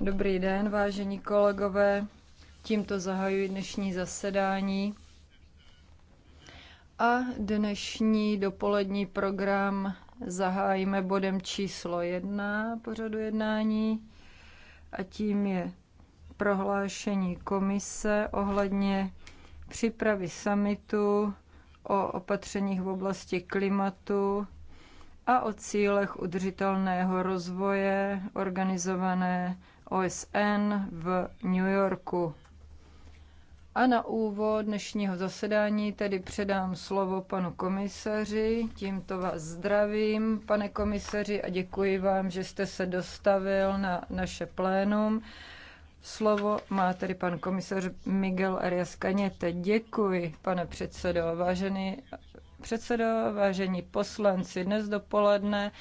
Dobrý den, vážení kolegové. Tímto zahajuji dnešní zasedání. A dnešní dopolední program zahájíme bodem číslo jedna pořadu jednání a tím je prohlášení komise ohledně přípravy samitu o opatřeních v oblasti klimatu a o cílech udržitelného rozvoje organizované OSN v New Yorku. A na úvod dnešního zasedání tedy předám slovo panu komisaři. Tímto vás zdravím, pane komisaři, a děkuji vám, že jste se dostavil na naše plénum. Slovo má tedy pan komisař Miguel Arias Kaněte. Děkuji, pane předsedo. Vážený předsedo, vážení poslanci, dnes dopoledne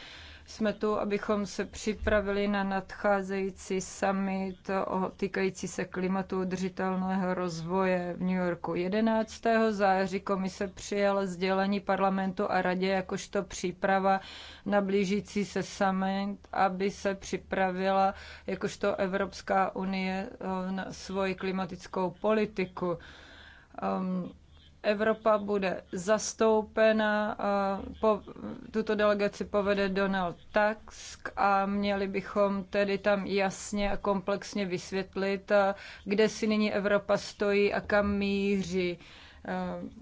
jsme tu, abychom se připravili na nadcházející summit o týkající se klimatu udržitelného rozvoje v New Yorku. 11. září komise přijala sdělení parlamentu a radě jakožto příprava na blížící se summit, aby se připravila jakožto Evropská unie eh, na svoji klimatickou politiku. Um, Evropa bude zastoupena a po, tuto delegaci povede Donald Tusk a měli bychom tedy tam jasně a komplexně vysvětlit, kde si nyní Evropa stojí a kam míří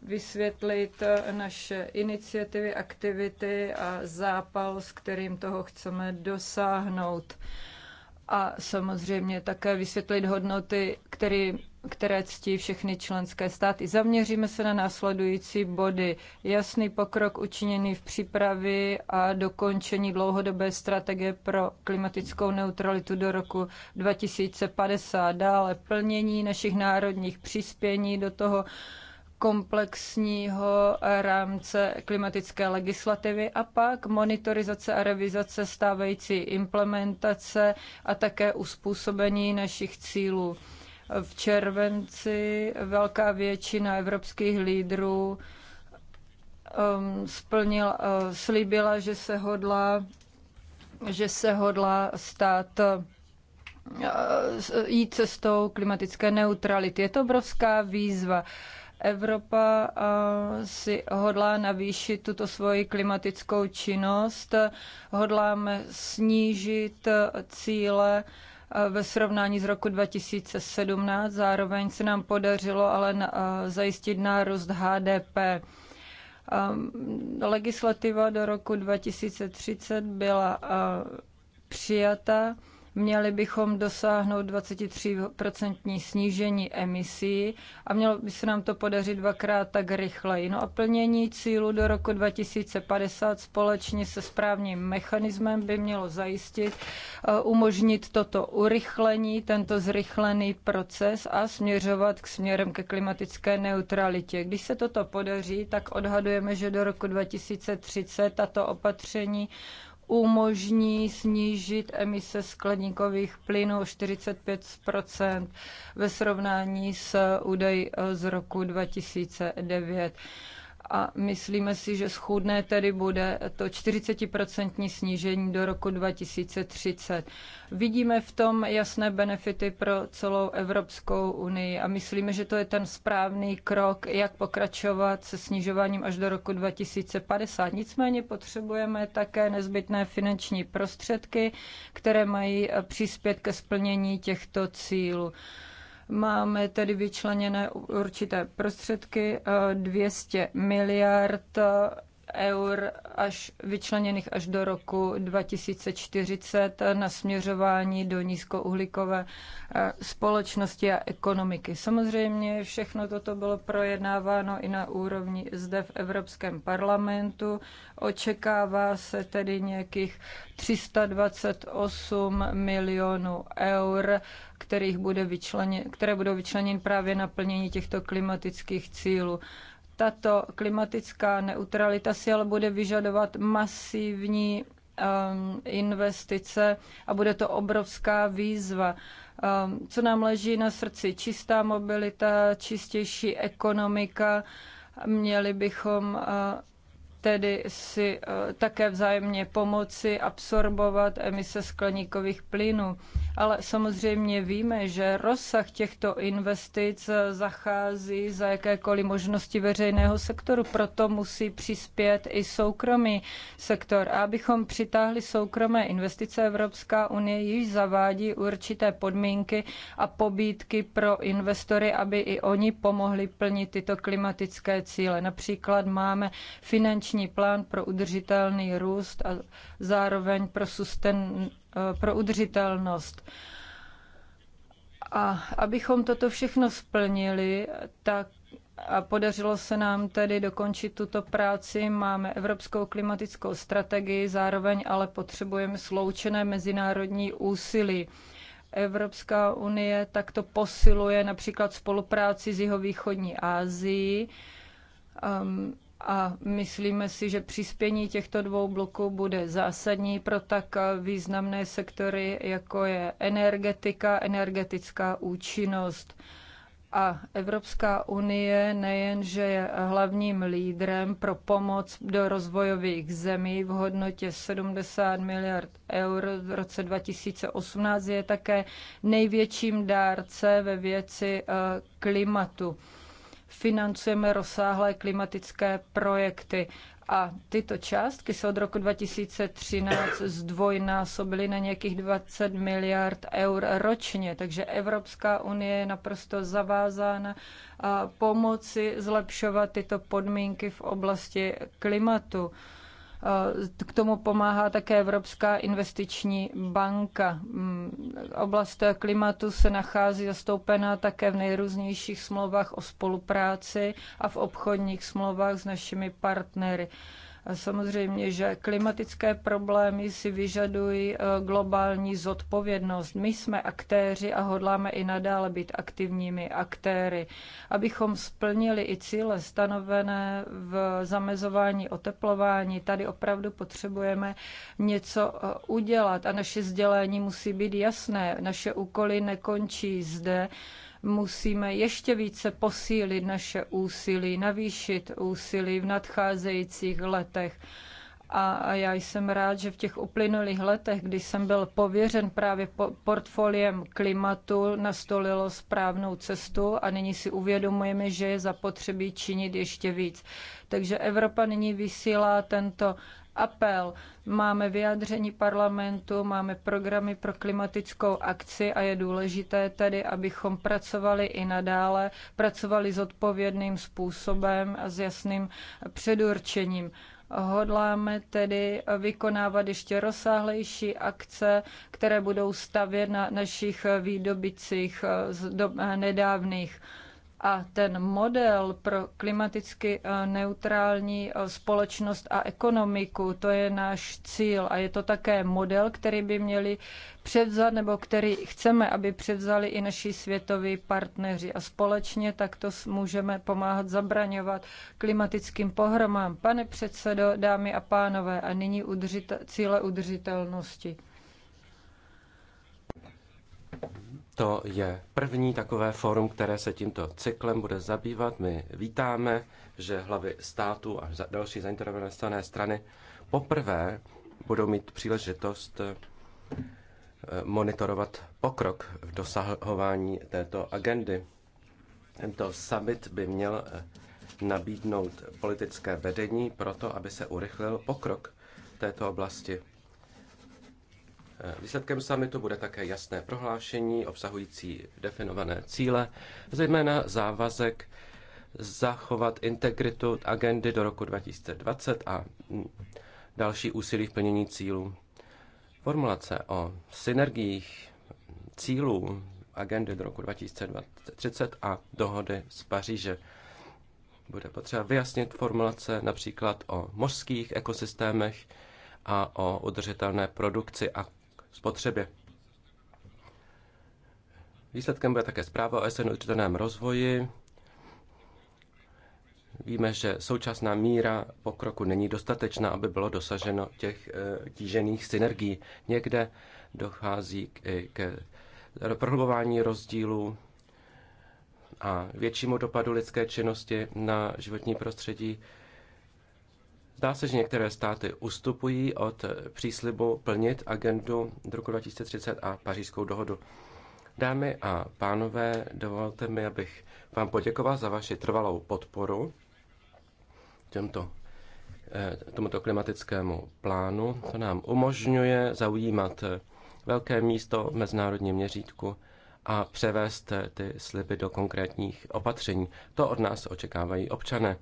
vysvětlit naše iniciativy, aktivity a zápal, s kterým toho chceme dosáhnout. A samozřejmě také vysvětlit hodnoty, který které ctí všechny členské státy. Zaměříme se na následující body. Jasný pokrok učiněný v přípravě a dokončení dlouhodobé strategie pro klimatickou neutralitu do roku 2050. Dále plnění našich národních přispění do toho komplexního rámce klimatické legislativy a pak monitorizace a revizace stávající implementace a také uspůsobení našich cílů v červenci velká většina evropských lídrů um, splnila, uh, slíbila, že se hodla, že se hodla stát uh, jít cestou klimatické neutrality. Je to obrovská výzva. Evropa uh, si hodlá navýšit tuto svoji klimatickou činnost, hodláme snížit cíle Eh, ve srovnání z roku 2017. Zároveň se nám podařilo ale eh, zajistit nárůst HDP. Eh, legislativa do roku 2030 byla přijata Měli bychom dosáhnout 23% snížení emisí a mělo by se nám to podařit dvakrát tak rychleji. No a plnění cílu do roku 2050 společně se správným mechanismem by mělo zajistit, eh, umožnit toto urychlení, tento zrychlený proces a směřovat k směrem ke klimatické neutralitě. Když se toto podaří, tak odhadujeme, že do roku 2030 tato opatření umožní snížit emise skleníkových plynů o 45 ve srovnání s údaji z roku 2009 a myslíme si, že schůdné tedy bude to 40% snížení do roku 2030. Vidíme v tom jasné benefity pro celou Evropskou unii a myslíme, že to je ten správný krok, jak pokračovat se snižováním až do roku 2050. Nicméně potřebujeme také nezbytné finanční prostředky, které mají přispět ke splnění těchto cílů. Máme tedy vyčleněné určité prostředky 200 eh, miliard eh, eur až vyčleněných až do roku 2040 na směřování do nízkouhlíkové eh, společnosti a ekonomiky. Samozřejmě všechno toto bylo projednáváno i na úrovni zde v Evropském parlamentu. Očekává se tedy nějakých 328 milionů eur, kterých bude vyčleněn, které budou vyčleněny právě na plnění těchto klimatických cílů. Tato klimatická neutralita si ale bude vyžadovat masivní um, investice a bude to obrovská výzva. Um, co nám leží na srdci? Čistá mobilita, čistější ekonomika. Měli bychom uh, tedy si uh, také vzájemně pomoci absorbovat emise skleníkových plynů ale samozřejmě víme, že rozsah těchto investic zachází za jakékoliv možnosti veřejného sektoru, proto musí přispět i soukromý sektor. A abychom přitáhli soukromé investice, Evropská unie již zavádí určité podmínky a pobídky pro investory, aby i oni pomohli plnit tyto klimatické cíle. Například máme finanční plán pro udržitelný růst a zároveň pro sustainability Eh, pro udržitelnost. A abychom toto všechno splnili, tak a podařilo se nám tedy dokončit tuto práci. Máme evropskou klimatickou strategii, zároveň ale potřebujeme sloučené mezinárodní úsilí. Evropská unie takto posiluje například spolupráci s jihovýchodní Ázií. Um, ehm, a myslíme si, že přispění těchto dvou bloků bude zásadní pro tak významné sektory, jako je energetika, energetická účinnost. A Evropská unie nejenže je hlavním lídrem pro pomoc do rozvojových zemí v hodnotě 70 miliard eur v roce 2018, je také největším dárce ve věci eh, klimatu financujeme rozsáhlé klimatické projekty. A tyto částky se od roku 2013 zdvojnásobily na nějakých 20 miliard eur ročně. Takže Evropská unie je naprosto zavázána pomoci zlepšovat tyto podmínky v oblasti klimatu. Eh, k tomu pomáhá také Evropská investiční banka. Mm, oblast klimatu se nachází zastoupená také v nejrůznějších smlouvách o spolupráci a v obchodních smlouvách s našimi partnery. Samozřejmě, že klimatické problémy si vyžadují eh, globální zodpovědnost. My jsme aktéři a hodláme i nadále být aktivními aktéry, abychom splnili i cíle stanovené v zamezování oteplování. Tady opravdu potřebujeme něco eh, udělat a naše sdělení musí být jasné. Naše úkoly nekončí zde musíme ještě více posílit naše úsilí, navýšit úsilí v nadcházejících letech. A já jsem rád, že v těch uplynulých letech, kdy jsem byl pověřen právě portfoliem klimatu, nastolilo správnou cestu a nyní si uvědomujeme, že je zapotřebí činit ještě víc. Takže Evropa nyní vysílá tento apel. Máme vyjádření parlamentu, máme programy pro klimatickou akci a je důležité tedy, abychom pracovali i nadále, pracovali zodpovědným způsobem a s jasným předurčením. Hodláme tedy vykonávat ještě rozsáhlejší akce, které budou stavět na našich výdobicích z nedávných a ten model pro klimaticky eh, neutrální eh, společnost a ekonomiku, to je náš cíl a je to také model, který by měli převzat nebo který chceme, aby převzali i naši světoví partneři. A společně takto můžeme pomáhat zabraňovat klimatickým pohromám. Pane předsedo, dámy a pánové, a nyní udržit, cíle udržitelnosti. To je první takové fórum, které se tímto cyklem bude zabývat. My vítáme, že hlavy státu a další zainteresované strany poprvé budou mít příležitost eh, monitorovat pokrok v dosahování této agendy. Tento summit by měl eh, nabídnout politické vedení pro to, aby se urychlil pokrok této oblasti. Výsledkem summitu bude také jasné prohlášení obsahující definované cíle, zejména závazek zachovat integritu agendy do roku 2020 a další úsilí v plnění cílů. Formulace o synergiích cílů agendy do roku 2030 a dohody z Paříže. Bude potřeba vyjasnit formulace například o mořských ekosystémech a o udržitelné produkci a spotřebě. Výsledkem bude také zpráva o SN udržitelném rozvoji. Víme, že současná míra pokroku není dostatečná, aby bylo dosaženo těch tížených eh, synergií. Někde dochází k, eh, k prohlubování rozdílů a většímu dopadu lidské činnosti na životní prostředí. Zdá se, že některé státy ustupují od příslibu plnit agendu roku 2030 a pařížskou dohodu. Dámy a pánové, dovolte mi, abych vám poděkoval za vaši trvalou podporu těmto, eh, tomuto klimatickému plánu. To nám umožňuje zaujímat eh, velké místo v mezinárodním měřítku a převést eh, ty sliby do konkrétních opatření. To od nás očekávají občané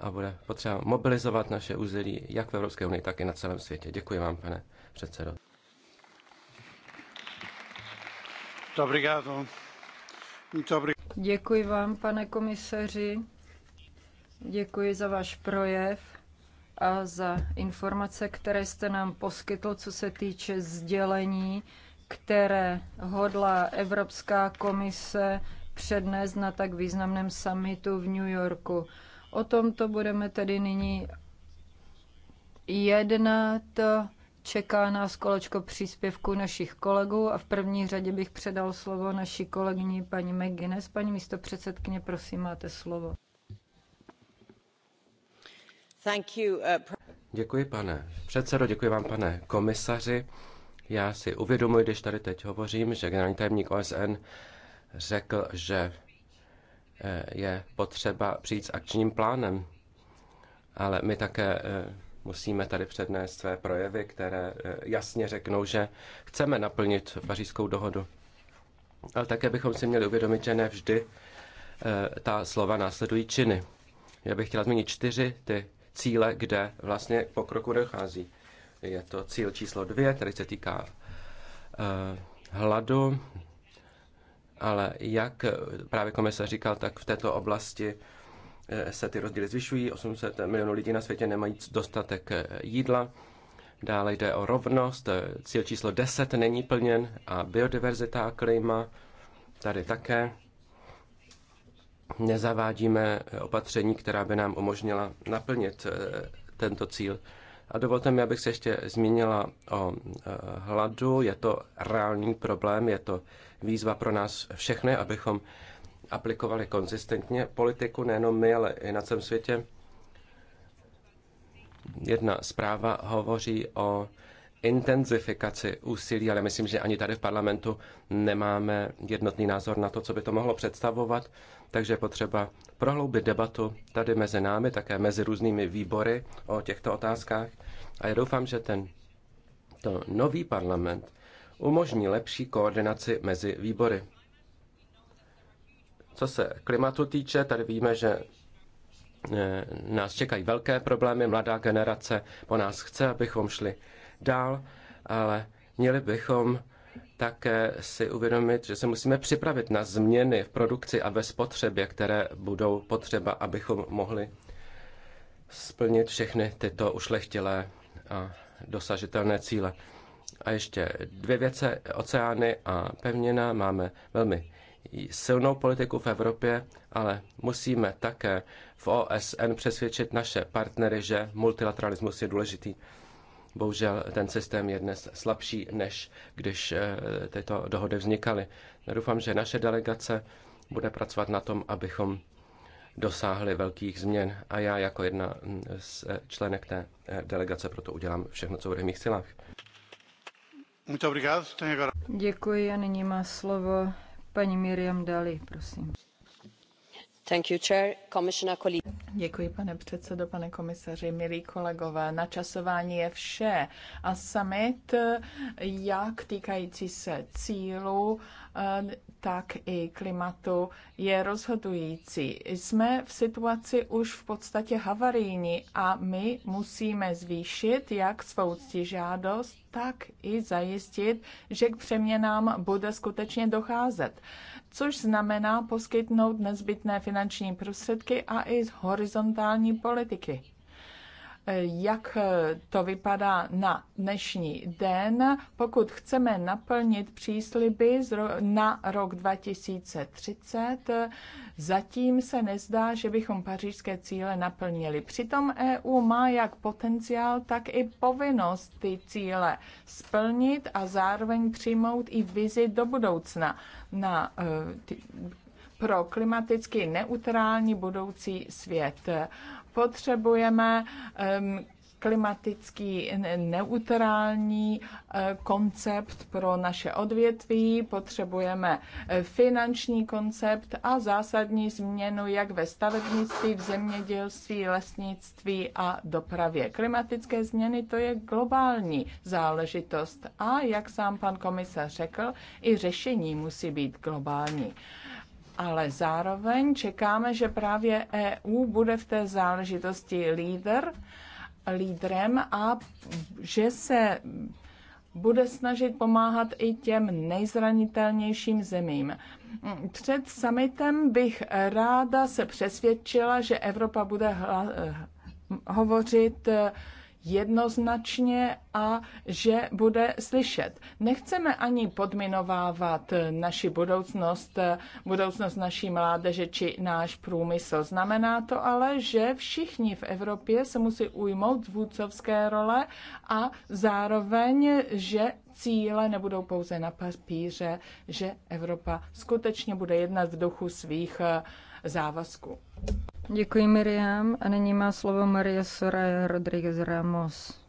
a bude potřeba mobilizovat naše úzelí jak v Evropské unii, tak i na celém světě. Děkuji vám, pane předsedo. Děkuji vám, pane komisaři. Děkuji za váš projev a za informace, které jste nám poskytl, co se týče sdělení, které hodlá Evropská komise přednést na tak významném summitu v New Yorku. O tomto budeme tedy nyní jednat. Čeká nás kolečko příspěvku našich kolegů a v první řadě bych předal slovo naší kolegyni paní McGuinness. Paní místo předsedkyně, prosím, máte slovo. Uh, děkuji, pane předsedo, děkuji vám, pane komisaři. Já si uvědomuji, když tady teď hovořím, že generální tajemník OSN řekl, že Eh, je potřeba přijít s akčním plánem. Ale my také eh, musíme tady přednést své projevy, které eh, jasně řeknou, že chceme naplnit pařížskou dohodu. Ale také bychom si měli uvědomit, že ne vždy ta slova následují činy. Já bych chtěla zmínit čtyři ty cíle, kde vlastně po kroku dochází. Je to cíl číslo dvě, který se týká hladu, ale jak právě komise říkal, tak v této oblasti eh, se ty rozdíly zvyšují. 800 milionů lidí na světě nemají dostatek eh, jídla. Dále jde o rovnost. Cíl číslo 10 není plněn a biodiverzita a klima tady také. Nezavádíme eh, opatření, která by nám umožnila naplnit tento cíl. A dovolte mi, abych se ještě zmínila o hladu. Je to reálný problém, je to výzva pro nás všechny, abychom aplikovali konzistentně politiku nejenom my, ale i na celém světě. Jedna zpráva hovoří o intenzifikaci úsilí, ale myslím, že ani tady v parlamentu nemáme jednotný názor na to, co by to mohlo představovat, takže je potřeba prohloubit debatu tady mezi námi, také mezi různými výbory o těchto otázkách. A já doufám, že ten to nový parlament umožní lepší koordinaci mezi výbory. Co se klimatu týče, tady víme, že eh, nás čekají velké problémy, mladá generace po nás chce, abychom šli dál, ale měli bychom také si uvědomit, že se musíme připravit na změny v produkci a ve spotřebě, které budou potřeba, abychom mohli splnit všechny tyto ušlechtilé a dosažitelné cíle. A ještě dvě věce, oceány a pevnina. Máme velmi silnou politiku v Evropě, ale musíme také v OSN přesvědčit naše partnery, že multilateralismus je důležitý. Bohužel ten systém je dnes slabší, než když eh, tyto dohody vznikaly. Doufám, že naše delegace bude pracovat na tom, abychom dosáhli velkých změn a já jako jedna z eh, členek té eh, delegace proto udělám všechno, co bude v mých silách. Děkuji a nyní má slovo paní Miriam Dali, prosím. Thank you, chair, commissioner, Děkuji, pane předsedo, pane komisaři, milí kolegové. Načasování je vše. A summit, jak týkající se cílů, Eh, tak i klimatu je rozhodující. Jsme v situaci už v podstatě havarijní a my musíme zvýšit jak svou ctižádost, tak i zajistit, že k přeměnám bude skutečně docházet, což znamená poskytnout nezbytné finanční prostředky a i horizontální politiky jak to vypadá na dnešní den. Pokud chceme naplnit přísliby na rok 2030, zatím se nezdá, že bychom pařížské cíle naplnili. Přitom EU má jak potenciál, tak i povinnost ty cíle splnit a zároveň přijmout i vizi do budoucna na eh, pro klimaticky neutrální budoucí svět. Potřebujeme klimatický neutrální e, koncept pro naše odvětví, potřebujeme e, finanční koncept a zásadní změnu jak ve stavebnictví, v zemědělství, lesnictví a dopravě. Klimatické změny to je globální záležitost a jak sám pan komisař řekl, i řešení musí být globální ale zároveň čekáme, že právě EU bude v té záležitosti líder, lídrem a že se bude snažit pomáhat i těm nejzranitelnějším zemím. Před summitem bych ráda se přesvědčila, že Evropa bude eh, hovořit jednoznačně a že bude slyšet. Nechceme ani podminovávat naši budoucnost, budoucnost naší mládeže či náš průmysl. Znamená to ale, že všichni v Evropě se musí ujmout vůdcovské role a zároveň, že cíle nebudou pouze na papíře, že Evropa skutečně bude jednat v duchu svých uh, závazku. Děkuji, Miriam. A nyní má slovo Maria Soraya Rodriguez Ramos.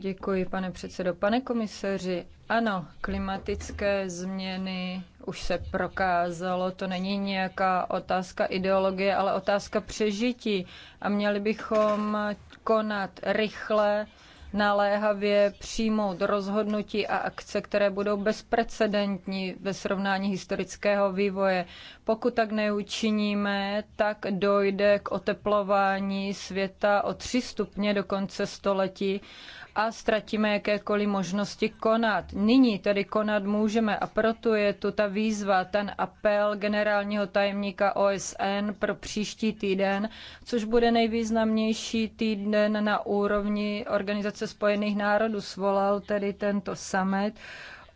Děkuji, pane předsedo. Pane komisaři, ano, klimatické změny už se prokázalo, to není nějaká otázka ideologie, ale otázka přežití. A měli bychom konat rychle, naléhavě přijmout rozhodnutí a akce, které budou bezprecedentní ve srovnání historického vývoje. Pokud tak neučiníme, tak dojde k oteplování světa o 3 stupně do konce století a ztratíme jakékoliv možnosti konat. Nyní tedy konat můžeme a proto je tu ta výzva, ten apel generálního tajemníka OSN pro příští týden, což bude nejvýznamnější týden na úrovni Organizace spojených národů. Svolal tedy tento summit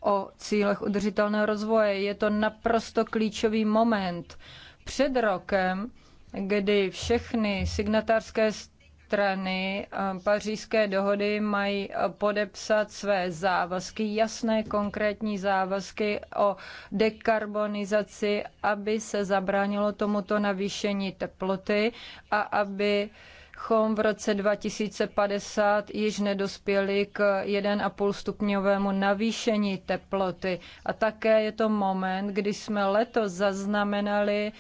o cílech udržitelného rozvoje. Je to naprosto klíčový moment. Před rokem, kdy všechny signatářské strany eh, pařížské dohody mají eh, podepsat své závazky, jasné konkrétní závazky o dekarbonizaci, aby se zabránilo tomuto navýšení teploty a aby chom v roce 2050 již nedospěli k 1,5 stupňovému navýšení teploty. A také je to moment, kdy jsme letos zaznamenali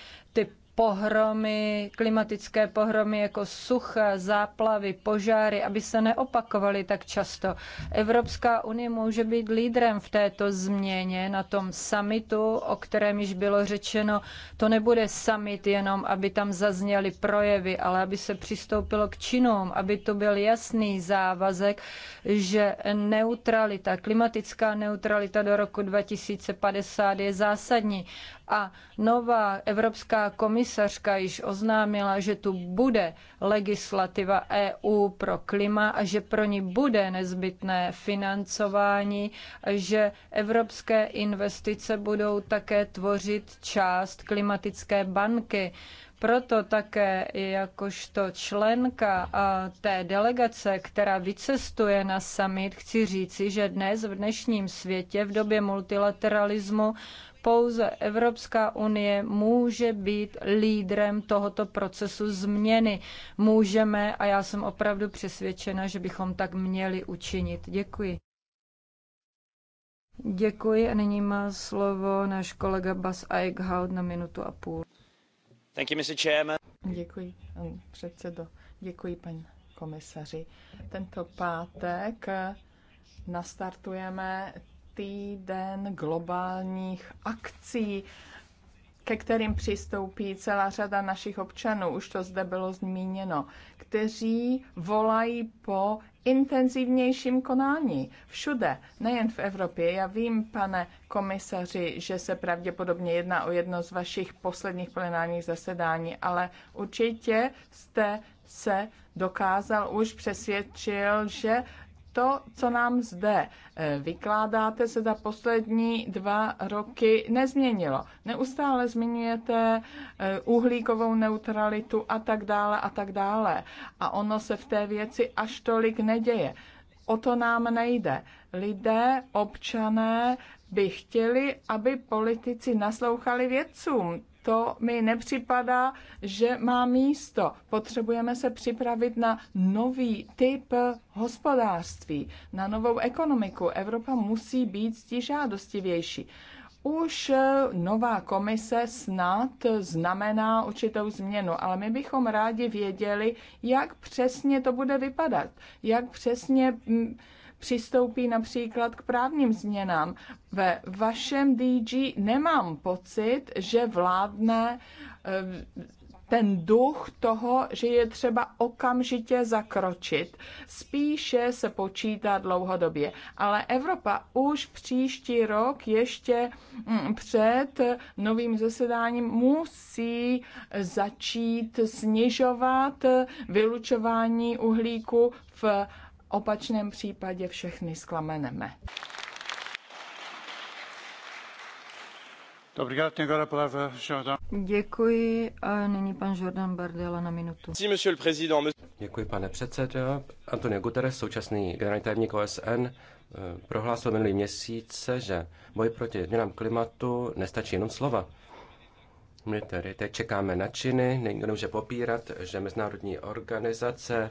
pohromy, klimatické pohromy jako sucha, záplavy, požáry, aby se neopakovaly tak často. Evropská unie může být lídrem v této změně na tom summitu, o kterém již bylo řečeno, to nebude summit jenom, aby tam zazněly projevy, ale aby se přistoupilo k činům, aby to byl jasný závazek, že neutralita, klimatická neutralita do roku 2050 je zásadní a nová evropská komisařka již oznámila, že tu bude legislativa EU pro klima a že pro ní bude nezbytné financování, že evropské investice budou také tvořit část klimatické banky. Proto také jakožto členka té delegace, která vycestuje na summit, chci říci, že dnes v dnešním světě, v době multilateralismu, pouze Evropská unie může být lídrem tohoto procesu změny. Můžeme a já jsem opravdu přesvědčena, že bychom tak měli učinit. Děkuji. Děkuji a nyní má slovo náš kolega Bas Eichhout na minutu a půl. Thank you, Mr. Chairman. Děkuji, předsedo. Děkuji, paní komisaři. Tento pátek nastartujeme týden globálních akcí, ke kterým přistoupí celá řada našich občanů, už to zde bylo zmíněno, kteří volají po intenzivnějším konání. Všude, nejen v Evropě. Já vím, pane komisaři, že se pravděpodobně jedná o jedno z vašich posledních plenárních zasedání, ale určitě jste se dokázal, už přesvědčil, že to, co nám zde eh, vykládáte, se za poslední dva roky nezměnilo. Neustále zmiňujete eh, uhlíkovou neutralitu a tak dále a tak dále. A ono se v té věci až tolik neděje. O to nám nejde. Lidé, občané by chtěli, aby politici naslouchali vědcům to mi nepřipadá, že má místo. Potřebujeme se připravit na nový typ hospodářství, na novou ekonomiku. Evropa musí být stižádostivější. Už eh, nová komise snad znamená určitou změnu, ale my bychom rádi věděli, jak přesně to bude vypadat, jak přesně mm, přistoupí například k právním změnám. Ve vašem DG nemám pocit, že vládne eh, ten duch toho, že je třeba okamžitě zakročit. Spíše se počítá dlouhodobě. Ale Evropa už příští rok ještě mm, před novým zasedáním musí začít snižovat eh, vylučování uhlíku v opačném případě všechny zklameneme. Děkuji a nyní pan Jordan Bardella na minutu. Děkuji, pane předsedo. Antonio Guterres, současný generální tajemník OSN, eh, prohlásil minulý měsíce, že boj proti změnám klimatu nestačí jenom slova. My tedy teď čekáme na činy, nikdo nemůže popírat, že mezinárodní organizace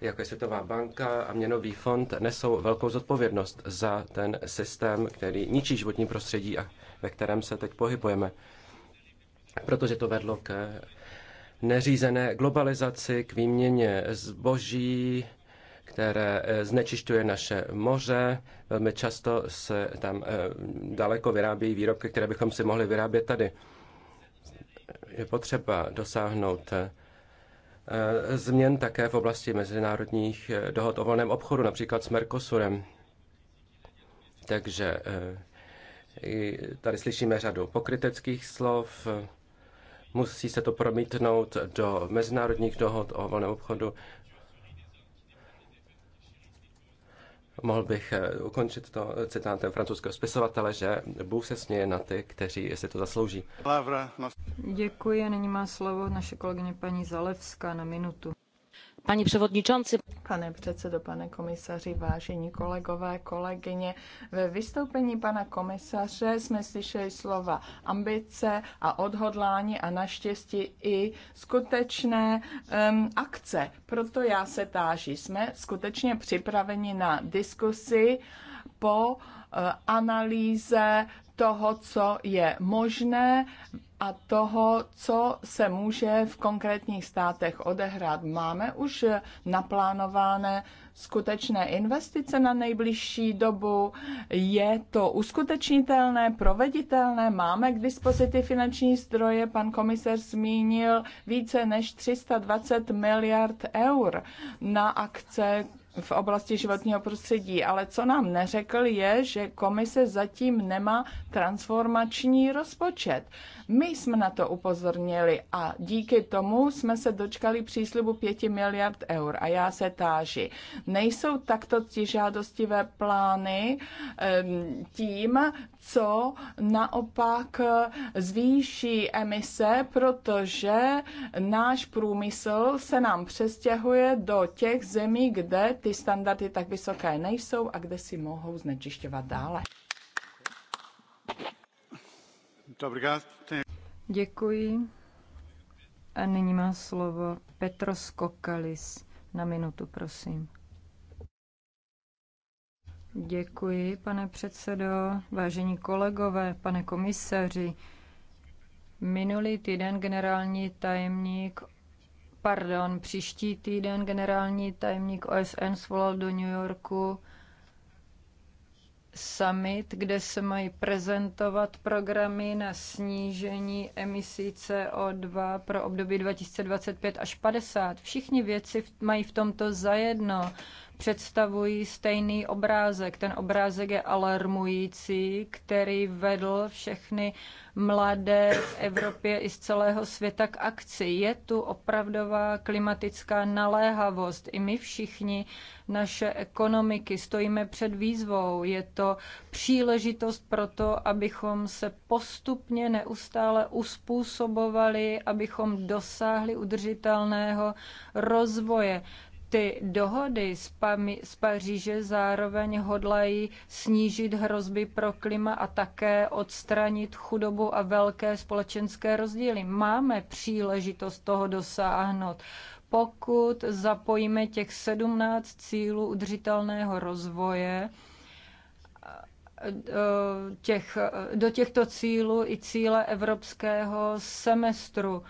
jako je Světová banka a Měnový fond, nesou velkou zodpovědnost za ten systém, který ničí životní prostředí a ve kterém se teď pohybujeme. Protože to vedlo k neřízené globalizaci, k výměně zboží, které eh, znečišťuje naše moře. Velmi často se tam eh, daleko vyrábějí výrobky, které bychom si mohli vyrábět tady. Je potřeba dosáhnout eh, Eh, změn také v oblasti mezinárodních eh, dohod o volném obchodu, například s Mercosurem. Takže eh, tady slyšíme řadu pokryteckých slov, musí se to promítnout do mezinárodních dohod o volném obchodu, Mohl bych eh, ukončit to eh, citátem francouzského spisovatele, že Bůh se směje na ty, kteří si to zaslouží. Děkuji, nyní má slovo naše kolegyně paní Zalevská na minutu. Pani předsedající. Pane předsedo, pane komisaři, vážení kolegové, kolegyně, ve vystoupení pana komisaře jsme slyšeli slova ambice a odhodlání a naštěstí i skutečné um, akce. Proto já se táži, jsme skutečně připraveni na diskusi po eh, analýze toho, co je možné a toho, co se může v konkrétních státech odehrát. Máme už naplánované skutečné investice na nejbližší dobu. Je to uskutečnitelné, proveditelné, máme k dispozici finanční zdroje. Pan komisař zmínil více než 320 miliard eur na akce, v oblasti životního prostředí, ale co nám neřekl je, že komise zatím nemá transformační rozpočet. My jsme na to upozornili a díky tomu jsme se dočkali příslibu 5 miliard eur. A já se táži, nejsou takto ti žádostivé plány tím, co naopak zvýší emise, protože náš průmysl se nám přestěhuje do těch zemí, kde ty standardy tak vysoké nejsou a kde si mohou znečišťovat dále. Děkuji. A nyní má slovo Petros Kokalis. Na minutu, prosím. Děkuji, pane předsedo, vážení kolegové, pane komisaři. Minulý týden generální tajemník pardon, příští týden generální tajemník OSN svolal do New Yorku summit, kde se mají prezentovat programy na snížení emisí CO2 pro období 2025 až 50. Všichni věci mají v tomto zajedno představují stejný obrázek. Ten obrázek je alarmující, který vedl všechny mladé v Evropě i z celého světa k akci. Je tu opravdová klimatická naléhavost. I my všichni, naše ekonomiky, stojíme před výzvou. Je to příležitost pro to, abychom se postupně neustále uspůsobovali, abychom dosáhli udržitelného rozvoje ty dohody z, Pami, z Paříže zároveň hodlají snížit hrozby pro klima a také odstranit chudobu a velké společenské rozdíly. Máme příležitost toho dosáhnout. Pokud zapojíme těch 17 cílů udržitelného rozvoje, eh, eh, těch, eh, do těchto cílů i cíle evropského semestru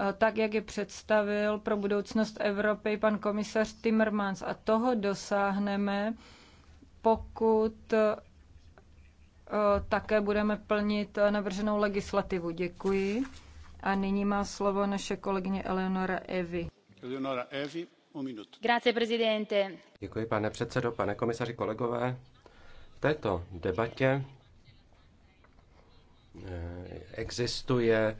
Eh, tak, jak je představil pro budoucnost Evropy pan komisař Timmermans. A toho dosáhneme, pokud eh, také budeme plnit eh, navrženou legislativu. Děkuji. A nyní má slovo naše kolegyně Eleonora Evi. Eleonora Evi, Grazie, Děkuji, pane předsedo, pane komisaři, kolegové. V této debatě existuje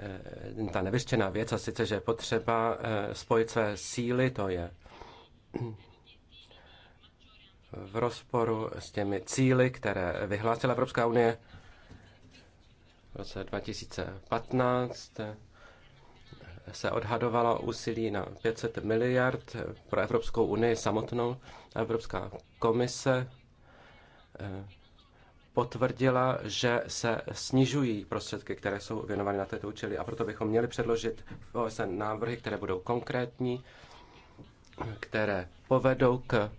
Eh, ta nevyřčená věc, a sice, že je potřeba eh, spojit své síly, to je v rozporu s těmi cíly, které vyhlásila Evropská unie v roce 2015 se odhadovalo úsilí na 500 miliard pro Evropskou unii samotnou. Evropská komise eh, potvrdila, že se snižují prostředky, které jsou věnovány na této účely a proto bychom měli předložit v OSN návrhy, které budou konkrétní, které povedou k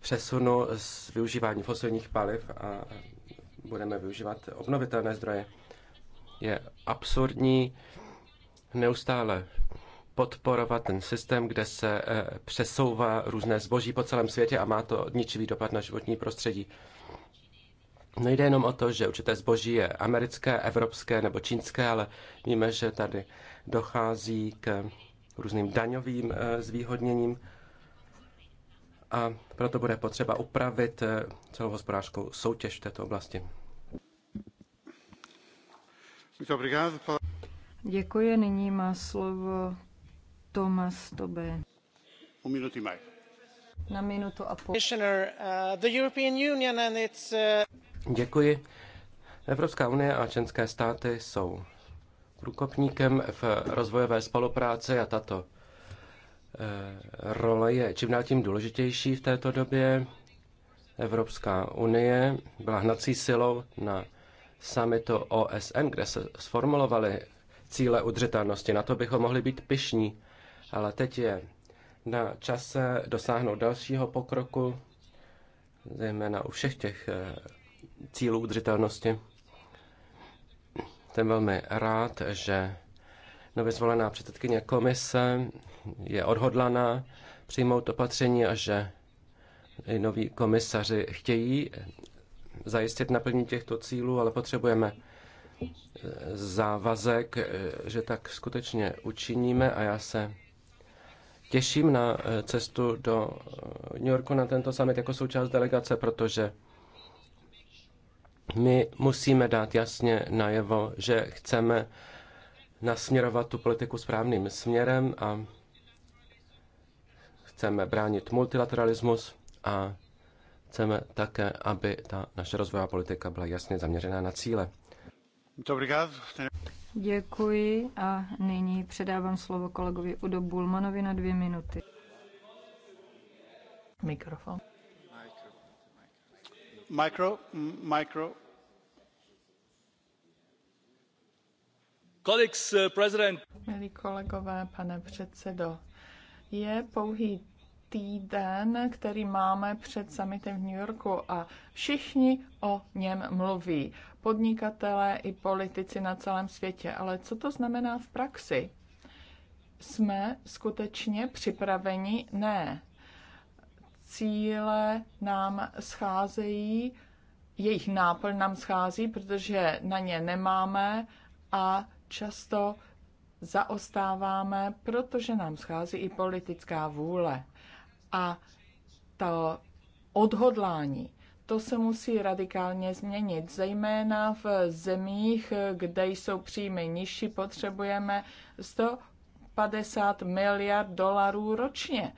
přesunu z využívání fosilních paliv a budeme využívat obnovitelné zdroje. Je absurdní neustále podporovat ten systém, kde se eh, přesouvá různé zboží po celém světě a má to ničivý dopad na životní prostředí. Nejde jenom o to, že určité zboží je americké, evropské nebo čínské, ale víme, že tady dochází k různým daňovým eh, zvýhodněním a proto bude potřeba upravit eh, celou hospodářskou soutěž v této oblasti. Děkuji, nyní má slovo Tomas Tobe. Um e Na minutu a půl. Uh, uh, Děkuji. Evropská unie a členské státy jsou průkopníkem v rozvojové spolupráci a tato eh, role je čím dál tím důležitější v této době. Evropská unie byla hnací silou na summitu OSN, kde se sformulovaly cíle udržitelnosti. Na to bychom mohli být pyšní, ale teď je na čase dosáhnout dalšího pokroku, zejména u všech těch eh, cílů udržitelnosti. Jsem velmi rád, že nově zvolená předsedkyně komise je odhodlaná přijmout opatření a že noví komisaři chtějí zajistit naplnění těchto cílů, ale potřebujeme závazek, že tak skutečně učiníme a já se těším na cestu do New Yorku na tento summit jako součást delegace, protože my musíme dát jasně najevo, že chceme nasměrovat tu politiku správným směrem a chceme bránit multilateralismus a chceme také, aby ta naše rozvojová politika byla jasně zaměřená na cíle. Děkuji a nyní předávám slovo kolegovi Udo Bulmanovi na dvě minuty. Mikrofon. Uh, pane předsedo, je pouhý týden, který máme před summitem v New Yorku a všichni o něm mluví. Podnikatelé i politici na celém světě. Ale co to znamená v praxi? Jsme skutečně připraveni? Ne cíle nám scházejí, jejich náplň nám schází, protože na ně nemáme a často zaostáváme, protože nám schází i politická vůle. A to odhodlání, to se musí radikálně změnit, zejména v zemích, kde jsou příjmy nižší, potřebujeme 150 miliard dolarů ročně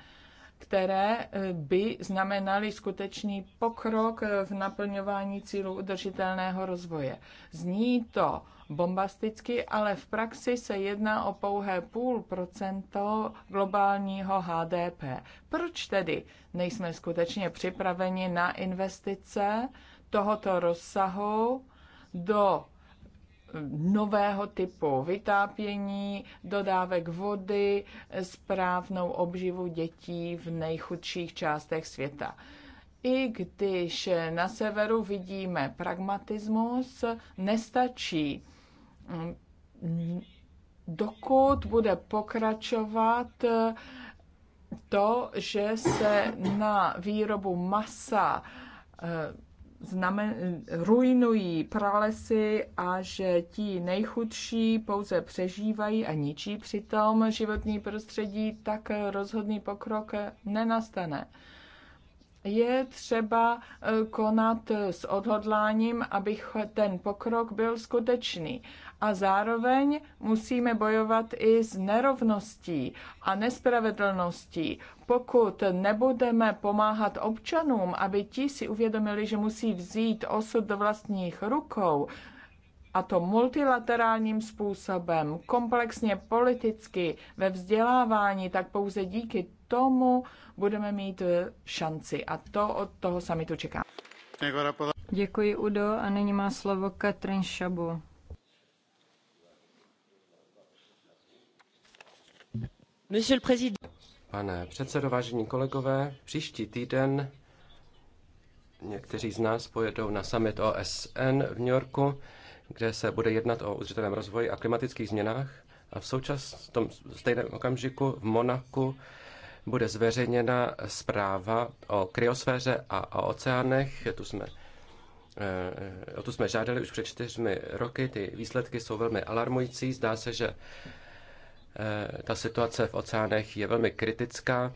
které eh, by znamenaly skutečný pokrok eh, v naplňování cílů udržitelného rozvoje. Zní to bombasticky, ale v praxi se jedná o pouhé půl procento globálního HDP. Proč tedy nejsme skutečně připraveni na investice tohoto rozsahu do nového typu vytápění, dodávek vody, správnou obživu dětí v nejchudších částech světa. I když na severu vidíme pragmatismus, nestačí. Dokud bude pokračovat to, že se na výrobu masa eh, znamen, ruinují pralesy a že ti nejchudší pouze přežívají a ničí přitom životní prostředí, tak rozhodný pokrok nenastane. Je třeba eh, konat s odhodláním, aby ten pokrok byl skutečný a zároveň musíme bojovat i s nerovností a nespravedlností. Pokud nebudeme pomáhat občanům, aby ti si uvědomili, že musí vzít osud do vlastních rukou, a to multilaterálním způsobem, komplexně politicky, ve vzdělávání, tak pouze díky tomu budeme mít eh, šanci. A to od toho samitu čeká. Děkuji, Udo. A nyní má slovo Katrin Šabu. Pane předsedo, vážení kolegové, příští týden někteří z nás pojedou na summit OSN v New Yorku, kde se bude jednat o udržitelném rozvoji a klimatických změnách. A v současném stejném okamžiku v Monaku bude zveřejněna zpráva o kryosféře a o oceánech. Tu jsme, eh, o tu jsme žádali už před čtyřmi roky. Ty výsledky jsou velmi alarmující. Zdá se, že Eh, ta situace v oceánech je velmi kritická.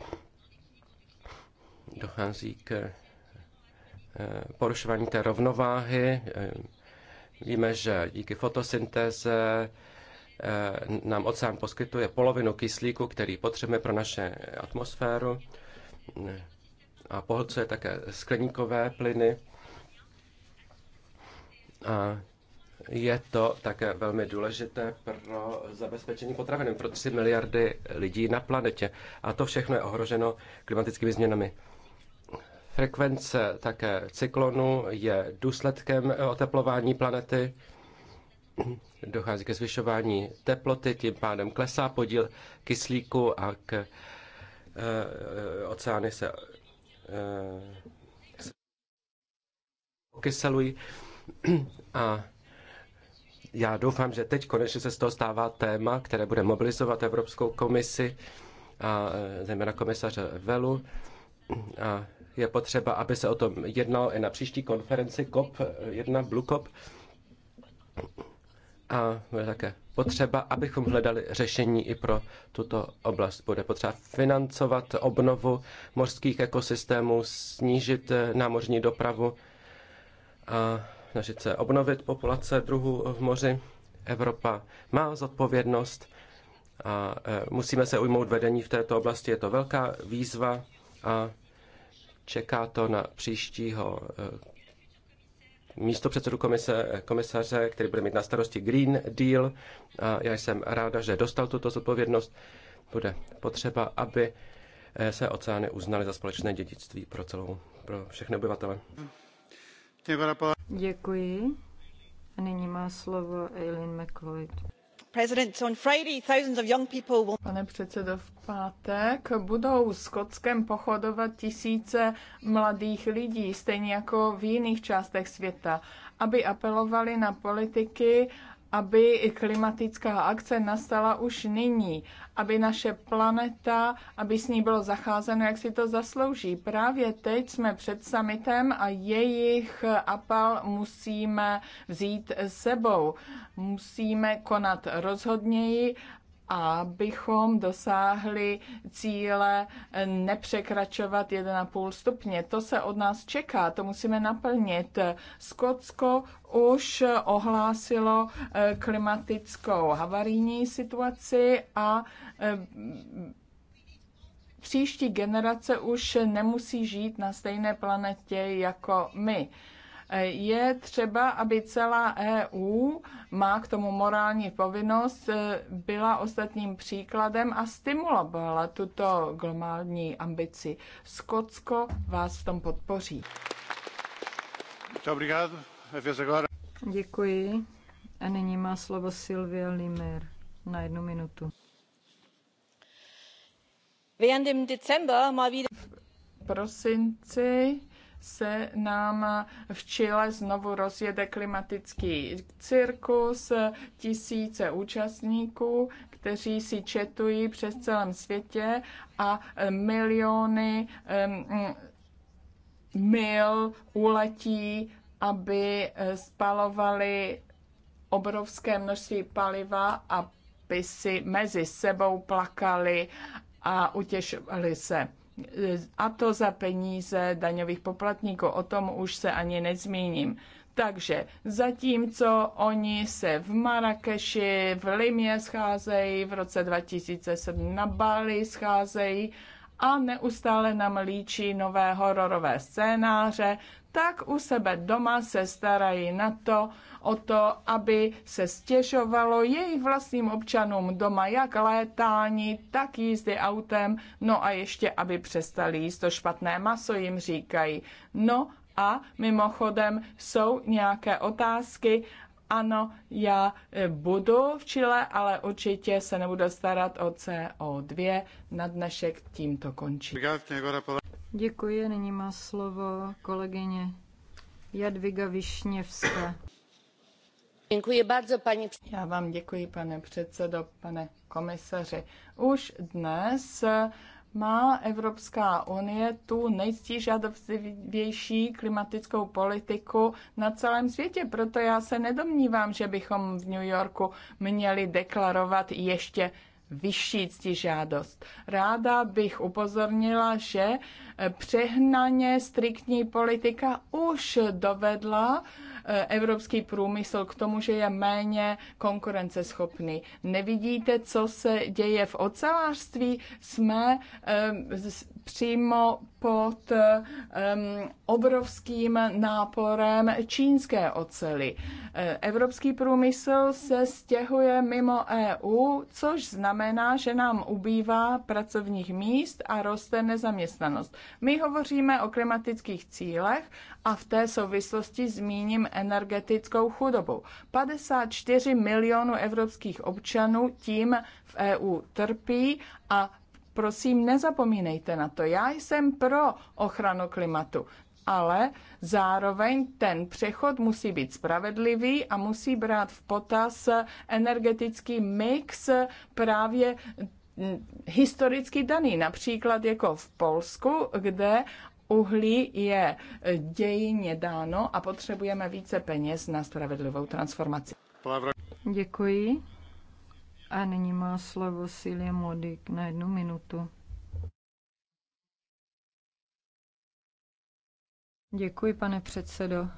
Dochází k eh, porušování té rovnováhy. Eh, víme, že díky fotosyntéze nám oceán poskytuje polovinu kyslíku, který potřebujeme pro naše atmosféru a pohlcuje také skleníkové plyny. A je to také velmi důležité pro zabezpečení potravin pro 3 miliardy lidí na planetě. A to všechno je ohroženo klimatickými změnami. Frekvence také cyklonu je důsledkem oteplování planety. Dochází ke zvyšování teploty, tím pádem klesá podíl kyslíku a k e, oceány se eh, e, okyselují. A já doufám, že teď konečně se z toho stává téma, které bude mobilizovat Evropskou komisi a e, zejména komisaře Velu. A je potřeba, aby se o tom jednalo i na příští konferenci COP1 e, Blue COP. A bude také potřeba, abychom hledali řešení i pro tuto oblast. Bude potřeba financovat obnovu mořských ekosystémů, snížit e, námořní dopravu a snažit se obnovit populace druhů v moři. Evropa má zodpovědnost a e, musíme se ujmout vedení v této oblasti. Je to velká výzva a čeká to na příštího e, místo předsedu komise, e, komisaře, který bude mít na starosti Green Deal. A já jsem ráda, že dostal tuto zodpovědnost. Bude potřeba, aby se oceány uznaly za společné dědictví pro celou, pro všechny obyvatele. Děkuji. A nyní má slovo Eileen McLeod. Pane předsedo, v pátek budou s Skotském pochodovat tisíce mladých lidí, stejně jako v jiných částech světa, aby apelovali na politiky, aby klimatická akce nastala už nyní, aby naše planeta, aby s ní bylo zacházeno, jak si to zaslouží. Právě teď jsme před summitem a jejich apel musíme vzít sebou. Musíme konat rozhodněji abychom dosáhli cíle nepřekračovat 1,5 stupně. To se od nás čeká, to musíme naplnit. Skotsko už ohlásilo eh, klimatickou havarijní situaci a eh, příští generace už nemusí žít na stejné planetě jako my. Je třeba, aby celá EU má k tomu morální povinnost, eh, byla ostatním příkladem a stimulovala tuto globální ambici. Skotsko vás v tom podpoří. Děkuji. A nyní má slovo Silvia Limer na jednu minutu. V prosinci se nám v Chile znovu rozjede klimatický cirkus, tisíce účastníků, kteří si četují přes celém světě a miliony um, mil uletí, aby spalovali obrovské množství paliva, aby si mezi sebou plakali a utěšovali se a to za peníze daňových poplatníků. O tom už se ani nezmíním. Takže zatímco oni se v Marrakeši, v Limě scházejí, v roce 2007 na Bali scházejí a neustále nám líčí nové hororové scénáře, tak u sebe doma se starají na to, o to, aby se stěžovalo jejich vlastním občanům doma jak létání, tak jízdy autem, no a ještě, aby přestali jíst to špatné maso, jim říkají. No a mimochodem jsou nějaké otázky, ano, já e, budu v Chile, ale určitě se nebudu starat o CO2. Na dnešek tímto končí. Děkuji, nyní má slovo kolegyně Jadviga Višněvská. Děkuji bardzo, paní... Já vám děkuji, pane předsedo, pane komisaři. Už dnes má Evropská unie tu nejstížadovější klimatickou politiku na celém světě. Proto já se nedomnívám, že bychom v New Yorku měli deklarovat ještě vyšší žádost. Ráda bych upozornila, že přehnaně striktní politika už dovedla eh, evropský průmysl k tomu, že je méně konkurenceschopný. Nevidíte, co se děje v ocelářství? Jsme eh, přímo pod um, obrovským náporem čínské ocely. E, evropský průmysl se stěhuje mimo EU, což znamená, že nám ubývá pracovních míst a roste nezaměstnanost. My hovoříme o klimatických cílech a v té souvislosti zmíním energetickou chudobu. 54 milionů evropských občanů tím v EU trpí a Prosím, nezapomínejte na to. Já jsem pro ochranu klimatu, ale zároveň ten přechod musí být spravedlivý a musí brát v potaz energetický mix právě historicky daný, například jako v Polsku, kde uhlí je dějině dáno a potřebujeme více peněz na spravedlivou transformaci. Děkuji. A nyní má slovo Silje Modik na jednu minutu. Děkuji, pane předsedo.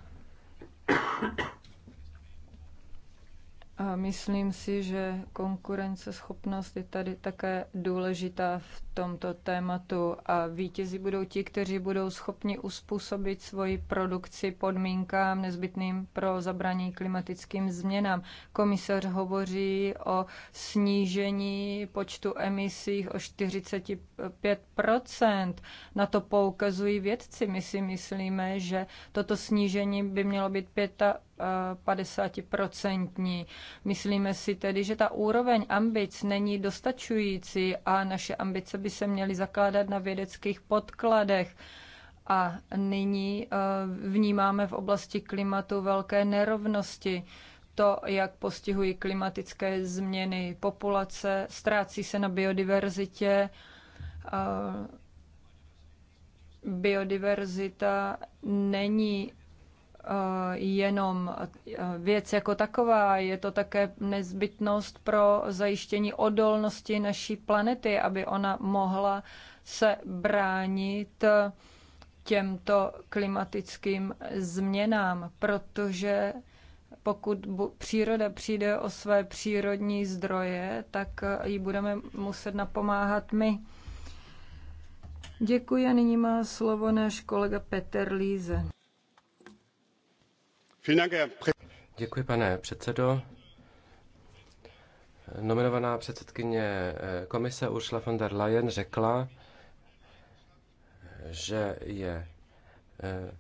A myslím si, že konkurenceschopnost je tady také důležitá v tomto tématu a vítězi budou ti, kteří budou schopni uspůsobit svoji produkci podmínkám nezbytným pro zabraní klimatickým změnám. Komisař hovoří o snížení počtu emisí o 45 Na to poukazují vědci. My si myslíme, že toto snížení by mělo být 50%. Myslíme si tedy, že ta úroveň ambic není dostačující a naše ambice by by se měly zakládat na vědeckých podkladech. A nyní eh, vnímáme v oblasti klimatu velké nerovnosti. To, jak postihují klimatické změny populace, ztrácí se na biodiverzitě, eh, biodiverzita není Eh, jenom eh, věc jako taková, je to také nezbytnost pro zajištění odolnosti naší planety, aby ona mohla se bránit těmto klimatickým změnám, protože pokud příroda přijde o své přírodní zdroje, tak eh, ji budeme muset napomáhat my. Děkuji a nyní má slovo náš kolega Peter Líze. Děkuji, pane předsedo. Nominovaná předsedkyně eh, komise Ursula von der Leyen řekla, že je eh,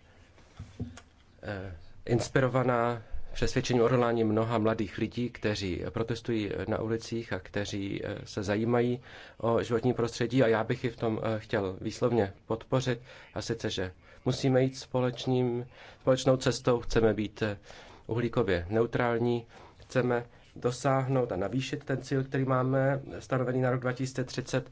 eh, inspirovaná přesvědčením odhodlání mnoha mladých lidí, kteří protestují na ulicích a kteří se zajímají o životní prostředí a já bych ji v tom chtěl výslovně podpořit a sice, že Musíme jít společným, společnou cestou, chceme být eh, uhlíkově neutrální, chceme dosáhnout a navýšit ten cíl, který máme stanovený na rok 2030.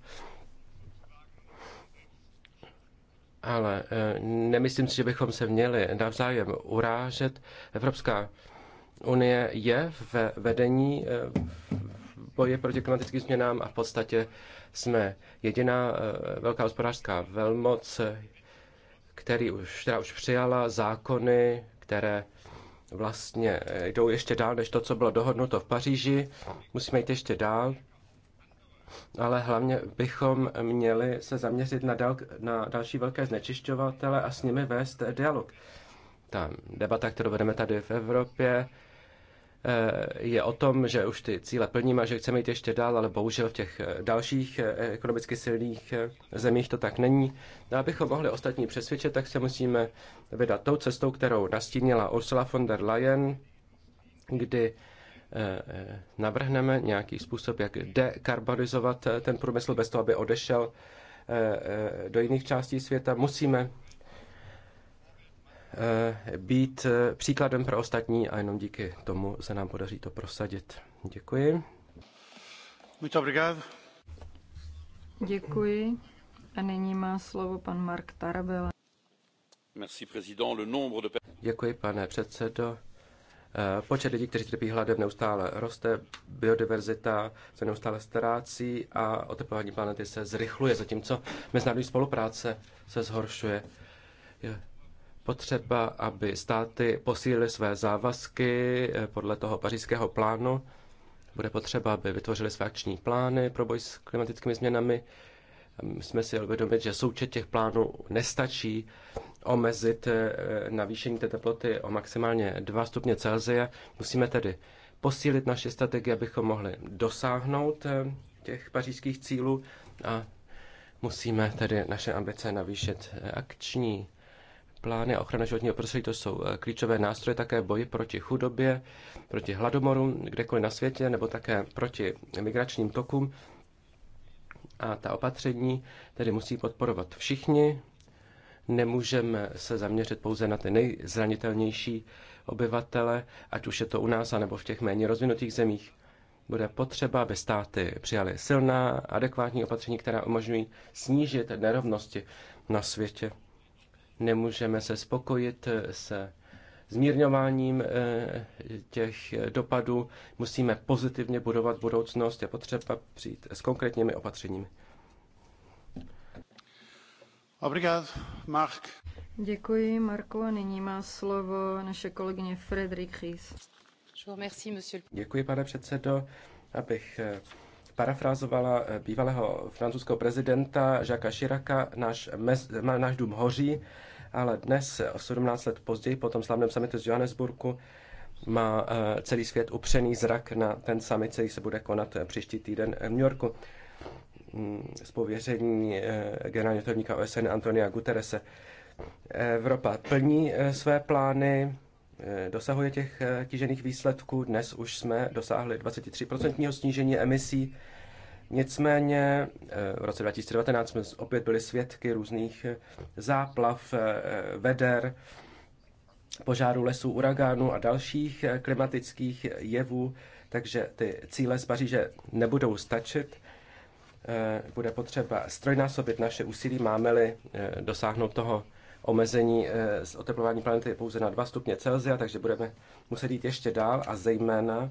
Ale eh, nemyslím si, že bychom se měli navzájem urážet. Evropská unie je ve vedení eh, boje proti klimatickým změnám a v podstatě jsme jediná velká hospodářská velmoc, který už, která už přijala zákony, které vlastně jdou ještě dál než to, co bylo dohodnuto v Paříži. Musíme jít ještě dál, ale hlavně bychom měli se zaměřit na, dal, na další velké znečišťovatele a s nimi vést dialog. Ta debata, kterou vedeme tady v Evropě, Eh, je o tom, že už ty cíle plníme a že chceme jít ještě dál, ale bohužel v těch eh, dalších eh, ekonomicky silných zemích to tak není. No a abychom mohli ostatní přesvědčit, tak se musíme vydat tou cestou, kterou nastínila Ursula von der Leyen, kdy navrhneme nějaký způsob, jak dekarbonizovat ten průmysl bez toho, aby odešel do jiných částí světa. Musíme Eh, být eh, příkladem pro ostatní a jenom díky tomu se nám podaří to prosadit. Děkuji. Muito obrigado. Děkuji. A nyní má slovo pan Mark Tarabella. Merci, président. Le nombre de... Děkuji, pane předsedo. Eh, počet lidí, kteří trpí hladem, neustále roste, biodiverzita se neustále ztrácí a oteplování planety se zrychluje, zatímco mezinárodní spolupráce se zhoršuje potřeba, aby státy posílily své závazky eh, podle toho pařížského plánu. Bude potřeba, aby vytvořili své akční plány pro boj s klimatickými změnami. Ehm, jsme si uvědomit, že součet těch plánů nestačí omezit eh, navýšení té teploty o maximálně 2 stupně Celsia. Musíme tedy posílit naše strategie, abychom mohli dosáhnout eh, těch pařížských cílů a musíme tedy naše ambice navýšit akční plány a ochrana životního prostředí, to jsou eh, klíčové nástroje také boji proti chudobě, proti hladomoru kdekoliv na světě, nebo také proti migračním tokům. A ta opatření tedy musí podporovat všichni. Nemůžeme se zaměřit pouze na ty nejzranitelnější obyvatele, ať už je to u nás, anebo v těch méně rozvinutých zemích bude potřeba, aby státy přijaly silná, adekvátní opatření, která umožňují snížit nerovnosti na světě. Nemůžeme se spokojit se zmírňováním eh, těch dopadů. Musíme pozitivně budovat budoucnost. Je potřeba přijít s konkrétními opatřeními. Mark. Děkuji, Marko. A nyní má slovo naše kolegyně Frederik Ries. Děkuji, pane předsedo. Abych eh, parafrázovala eh, bývalého francouzského prezidenta Jacques Chiraca, náš, mez, náš dům hoří, ale dnes, 17 eh, let později, po tom slavném summitu z Johannesburgu, má eh, celý svět upřený zrak na ten summit, který se bude konat příští týden v New Yorku hmm, z pověření generálního tajemníka OSN Antonia Guterese. Evropa plní své plány, Eh, dosahuje těch tížených eh, výsledků. Dnes už jsme dosáhli 23% snížení emisí. Nicméně eh, v roce 2019 jsme opět byli svědky různých záplav, veder, požáru lesů, uragánů a dalších klimatických jevů, takže ty cíle z Paříže nebudou stačit. Bude potřeba strojnásobit naše úsilí, máme-li dosáhnout toho omezení eh, oteplování planety pouze na 2 stupně Celsia, takže budeme muset jít ještě dál a zejména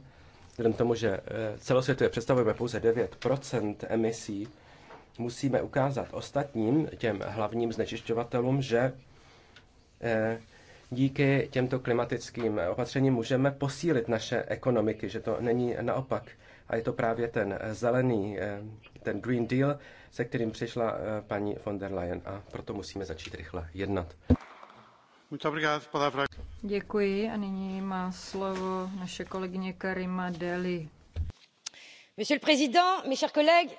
vzhledem tomu, že eh, celosvětově představujeme pouze 9 emisí, musíme ukázat ostatním, těm hlavním znečišťovatelům, že eh, díky těmto klimatickým opatřením můžeme posílit naše ekonomiky, že to není naopak. A je to právě ten eh, zelený, eh, ten Green Deal, se kterým přišla eh, paní von der Leyen. A proto musíme začít rychle jednat. Děkuji a nyní má slovo naše kolegyně Karima Deli. Monsieur le Président, mes chers collègues.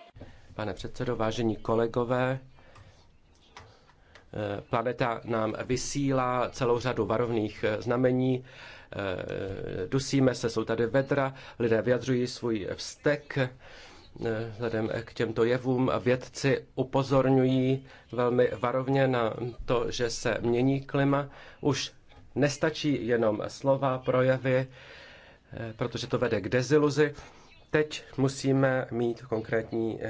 Pane předsedo, vážení kolegové, planeta nám vysílá celou řadu varovných znamení. Eh, dusíme se, jsou tady vedra, lidé vyjadřují svůj vztek eh, vzhledem k těmto jevům. Vědci upozorňují velmi varovně na to, že se mění klima. Už nestačí jenom slova, projevy, eh, protože to vede k deziluzi. Teď musíme mít konkrétní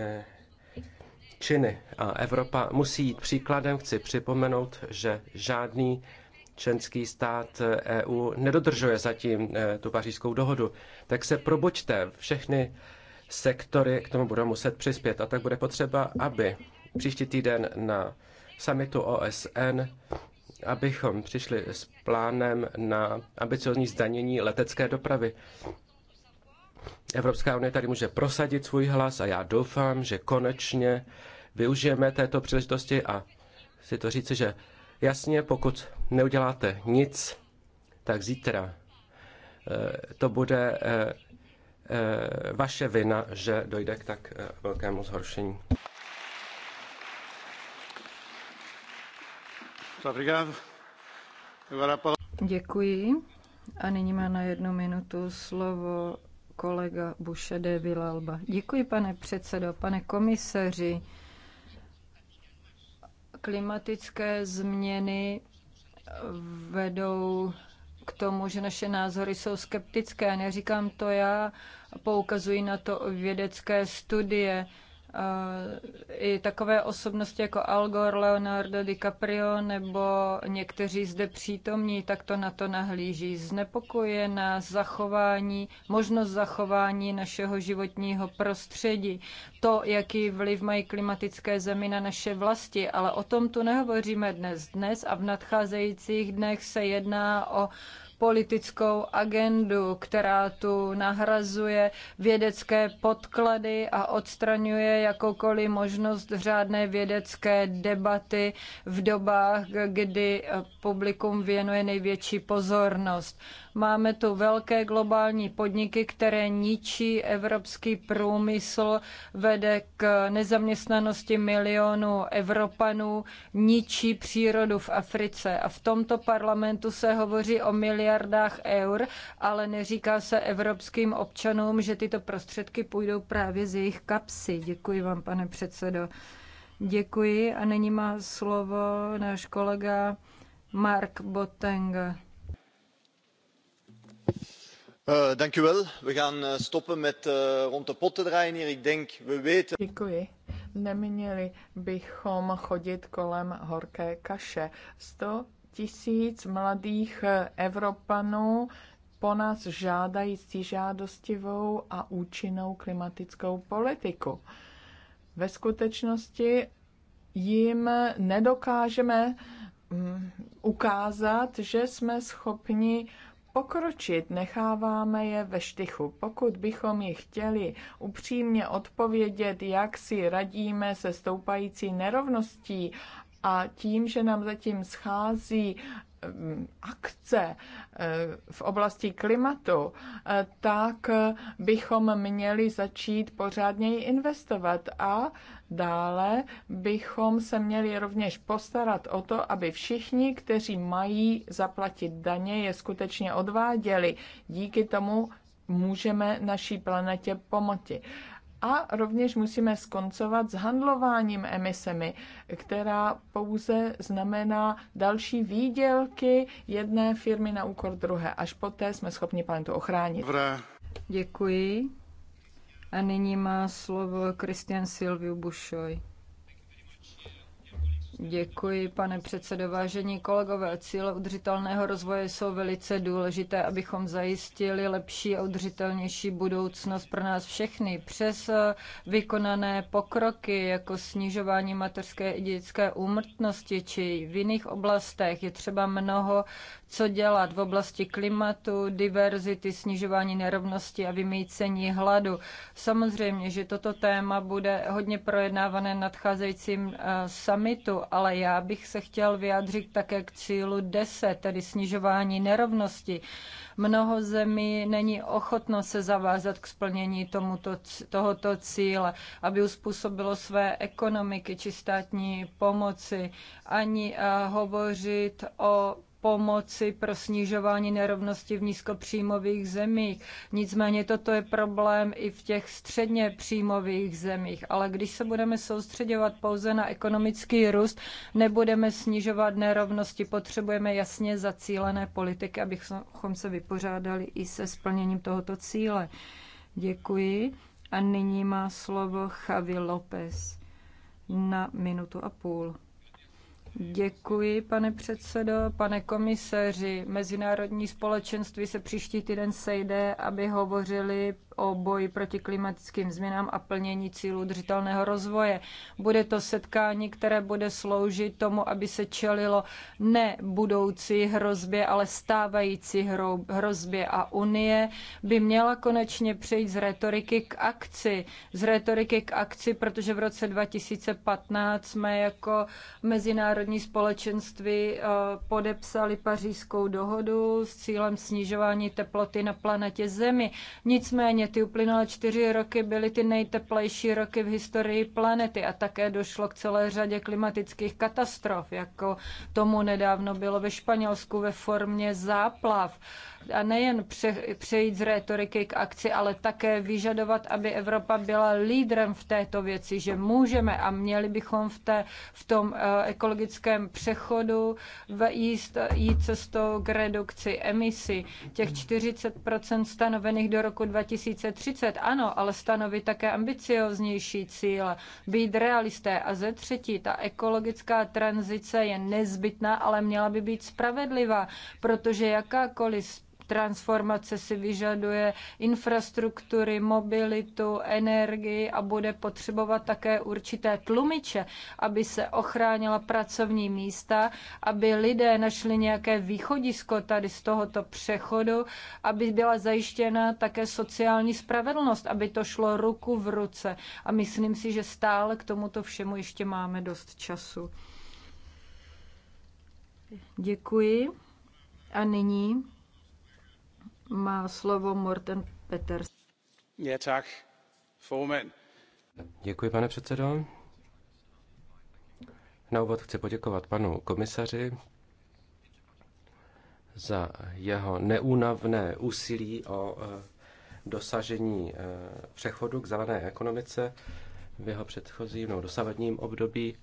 činy a Evropa musí jít příkladem. Chci připomenout, že žádný členský stát EU eh, e nedodržuje zatím eh, tu pařížskou dohodu, tak se probuďte. Všechny sektory k tomu budou muset přispět. A tak bude potřeba, aby příští týden na summitu OSN, abychom přišli s plánem na ambiciozní zdanění letecké dopravy. Evropská unie tady může prosadit svůj hlas a já doufám, že konečně využijeme této příležitosti a si to říci, že Jasně, pokud neuděláte nic, tak zítra eh, to bude eh, eh, vaše vina, že dojde k tak velkému zhoršení. Děkuji. A nyní má na jednu minutu slovo kolega Bušede Vilalba. Děkuji, pane předsedo, pane komisaři. Klimatické změny vedou k tomu, že naše názory jsou skeptické. Neříkám to já, poukazují na to vědecké studie i takové osobnosti jako Al Gore, Leonardo DiCaprio nebo někteří zde přítomní tak to na to nahlíží. Znepokoje nás zachování, možnost zachování našeho životního prostředí, to, jaký vliv mají klimatické zemi na naše vlasti, ale o tom tu nehovoříme dnes. Dnes a v nadcházejících dnech se jedná o politickou agendu, která tu nahrazuje vědecké podklady a odstraňuje jakoukoliv možnost řádné vědecké debaty v dobách, kdy publikum věnuje největší pozornost. Máme tu velké globální podniky, které ničí evropský průmysl, vede k nezaměstnanosti milionů Evropanů, ničí přírodu v Africe. A v tomto parlamentu se hovoří o miliardách eur, ale neříká se evropským občanům, že tyto prostředky půjdou právě z jejich kapsy. Děkuji vám, pane předsedo. Děkuji a nyní má slovo náš kolega Mark Botenga. Eh, Děkuji. Neměli bychom chodit kolem horké kaše. 100 tisíc mladých eh, Evropanů po nás žádají žádostivou a účinnou klimatickou politiku. Ve skutečnosti jim nedokážeme mm, ukázat, že jsme schopni pokročit, necháváme je ve štychu. Pokud bychom ji chtěli upřímně odpovědět, jak si radíme se stoupající nerovností a tím, že nám zatím schází Eh, akce eh, v oblasti klimatu, eh, tak bychom měli začít pořádněji investovat a dále bychom se měli rovněž postarat o to, aby všichni, kteří mají zaplatit daně, je skutečně odváděli. Díky tomu můžeme naší planetě pomoci. A rovněž musíme skoncovat s handlováním emisemi, která pouze znamená další výdělky jedné firmy na úkor druhé. Až poté jsme schopni planetu ochránit. Dobré. Děkuji. A nyní má slovo Kristian Silviu Bušoj. Děkuji, pane předsedo. Vážení kolegové, cíle udržitelného rozvoje jsou velice důležité, abychom zajistili lepší a udržitelnější budoucnost pro nás všechny. Přes eh, vykonané pokroky, jako snižování mateřské i dětské úmrtnosti či v jiných oblastech, je třeba mnoho co dělat v oblasti klimatu, diverzity, snižování nerovnosti a vymýcení hladu. Samozřejmě, že toto téma bude hodně projednávané nadcházejícím eh, summitu, ale já bych se chtěl vyjádřit také k cílu 10, tedy snižování nerovnosti. Mnoho zemí není ochotno se zavázat k splnění tomuto, tohoto cíle, aby uspůsobilo své ekonomiky či státní pomoci, ani eh, hovořit o pomoci pro snižování nerovnosti v nízkopříjmových zemích. Nicméně toto je problém i v těch středně příjmových zemích. Ale když se budeme soustředovat pouze na ekonomický růst, nebudeme snižovat nerovnosti. Potřebujeme jasně zacílené politiky, abychom se vypořádali i se splněním tohoto cíle. Děkuji. A nyní má slovo Javi López na minutu a půl. Děkuji, pane předsedo. Pane komisaři, Mezinárodní společenství se příští týden sejde, aby hovořili o boji proti klimatickým změnám a plnění cílů držitelného rozvoje. Bude to setkání, které bude sloužit tomu, aby se čelilo ne budoucí hrozbě, ale stávající hrozbě. A Unie by měla konečně přejít z retoriky k akci. Z retoriky k akci, protože v roce 2015 jsme jako mezinárodní společenství eh, podepsali pařížskou dohodu s cílem snižování teploty na planetě Zemi. Nicméně Samozřejmě ty uplynulé čtyři roky byly ty nejteplejší roky v historii planety a také došlo k celé řadě klimatických katastrof, jako tomu nedávno bylo ve Španělsku ve formě záplav a nejen pře, přejít z retoriky k akci, ale také vyžadovat, aby Evropa byla lídrem v této věci, že můžeme a měli bychom v, té, v tom eh, ekologickém přechodu jíst, jít cestou k redukci emisí. Těch 40 stanovených do roku 2000 2030, ano, ale stanovit také ambicioznější cíle, být realisté. A ze třetí, ta ekologická tranzice je nezbytná, ale měla by být spravedlivá, protože jakákoliv transformace si vyžaduje infrastruktury, mobilitu, energii a bude potřebovat také určité tlumiče, aby se ochránila pracovní místa, aby lidé našli nějaké východisko tady z tohoto přechodu, aby byla zajištěna také sociální spravedlnost, aby to šlo ruku v ruce. A myslím si, že stále k tomuto všemu ještě máme dost času. Děkuji. A nyní má slovo Morten Peters. Je tak, formen. Děkuji, pane předsedo. Na úvod chci poděkovat panu komisaři za jeho neúnavné úsilí o eh, dosažení eh, přechodu k zelené ekonomice v jeho předchozím nebo dosavadním období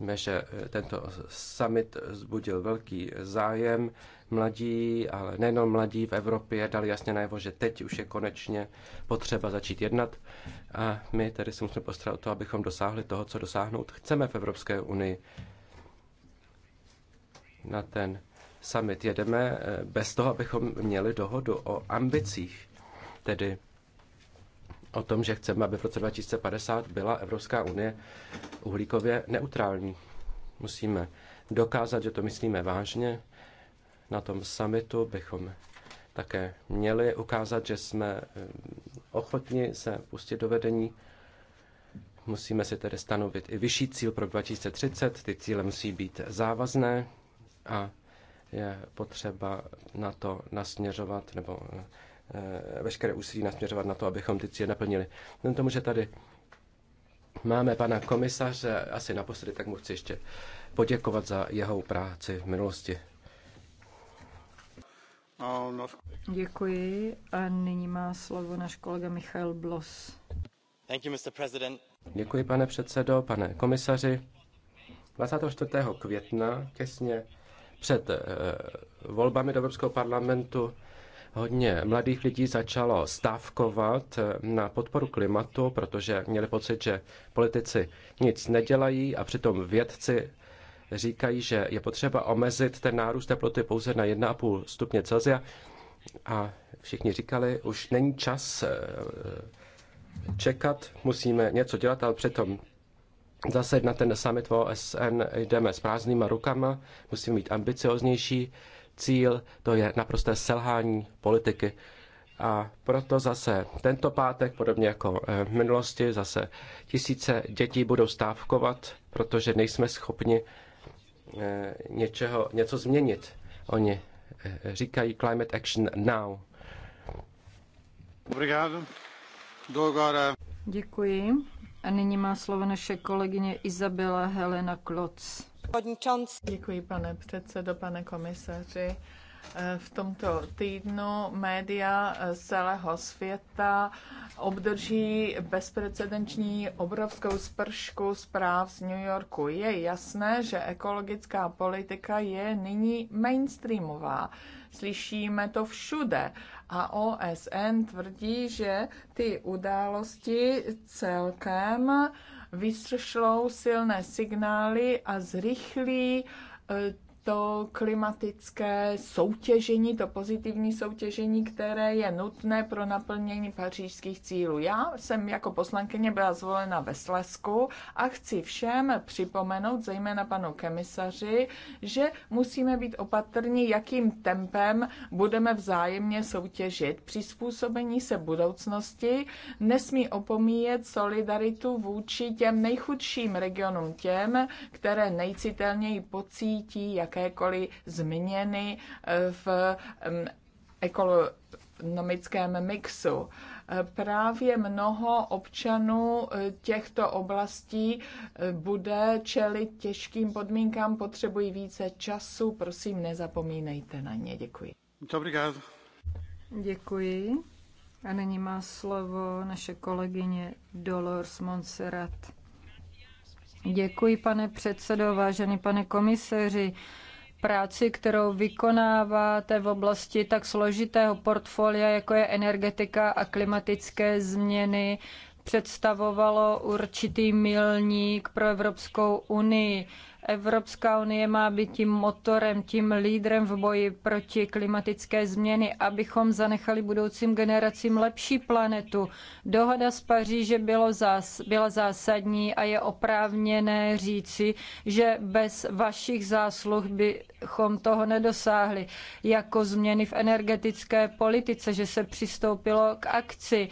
Víme, že eh, tento summit zbudil velký zájem. Mladí, ale nejenom mladí v Evropě, dali jasně najevo, že teď už je konečně potřeba začít jednat. A my tedy se musíme postarat o to, abychom dosáhli toho, co dosáhnout chceme v Evropské unii. Na ten summit jedeme eh, bez toho, abychom měli dohodu o ambicích, tedy o tom, že chceme, aby v roce 2050 byla Evropská unie uhlíkově neutrální. Musíme dokázat, že to myslíme vážně. Na tom summitu bychom také měli ukázat, že jsme eh, ochotni se pustit do vedení. Musíme si tedy stanovit i vyšší cíl pro 2030. Ty cíle musí být závazné a je potřeba na to nasměřovat nebo eh, Eh, veškeré úsilí nasměřovat na to, abychom ty cíle naplnili. Vzhledem tomu, že tady máme pana komisaře asi naposledy, tak mu chci ještě poděkovat za jeho práci v minulosti. Děkuji a nyní má slovo náš kolega Michal Blos. Děkuji, pane předsedo, pane komisaři. 24. května, těsně před eh, volbami do Evropského parlamentu, Hodně mladých lidí začalo stávkovat eh, na podporu klimatu, protože měli pocit, že politici nic nedělají a přitom vědci říkají, že je potřeba omezit ten nárůst teploty pouze na 1,5 stupně Celsia. A všichni říkali, už není čas eh, čekat, musíme něco dělat, ale přitom zase na ten summit v OSN jdeme s prázdnýma rukama, musíme být ambicioznější, cíl, to je naprosté selhání politiky. A proto zase tento pátek, podobně jako eh, v minulosti, zase tisíce dětí budou stávkovat, protože nejsme schopni eh, něčeho, něco změnit. Oni eh, říkají Climate Action Now. Děkuji. A nyní má slovo naše kolegyně Izabela Helena Kloc. Děkuji, pane předsedo, pane komisaři. Eh, v tomto týdnu média eh, z celého světa obdrží bezprecedenční obrovskou spršku zpráv z New Yorku. Je jasné, že ekologická politika je nyní mainstreamová. Slyšíme to všude a OSN tvrdí, že ty události celkem vyšlou silné signály a zrychlí eh, to klimatické soutěžení, to pozitivní soutěžení, které je nutné pro naplnění pařížských cílů. Já jsem jako poslankyně byla zvolena ve Slesku a chci všem připomenout, zejména panu kemisaři, že musíme být opatrní, jakým tempem budeme vzájemně soutěžit. Přizpůsobení se budoucnosti nesmí opomíjet solidaritu vůči těm nejchudším regionům, těm, které nejcitelněji pocítí, jaké jakékoliv změny eh, v mm, ekonomickém mixu. Eh, právě mnoho občanů eh, těchto oblastí bude čelit těžkým podmínkám, potřebují více času, prosím nezapomínejte na ně. Děkuji. Děkuji. A nyní má slovo naše kolegyně Dolores Monserrat. Děkuji, pane předsedo, vážený pane komisaři práci, kterou vykonáváte v oblasti tak složitého portfolia, jako je energetika a klimatické změny, představovalo určitý milník pro Evropskou unii. Evropská unie má být tím motorem, tím lídrem v boji proti klimatické změny, abychom zanechali budoucím generacím lepší planetu. Dohoda z Paříže bylo zás, byla zásadní a je oprávněné říci, že bez vašich zásluh bychom toho nedosáhli, jako změny v energetické politice, že se přistoupilo k akci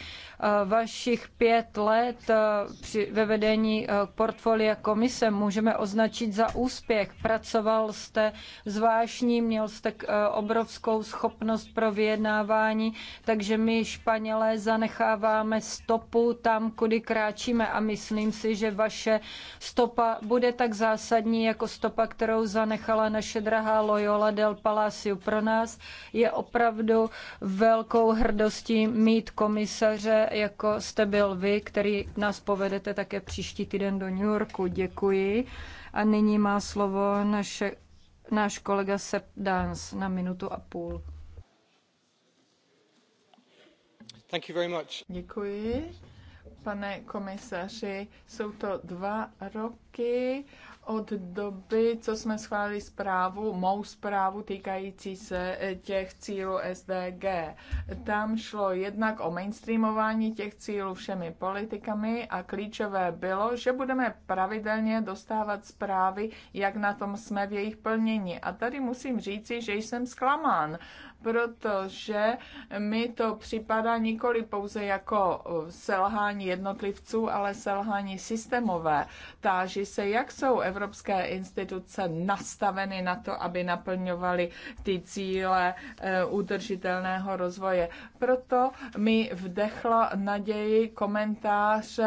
vašich pět let eh, při, ve vedení eh, portfolia komise můžeme označit za za úspěch. Pracoval jste zvláštní, měl jste eh, obrovskou schopnost pro vyjednávání, takže my Španělé zanecháváme stopu tam, kudy kráčíme a myslím si, že vaše stopa bude tak zásadní jako stopa, kterou zanechala naše drahá Loyola del Palacio. Pro nás je opravdu velkou hrdostí mít komisaře, jako jste byl vy, který nás povedete také příští týden do New Yorku. Děkuji. A nyní má slovo naše, náš kolega Sepp Dans na minutu a půl. Thank you very much. Děkuji. Pane komisaři, jsou to dva roky od doby, co jsme schválili zprávu, mou zprávu týkající se eh, těch cílů SDG. Tam šlo jednak o mainstreamování těch cílů všemi politikami a klíčové bylo, že budeme pravidelně dostávat zprávy, jak na tom jsme v jejich plnění. A tady musím říci, že jsem zklamán protože mi to připadá nikoli pouze jako eh, selhání jednotlivců, ale selhání systémové. Táží se, jak jsou evropské instituce nastaveny na to, aby naplňovaly ty cíle eh, udržitelného rozvoje. Proto mi vdechla naději komentář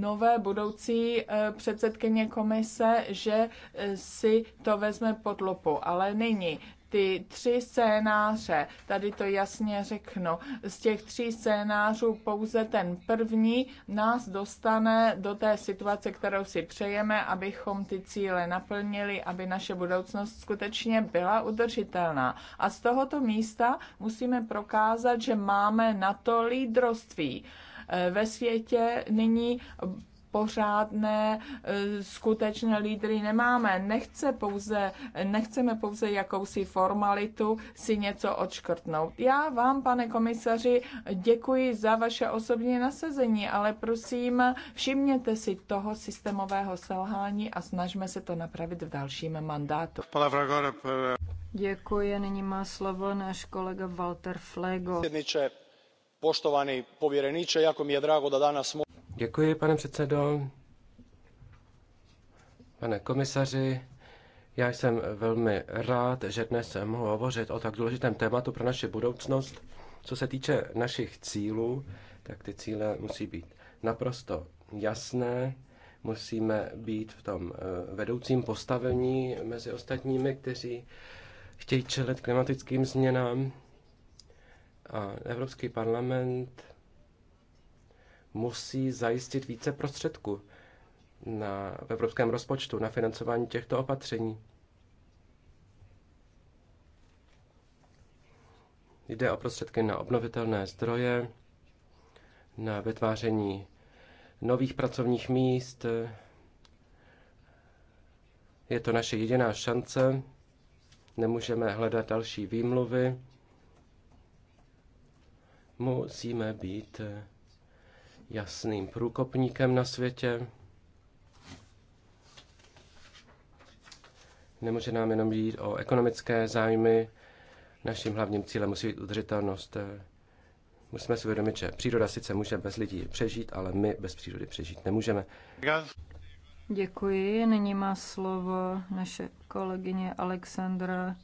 nové budoucí eh, předsedkyně komise, že si to vezme pod lupu. Ale nyní ty tři scénáře, tady to jasně řeknu, z těch tří scénářů pouze ten první nás dostane do té situace, kterou si přejeme, abychom ty cíle naplnili, aby naše budoucnost skutečně byla udržitelná. A z tohoto místa musíme prokázat, že máme na to lídrovství ve světě nyní pořádné e, skutečné lídry nemáme. Nechce pouze, nechceme pouze jakousi formalitu si něco odškrtnout. Já vám, pane komisaři, děkuji za vaše osobní nasazení, ale prosím, všimněte si toho systémového selhání a snažme se to napravit v dalším mandátu. Děkuji. Nyní má slovo náš kolega Walter Flego. Poštovaný povjereniče, jako mi je drago da danas Děkuji, pane předsedo. Pane komisaři, já jsem velmi rád, že dnes mohu hovořit o tak důležitém tématu pro naši budoucnost. Co se týče našich cílů, tak ty cíle musí být naprosto jasné. Musíme být v tom eh, vedoucím postavení mezi ostatními, kteří chtějí čelit klimatickým změnám. A Evropský parlament musí zajistit více prostředků na, v evropském rozpočtu na financování těchto opatření. Jde o prostředky na obnovitelné zdroje, na vytváření nových pracovních míst. Je to naše jediná šance. Nemůžeme hledat další výmluvy. Musíme být jasným průkopníkem na světě. Nemůže nám jenom jít o ekonomické zájmy. Naším hlavním cílem musí být udržitelnost. Musíme si uvědomit, že příroda sice může bez lidí přežít, ale my bez přírody přežít nemůžeme. Děkuji. Nyní má slovo naše kolegyně Alexandra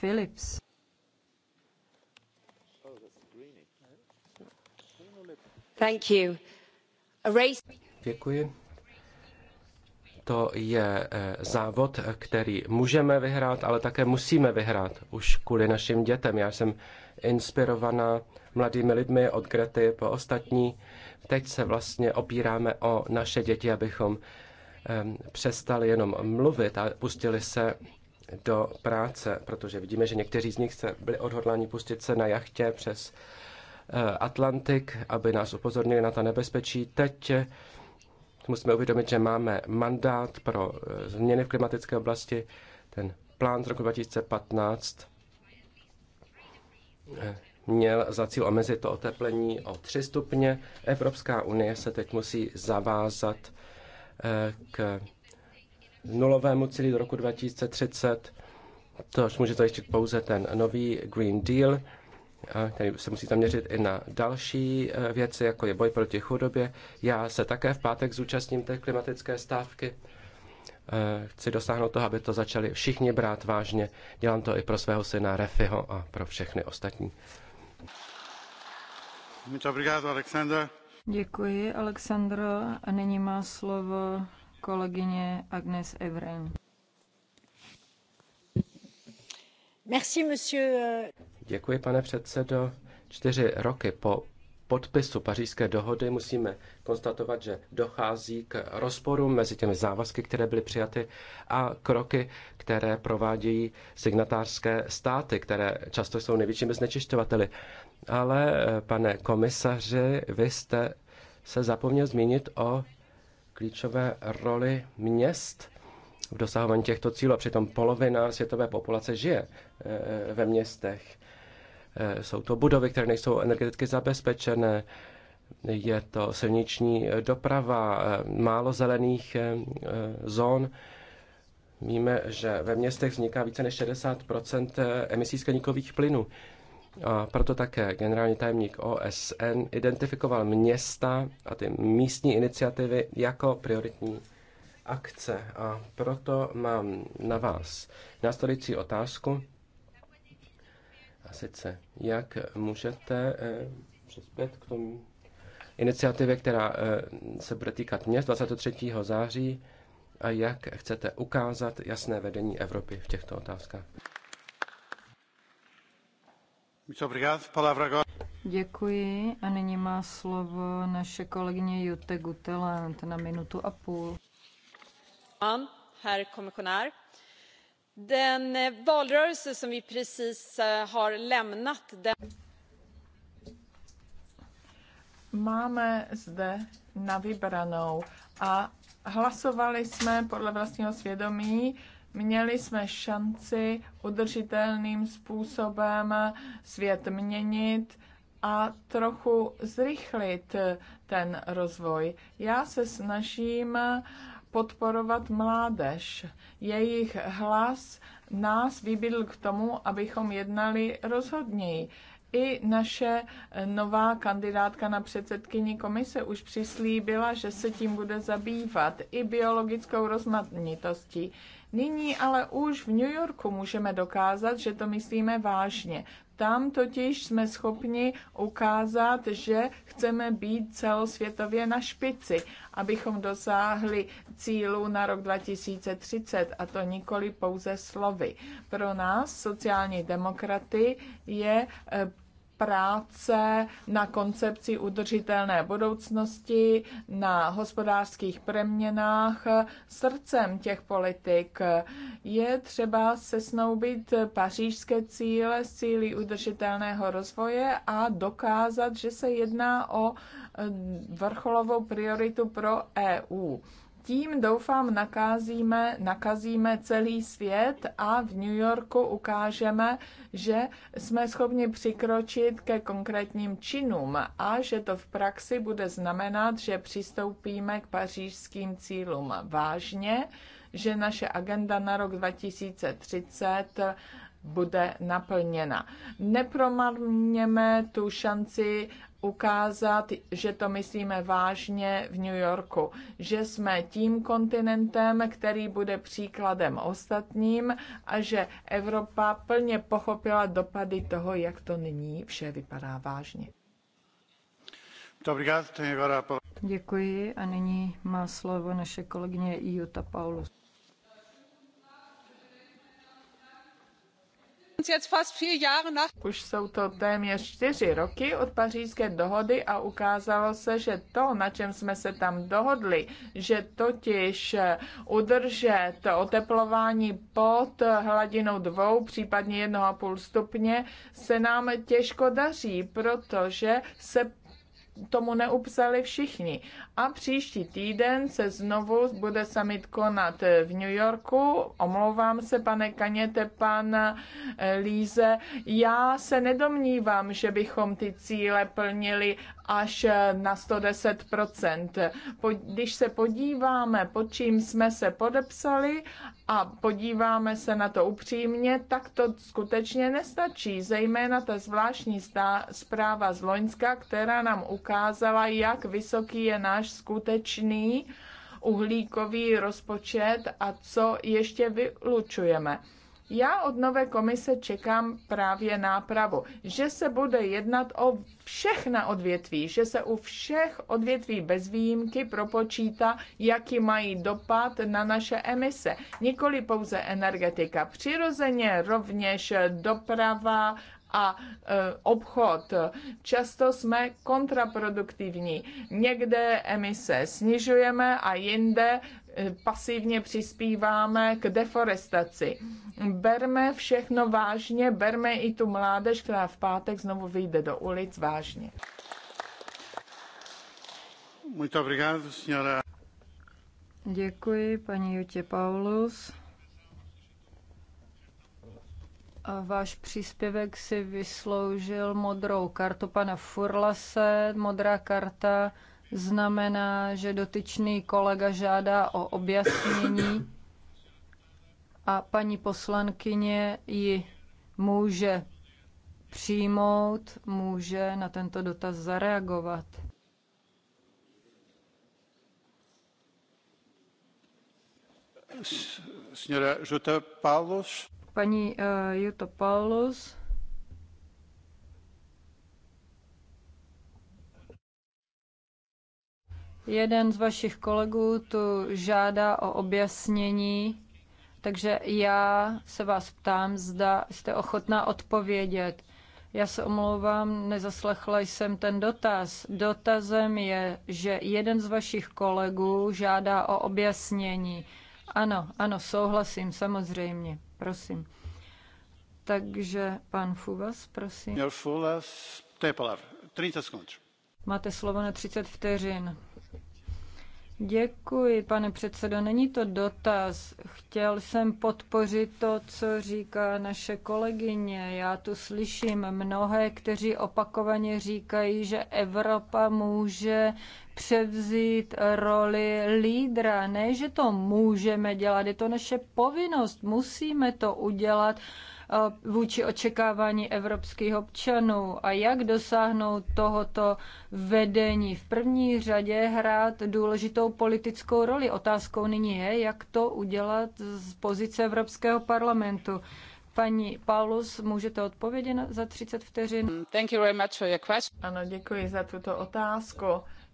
Phillips. Děkuji. To je eh, závod, který můžeme vyhrát, ale také musíme vyhrát už kvůli našim dětem. Já jsem inspirovaná mladými lidmi od Grety po ostatní. Teď se vlastně opíráme o naše děti, abychom ehm, přestali jenom mluvit a pustili se do práce, protože vidíme, že někteří z nich se byli odhodláni pustit se na jachtě přes Eh, Atlantik, aby nás upozornili na ta nebezpečí. Teď eh, musíme uvědomit, že máme mandát pro eh, změny v klimatické oblasti. Ten plán z roku 2015 měl za cíl omezit to oteplení o 3 stupně. Evropská unie se teď musí zavázat k nulovému cíli do roku 2030, což může zajistit pouze ten nový Green Deal který se musí zaměřit i na další e, věci, jako je boj proti chudobě. Já se také v pátek zúčastním té klimatické stávky. E, chci dosáhnout toho, aby to začali všichni brát vážně. Dělám to i pro svého syna Refiho a pro všechny ostatní. Děkuji, Alexandro. A nyní má slovo kolegyně Agnes Evren. Merci, monsieur. Euh, Děkuji, pane předsedo. Čtyři roky po podpisu pařížské dohody musíme konstatovat, že dochází k rozporu mezi těmi závazky, které byly přijaty, a kroky, které provádějí signatářské státy, které často jsou největšími znečišťovateli. Ale, pane komisaři, vy jste se zapomněl zmínit o klíčové roli měst v dosahování těchto cílů. Přitom polovina světové populace žije eh, ve městech. Eh, jsou to budovy, které nejsou energeticky zabezpečené, je to silniční eh, doprava, eh, málo zelených zón. Víme, že ve městech vzniká více než 60 emisí skleníkových plynů. A proto také generální tajemník OSN identifikoval města a ty místní iniciativy jako prioritní akce. A proto mám na vás následující otázku sice jak můžete eh, přispět k tomu iniciativě, která eh, se bude týkat měst 23. září a jak chcete ukázat jasné vedení Evropy v těchto otázkách. Děkuji a nyní má slovo naše kolegyně Jute Gutelant na minutu a půl. Herr komisionär, Den eh, valrörelse som vi precis eh, har lämnat... Den... Máme zde na vybranou a hlasovali jsme podle vlastního svědomí, měli jsme šanci udržitelným způsobem svět měnit a trochu zrychlit ten rozvoj. Já se snažím uh, podporovat mládež. Jejich hlas nás vybídl k tomu, abychom jednali rozhodněji. I naše nová kandidátka na předsedkyni komise už přislíbila, že se tím bude zabývat i biologickou rozmanitostí. Nyní ale už v New Yorku můžeme dokázat, že to myslíme vážně. Tam totiž jsme schopni ukázat, že chceme být celosvětově na špici, abychom dosáhli cílu na rok 2030, a to nikoli pouze slovy. Pro nás, sociální demokraty, je eh, práce na koncepci udržitelné budoucnosti, na hospodářských preměnách. Srdcem těch politik je třeba se snoubit pařížské cíle s cíly udržitelného rozvoje a dokázat, že se jedná o vrcholovou prioritu pro EU tím doufám nakazíme, nakazíme celý svět a v New Yorku ukážeme, že jsme schopni přikročit ke konkrétním činům a že to v praxi bude znamenat, že přistoupíme k pařížským cílům vážně, že naše agenda na rok 2030 bude naplněna. Nepromarněme tu šanci ukázat, že to myslíme vážně v New Yorku, že jsme tím kontinentem, který bude příkladem ostatním a že Evropa plně pochopila dopady toho, jak to nyní vše vypadá vážně. Děkuji a nyní má slovo naše kolegyně Iuta Paulus. Už jsou to téměř čtyři roky od pařížské dohody a ukázalo se, že to, na čem jsme se tam dohodli, že totiž udržet oteplování pod hladinou dvou, případně jednoho půl stupně, se nám těžko daří, protože se tomu neupsali všichni. A příští týden se znovu bude summit konat v New Yorku. Omlouvám se, pane Kaněte, pan eh, Líze. Já se nedomnívám, že bychom ty cíle plnili až na 110 Když se podíváme, pod čím jsme se podepsali a podíváme se na to upřímně, tak to skutečně nestačí. Zejména ta zvláštní zpráva z Loňska, která nám ukázala, jak vysoký je náš skutečný uhlíkový rozpočet a co ještě vylučujeme. Já od nové komise čekám právě nápravu, že se bude jednat o všechna odvětví, že se u všech odvětví bez výjimky propočítá, jaký mají dopad na naše emise. Nikoli pouze energetika, přirozeně rovněž doprava a e, obchod. Často jsme kontraproduktivní. Někde emise snižujeme a jinde pasivně přispíváme k deforestaci. Berme všechno vážně, berme i tu mládež, která v pátek znovu vyjde do ulic vážně. Děkuji, paní Jutě Paulus. A váš příspěvek si vysloužil modrou kartu pana Furlase, modrá karta znamená, že dotyčný kolega žádá o objasnění a paní poslankyně ji může přijmout, může na tento dotaz zareagovat. Paní uh, Juto Paulus. Jeden z vašich kolegů tu žádá o objasnění, takže já se vás ptám, zda jste ochotná odpovědět. Já se omlouvám, nezaslechla jsem ten dotaz. Dotazem je, že jeden z vašich kolegů žádá o objasnění. Ano, ano, souhlasím, samozřejmě. Prosím. Takže pan Fuvas, prosím. Měl Fuvas, to je 30 sekund. Máte slovo na 30 vteřin. Děkuji, pane předsedo. Není to dotaz. Chtěl jsem podpořit to, co říká naše kolegyně. Já tu slyším mnohé, kteří opakovaně říkají, že Evropa může převzít roli lídra. Ne, že to můžeme dělat, je to naše povinnost, musíme to udělat Eh, vůči očekávání evropských občanů a jak dosáhnout tohoto vedení. V první řadě hrát důležitou politickou roli. Otázkou nyní je, jak to udělat z pozice Evropského parlamentu. Paní Paulus, můžete odpovědět za 30 vteřin? Thank you very much for your question. Ano, děkuji za tuto otázku.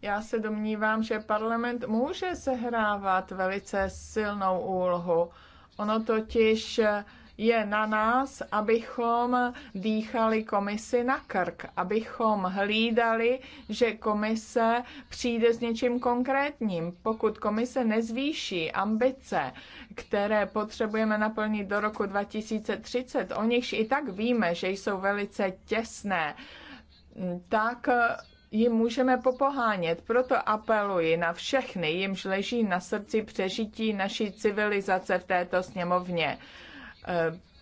Já se domnívám, že parlament může sehrávat velice silnou úlohu. Ono totiž eh, je na nás, abychom dýchali komisi na krk, abychom hlídali, že komise přijde s něčím konkrétním. Pokud komise nezvýší ambice, které potřebujeme naplnit do roku 2030, o nichž i tak víme, že jsou velice těsné, tak jim můžeme popohánět. Proto apeluji na všechny, jimž leží na srdci přežití naší civilizace v této sněmovně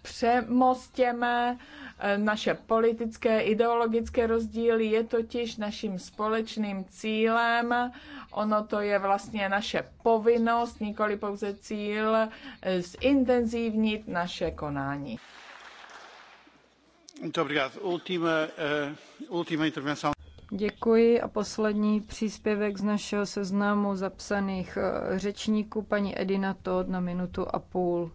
přemostěme eh, naše politické, ideologické rozdíly. Je totiž naším společným cílem, ono to je vlastně naše povinnost, nikoli pouze cíl, eh, zintenzívnit naše konání. Eh, Děkuji a poslední příspěvek z našeho seznamu zapsaných řečníků paní Edina Todd na minutu a půl.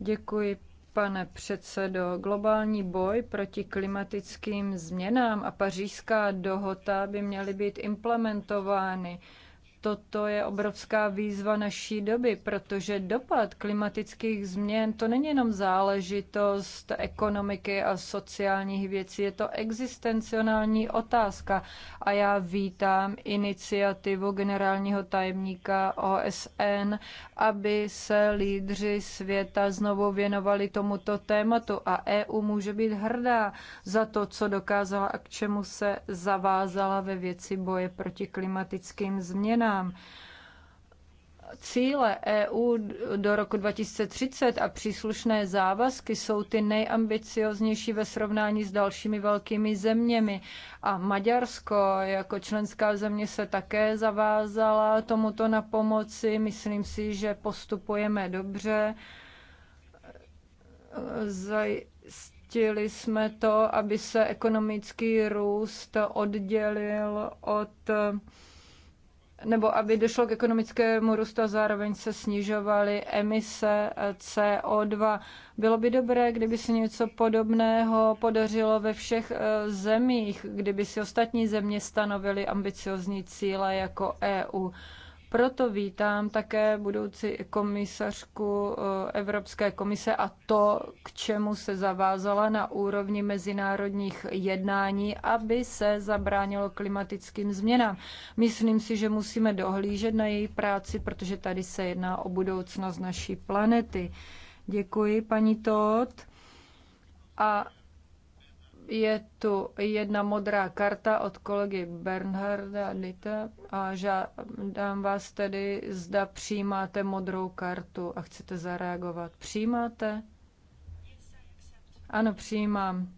Děkuji, pane předsedo. Globální boj proti klimatickým změnám a pařížská dohoda by měly být implementovány toto je obrovská výzva naší doby, protože dopad klimatických změn to není jenom záležitost ekonomiky a sociálních věcí, je to existencionální otázka. A já vítám iniciativu generálního tajemníka OSN, aby se lídři světa znovu věnovali tomuto tématu a EU může být hrdá za to, co dokázala a k čemu se zavázala ve věci boje proti klimatickým změnám změnám cíle EU do roku 2030 a příslušné závazky jsou ty nejambicioznější ve srovnání s dalšími velkými zeměmi. A Maďarsko jako členská země se také zavázala tomuto na pomoci. Myslím si, že postupujeme dobře. Zajistili jsme to, aby se ekonomický růst oddělil od nebo aby došlo k ekonomickému růstu a zároveň se snižovaly emise CO2. Bylo by dobré, kdyby se něco podobného podařilo ve všech e, zemích, kdyby si ostatní země stanovily ambiciozní cíle jako EU. Proto vítám také budoucí komisařku eh, Evropské komise a to, k čemu se zavázala na úrovni mezinárodních jednání, aby se zabránilo klimatickým změnám. Myslím si, že musíme dohlížet na její práci, protože tady se jedná o budoucnost naší planety. Děkuji, paní Todd. A je tu jedna modrá karta od kolegy Bernharda Nita a žádám vás tedy, zda přijímáte modrou kartu a chcete zareagovat. Přijímáte? Ano, přijímám.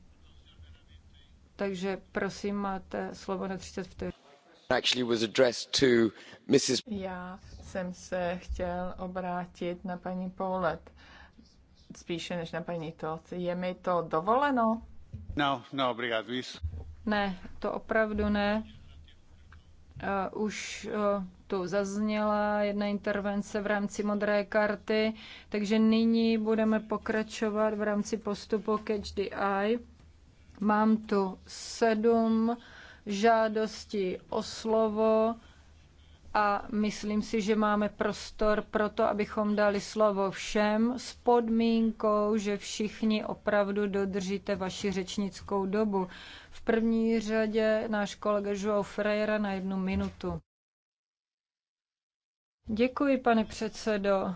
Takže prosím, máte slovo na 30 vteřin. Já jsem se chtěl obrátit na paní Poulet spíše než na paní Toth. Je mi to dovoleno? No, no, ne, to opravdu ne. Uh, už uh, tu zazněla jedna intervence v rámci modré karty, takže nyní budeme pokračovat v rámci postupu Catch the Eye. Mám tu sedm žádostí o slovo a myslím si, že máme prostor pro to, abychom dali slovo všem s podmínkou, že všichni opravdu dodržíte vaši řečnickou dobu. V první řadě náš kolega João Freira na jednu minutu. Děkuji, pane předsedo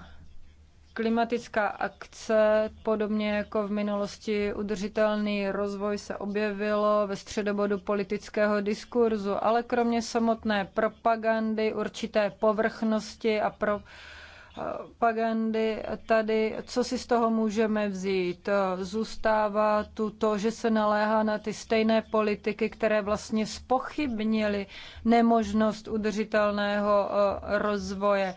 klimatická akce, podobně jako v minulosti udržitelný rozvoj se objevilo ve středobodu politického diskurzu, ale kromě samotné propagandy, určité povrchnosti a pro, propagandy tady, co si z toho můžeme vzít? Zůstává tu to, že se naléhá na ty stejné politiky, které vlastně spochybnily nemožnost udržitelného eh, rozvoje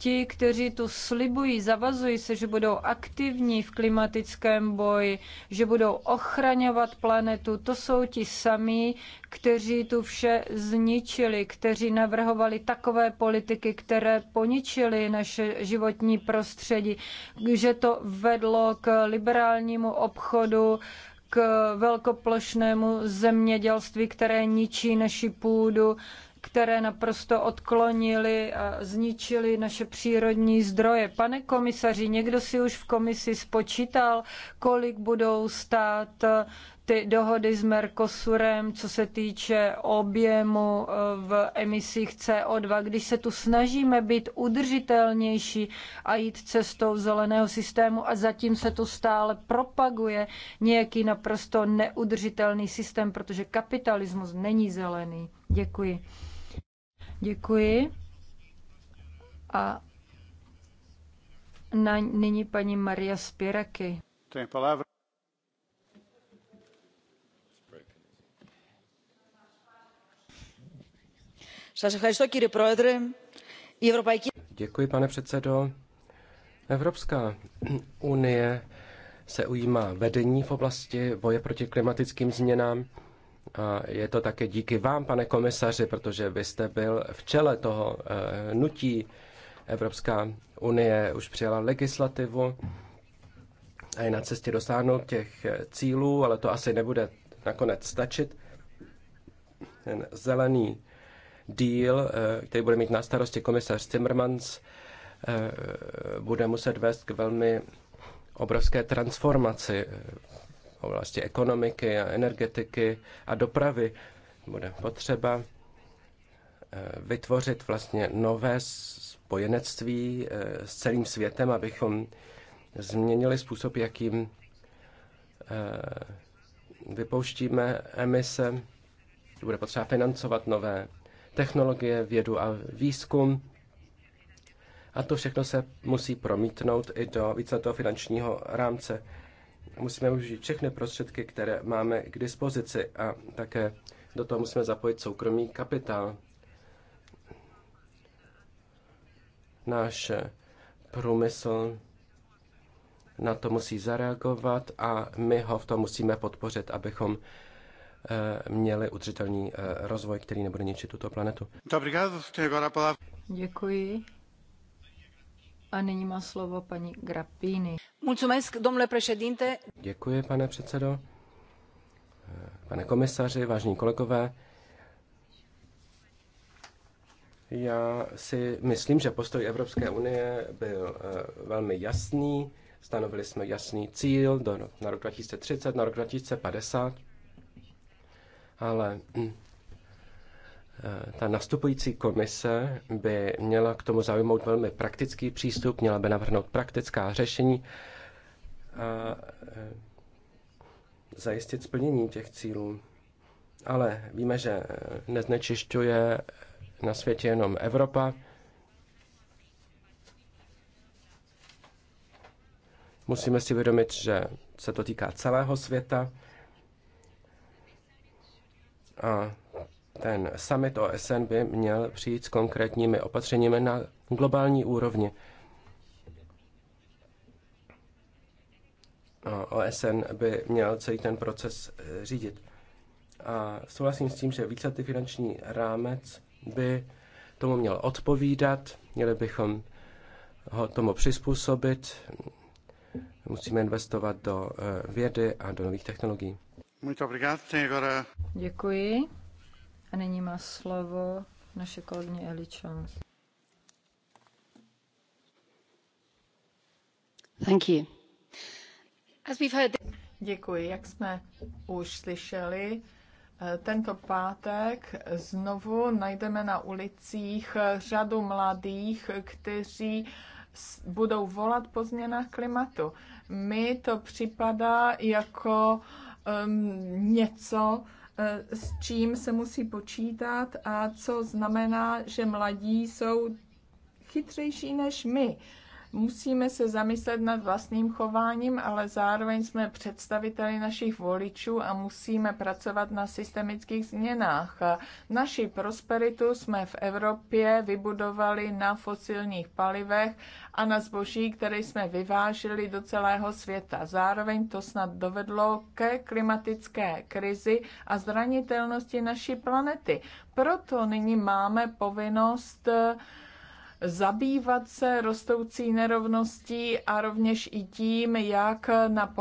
ti, kteří tu slibují, zavazují se, že budou aktivní v klimatickém boji, že budou ochraňovat planetu, to jsou ti samí, kteří tu vše zničili, kteří navrhovali takové politiky, které poničily naše životní prostředí, že to vedlo k liberálnímu obchodu, k velkoplošnému zemědělství, které ničí naši půdu, které naprosto odklonily a zničily naše přírodní zdroje. Pane komisaři, někdo si už v komisi spočítal, kolik budou stát eh, ty dohody s Mercosurem, co se týče objemu eh, v emisích CO2, když se tu snažíme být udržitelnější a jít cestou zeleného systému a zatím se to stále propaguje nějaký naprosto neudržitelný systém, protože kapitalismus není zelený. Děkuji. Děkuji. A na, nyní paní Maria Spiraky. Děkuji, pane předsedo. Evropská unie se ujímá vedení v oblasti boje proti klimatickým změnám je to také díky vám, pane komisaři, protože vy jste byl v čele toho eh, nutí. Evropská unie už přijala legislativu a je na cestě dosáhnout těch eh, cílů, ale to asi nebude nakonec stačit. Ten zelený díl, eh, který bude mít na starosti komisař Timmermans, bude muset vést k velmi obrovské transformaci oblasti ekonomiky a energetiky a dopravy bude potřeba eh, vytvořit vlastně nové spojenectví eh, s celým světem, abychom změnili způsob, jakým eh, vypouštíme emise. Bude potřeba financovat nové technologie, vědu a výzkum. A to všechno se musí promítnout i do víceletého finančního rámce musíme užít všechny prostředky, které máme k dispozici a také do toho musíme zapojit soukromý kapitál. Náš průmysl na to musí zareagovat a my ho v tom musíme podpořit, abychom eh, měli udržitelný eh, rozvoj, který nebude ničit tuto planetu. Děkuji. A nyní má slovo paní Grappini. Mulțumesc, domnule președinte. Děkuji, pane předsedo. Pane komisaři, vážení kolegové, já si myslím, že postoj Evropské unie byl eh, velmi jasný. Stanovili jsme jasný cíl do, na rok 2030, na rok 2050. Ale hm, Eh, ta nastupující komise by měla k tomu zaujmout velmi praktický přístup, měla by navrhnout praktická řešení a eh, zajistit splnění těch cílů. Ale víme, že eh, neznečišťuje na světě jenom Evropa. Musíme si vědomit, že se to týká celého světa. A ten summit OSN by měl přijít s konkrétními opatřeními na globální úrovni. OSN by měl celý ten proces eh, řídit. A souhlasím s tím, že víceletý finanční rámec by tomu měl odpovídat, měli bychom ho tomu přizpůsobit, musíme investovat do eh, vědy a do nových technologií. Děkuji. A nyní má slovo naše kolegyně Eli Jones. Thank you. As we've heard... Děkuji. Jak jsme už slyšeli, eh, tento pátek znovu najdeme na ulicích řadu mladých, kteří budou volat po změnách klimatu. Mi to připadá jako um, něco, E, s čím se musí počítat a co znamená, že mladí jsou chytřejší než my. Musíme se zamyslet nad vlastním chováním, ale zároveň jsme představiteli našich voličů a musíme pracovat na systemických změnách. Naši prosperitu jsme v Evropě vybudovali na fosilních palivech a na zboží, které jsme vyváželi do celého světa. Zároveň to snad dovedlo ke klimatické krizi a zranitelnosti naší planety. Proto nyní máme povinnost zabývat se rostoucí nerovností a rovněž i tím, jak na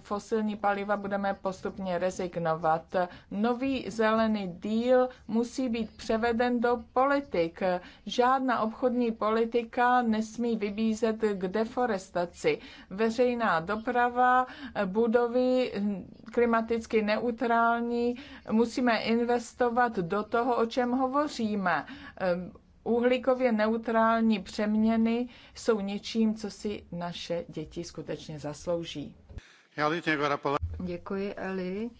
fosilní paliva budeme postupně rezignovat. Nový zelený díl musí být převeden do politik. Žádná obchodní politika nesmí vybízet k deforestaci. Veřejná doprava, budovy klimaticky neutrální, musíme investovat do toho, o čem hovoříme uhlíkově neutrální přeměny jsou něčím, co si naše děti skutečně zaslouží. Jako děkuji, Eli.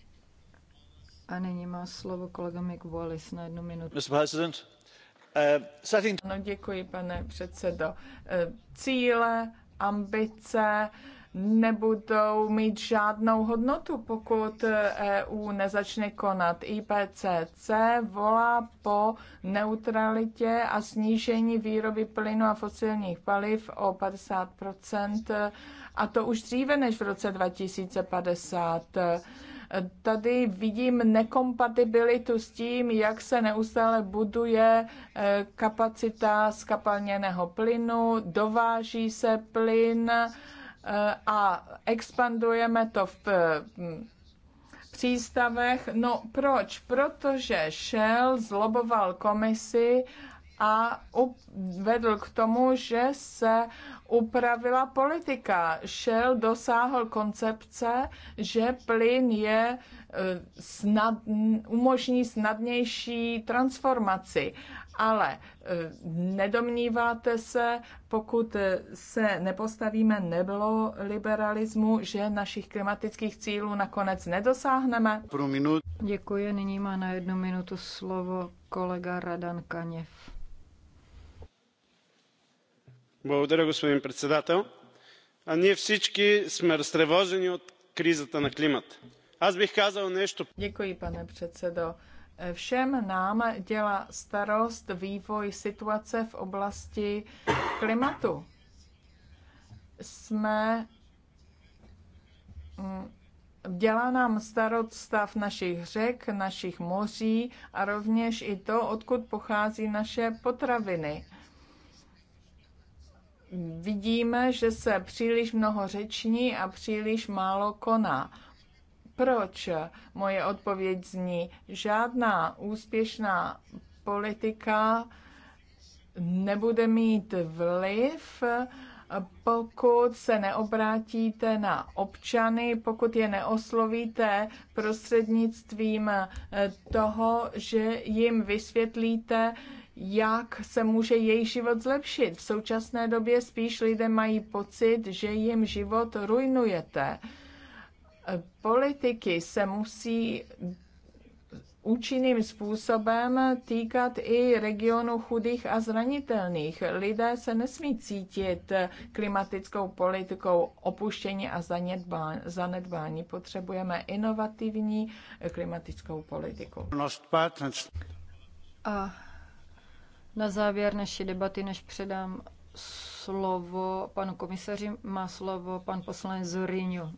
A nyní má slovo kolega Mick Wallace na jednu minutu. No, děkuji, pane předsedo. Eh, cíle, ambice, nebudou mít žádnou hodnotu, pokud EU nezačne konat. IPCC volá po neutralitě a snížení výroby plynu a fosilních paliv o 50 a to už dříve než v roce 2050. Tady vidím nekompatibilitu s tím, jak se neustále buduje eh, kapacita skapalněného plynu, dováží se plyn, Eh, a expandujeme to v hm, přístavech. No proč? Protože Shell zloboval komisi a vedl k tomu, že se upravila politika. Shell dosáhl koncepce, že plyn je eh, snad, umožní snadnější transformaci ale e, nedomníváte se, pokud se nepostavíme nebylo liberalismu, že našich klimatických cílů nakonec nedosáhneme? Pro minut. Děkuji, nyní má na jednu minutu slovo kolega Radan Kaněv. Благодаря, господин председател. А ние всички сме разтревожени от кризата на климата. Аз бих казал нещо. Děkuji, pane председател. Všem nám dělá starost vývoj situace v oblasti klimatu. Jsme mm, Dělá nám starost stav našich řek, našich moří a rovněž i to, odkud pochází naše potraviny. Vidíme, že se příliš mnoho řeční a příliš málo koná. Proč? Moje odpověď zní, žádná úspěšná politika nebude mít vliv, pokud se neobrátíte na občany, pokud je neoslovíte prostřednictvím toho, že jim vysvětlíte, jak se může jejich život zlepšit. V současné době spíš lidé mají pocit, že jim život rujnujete Politiky se musí účinným způsobem týkat i regionu chudých a zranitelných. Lidé se nesmí cítit klimatickou politikou opuštění a zanedbání. Potřebujeme inovativní klimatickou politiku. A na závěr naší debaty, než předám slovo panu komisaři, má slovo pan poslanec Zorinho.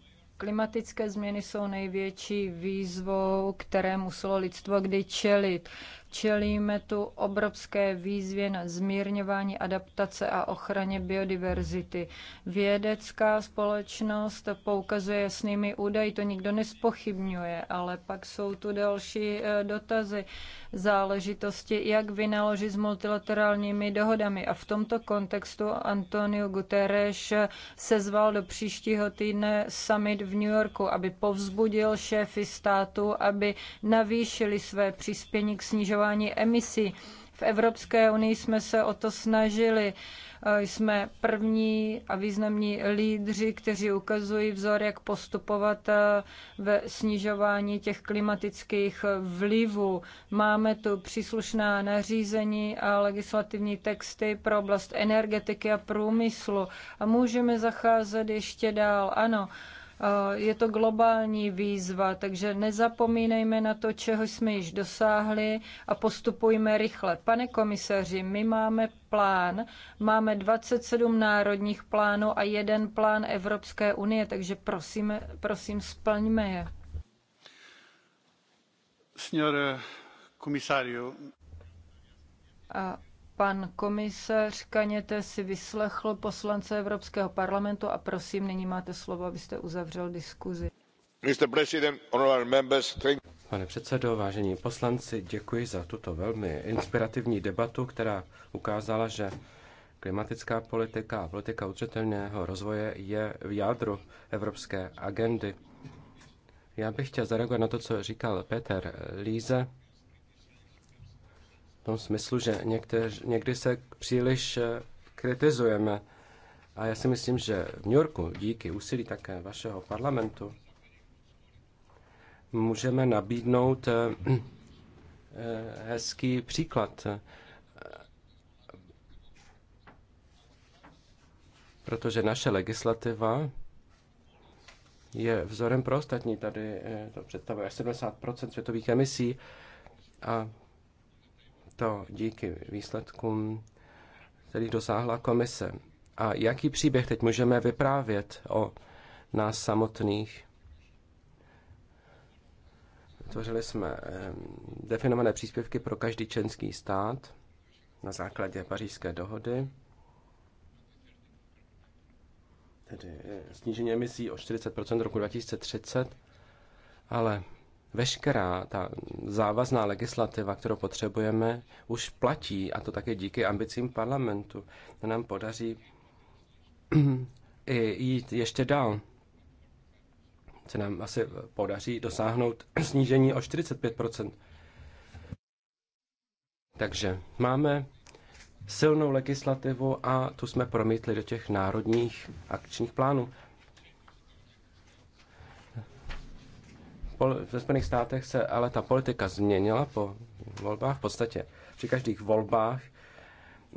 Klimatické změny jsou největší výzvou, které muselo lidstvo kdy čelit. Čelíme tu obrovské výzvě na zmírňování adaptace a ochraně biodiverzity. Vědecká společnost poukazuje jasnými údaji, to nikdo nespochybňuje, ale pak jsou tu další eh, dotazy záležitosti, jak vynaložit s multilaterálními dohodami. A v tomto kontextu Antonio Guterres sezval do příštího týdne summit v New Yorku, aby povzbudil šéfy státu, aby navýšili své příspění k snižování emisí v Evropské unii jsme se o to snažili. Eh, jsme první a významní lídři, kteří ukazují vzor, jak postupovat eh, ve snižování těch klimatických vlivů. Máme tu příslušná nařízení a legislativní texty pro oblast energetiky a průmyslu a můžeme zacházet ještě dál. Ano, Eh, je to globální výzva, takže nezapomínejme na to, čeho jsme již dosáhli a postupujme rychle. Pane komisaři, my máme plán, máme 27 národních plánů a jeden plán Evropské unie, takže prosím, prosím splňme je. Signore komisario. Pan komisař Kaněte si vyslechl poslance Evropského parlamentu a prosím, nyní máte slovo, abyste uzavřel diskuzi. Pane předsedo, vážení poslanci, děkuji za tuto velmi inspirativní debatu, která ukázala, že klimatická politika a politika udržitelného rozvoje je v jádru evropské agendy. Já bych chtěl zareagovat na to, co říkal Peter Líze v tom smyslu, že někdy, někdy se příliš eh, kritizujeme. A já si myslím, že v New Yorku díky úsilí také vašeho parlamentu můžeme nabídnout eh, eh, hezký příklad. Protože naše legislativa je vzorem pro ostatní. Tady to představuje 70 světových emisí a to díky výsledkům, který dosáhla komise. A jaký příběh teď můžeme vyprávět o nás samotných? Vytvořili jsme eh, definované příspěvky pro každý členský stát na základě pařížské dohody, tedy eh, snížení emisí o 40 roku 2030, ale veškerá ta závazná legislativa, kterou potřebujeme, už platí a to také díky ambicím parlamentu. To nám podaří i jít ještě dál. Se nám asi podaří dosáhnout snížení o 45 Takže máme silnou legislativu a tu jsme promítli do těch národních akčních plánů. ve Spojených státech se ale ta politika změnila po volbách, v podstatě při každých volbách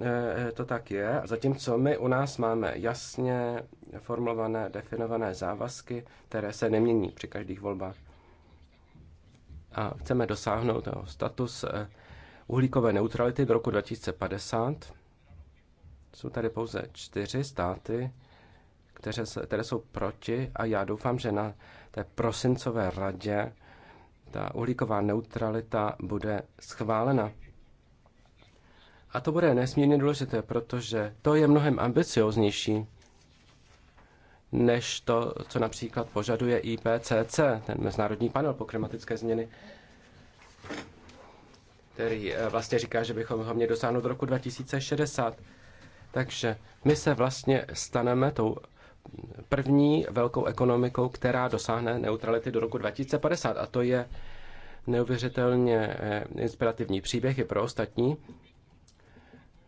eh, eh, to tak je. Zatímco my u nás máme jasně formulované, definované závazky, které se nemění při každých volbách. A chceme dosáhnout toho status eh, uhlíkové neutrality do roku 2050. Jsou tady pouze čtyři státy, které, se, které jsou proti a já doufám, že na té prosincové radě ta uhlíková neutralita bude schválena. A to bude nesmírně důležité, protože to je mnohem ambicioznější než to, co například požaduje IPCC, ten Mezinárodní panel po klimatické změny, který eh, vlastně říká, že bychom ho měli dosáhnout do roku 2060. Takže my se vlastně staneme tou první velkou ekonomikou, která dosáhne neutrality do roku 2050. A to je neuvěřitelně eh, inspirativní příběh i pro ostatní.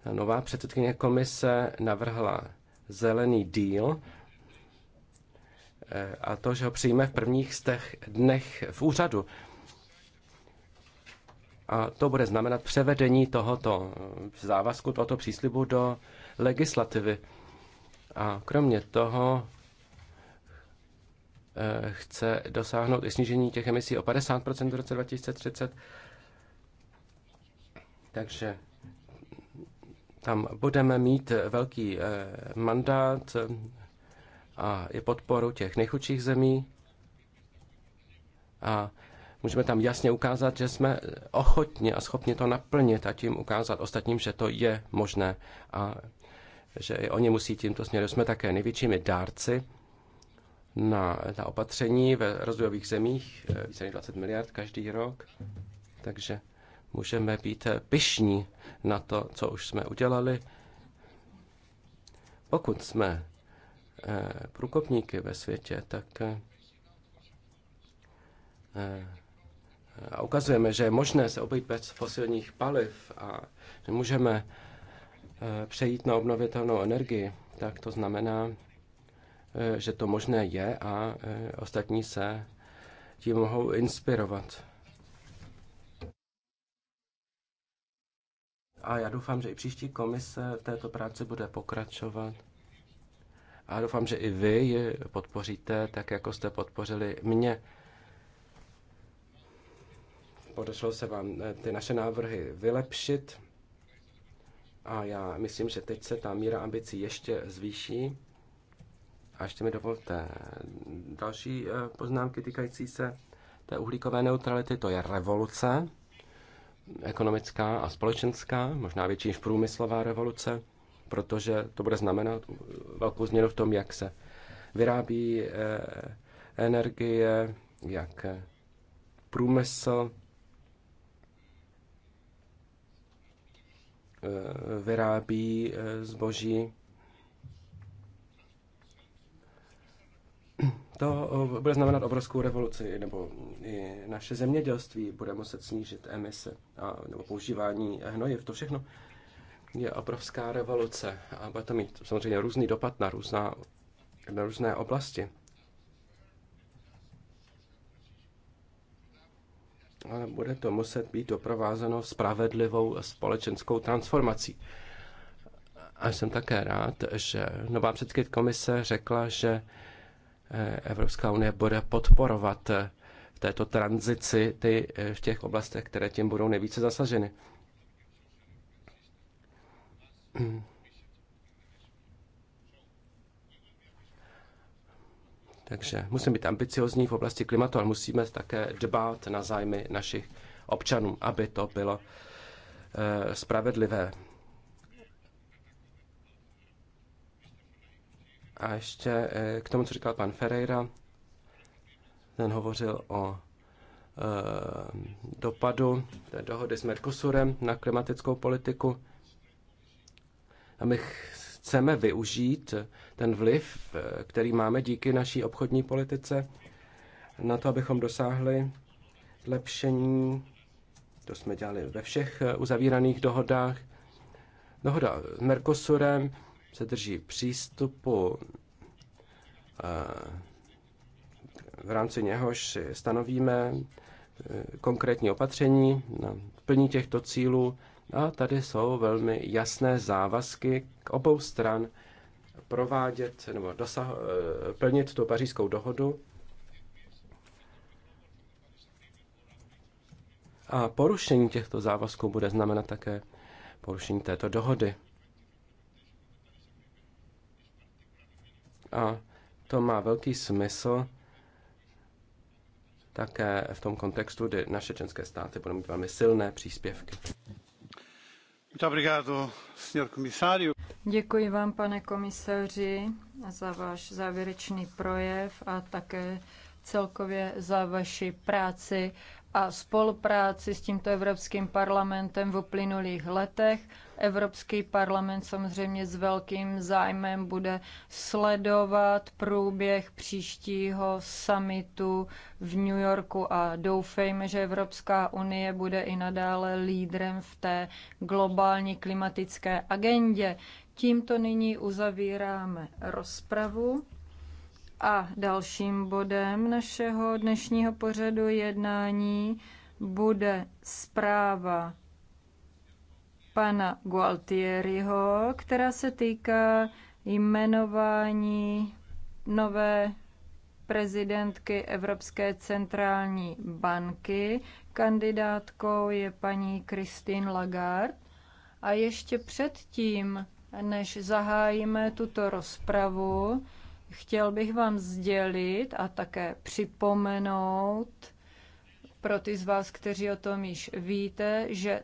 Ta nová předsedkyně komise navrhla zelený díl eh, a to, že ho přijme v prvních stech dnech v úřadu. A to bude znamenat převedení tohoto eh, závazku, tohoto příslibu do legislativy. A kromě toho eh, chce dosáhnout i snížení těch emisí o 50% v roce 2030. Takže tam budeme mít velký eh, mandát a i podporu těch nejchudších zemí. A můžeme tam jasně ukázat, že jsme ochotni a schopni to naplnit a tím ukázat ostatním, že to je možné. A že i oni musí tímto směrem. Jsme také největšími dárci na, na opatření ve rozvojových zemích, eh, více než 20 miliard každý rok, takže můžeme být eh, pyšní na to, co už jsme udělali. Pokud jsme eh, průkopníky ve světě, tak a ukazujeme, že je možné se obejít bez fosilních paliv a že můžeme Eh, přejít na obnovitelnou energii, tak to znamená, eh, že to možné je a eh, ostatní se tím mohou inspirovat. A já doufám, že i příští komise v této práci bude pokračovat. A doufám, že i vy ji podpoříte, tak jako jste podpořili mě. Podešlo se vám ty naše návrhy vylepšit a já myslím, že teď se ta míra ambicí ještě zvýší. A ještě mi dovolte další eh, poznámky týkající se té uhlíkové neutrality. To je revoluce ekonomická a společenská, možná větší než průmyslová revoluce, protože to bude znamenat velkou změnu v tom, jak se vyrábí eh, energie, jak eh, průmysl Eh, vyrábí eh, zboží. To eh, bude znamenat obrovskou revoluci, nebo i naše zemědělství bude muset snížit emise a, nebo používání hnojiv. To všechno je obrovská revoluce a bude to mít samozřejmě různý dopad na, různá, na různé oblasti. ale bude to muset být doprovázeno spravedlivou společenskou transformací. A jsem také rád, že nová předsedkyně komise řekla, že eh, Evropská unie bude podporovat eh, v této tranzici ty, eh, v těch oblastech, které tím budou nejvíce zasaženy. Takže musíme být ambiciozní v oblasti klimatu, ale musíme také dbát na zájmy našich občanů, aby to bylo eh, spravedlivé. A ještě eh, k tomu, co říkal pan Ferreira, ten hovořil o eh, dopadu té dohody s Mercosurem na klimatickou politiku. A my chceme využít ten vliv, eh, který máme díky naší obchodní politice, na to, abychom dosáhli zlepšení. To jsme dělali ve všech eh, uzavíraných dohodách. Dohoda s Mercosurem se drží přístupu eh, v rámci něhož stanovíme konkrétní opatření na plní těchto cílů a tady jsou velmi jasné závazky k obou stran provádět nebo dosah, eh, plnit tu pařížskou dohodu. A porušení těchto závazků bude znamenat také porušení této dohody. A to má velký smysl také v tom kontextu, kdy naše členské státy budou mít velmi silné příspěvky. Muito obrigado, senhor comissário. Děkuji vám, pane komisaři, za váš závěrečný projev a také celkově za vaši práci a spolupráci s tímto Evropským parlamentem v uplynulých letech. Evropský parlament samozřejmě s velkým zájmem bude sledovat průběh příštího summitu v New Yorku a doufejme, že Evropská unie bude i nadále lídrem v té globální klimatické agendě. Tímto nyní uzavíráme rozpravu. A dalším bodem našeho dnešního pořadu jednání bude zpráva pana Gualtieriho, která se týká jmenování nové prezidentky Evropské centrální banky. Kandidátkou je paní Christine Lagarde. A ještě předtím než zahájíme tuto rozpravu, chtěl bych vám sdělit a také připomenout pro ty z vás, kteří o tom již víte, že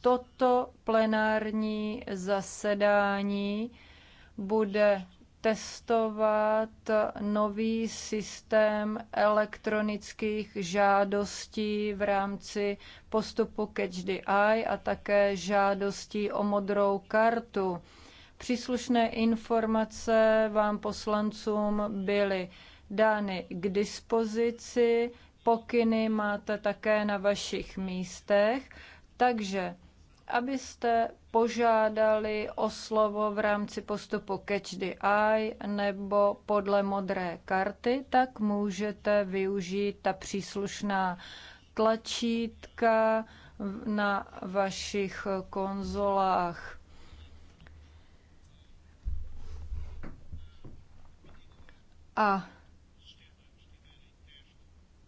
toto plenární zasedání bude testovat nový systém elektronických žádostí v rámci postupu Catch the Eye a také žádostí o modrou kartu. Příslušné informace vám poslancům byly dány k dispozici, pokyny máte také na vašich místech, takže abyste požádali o slovo v rámci postupu Catch the Eye nebo podle modré karty, tak můžete využít ta příslušná tlačítka na vašich konzolách. A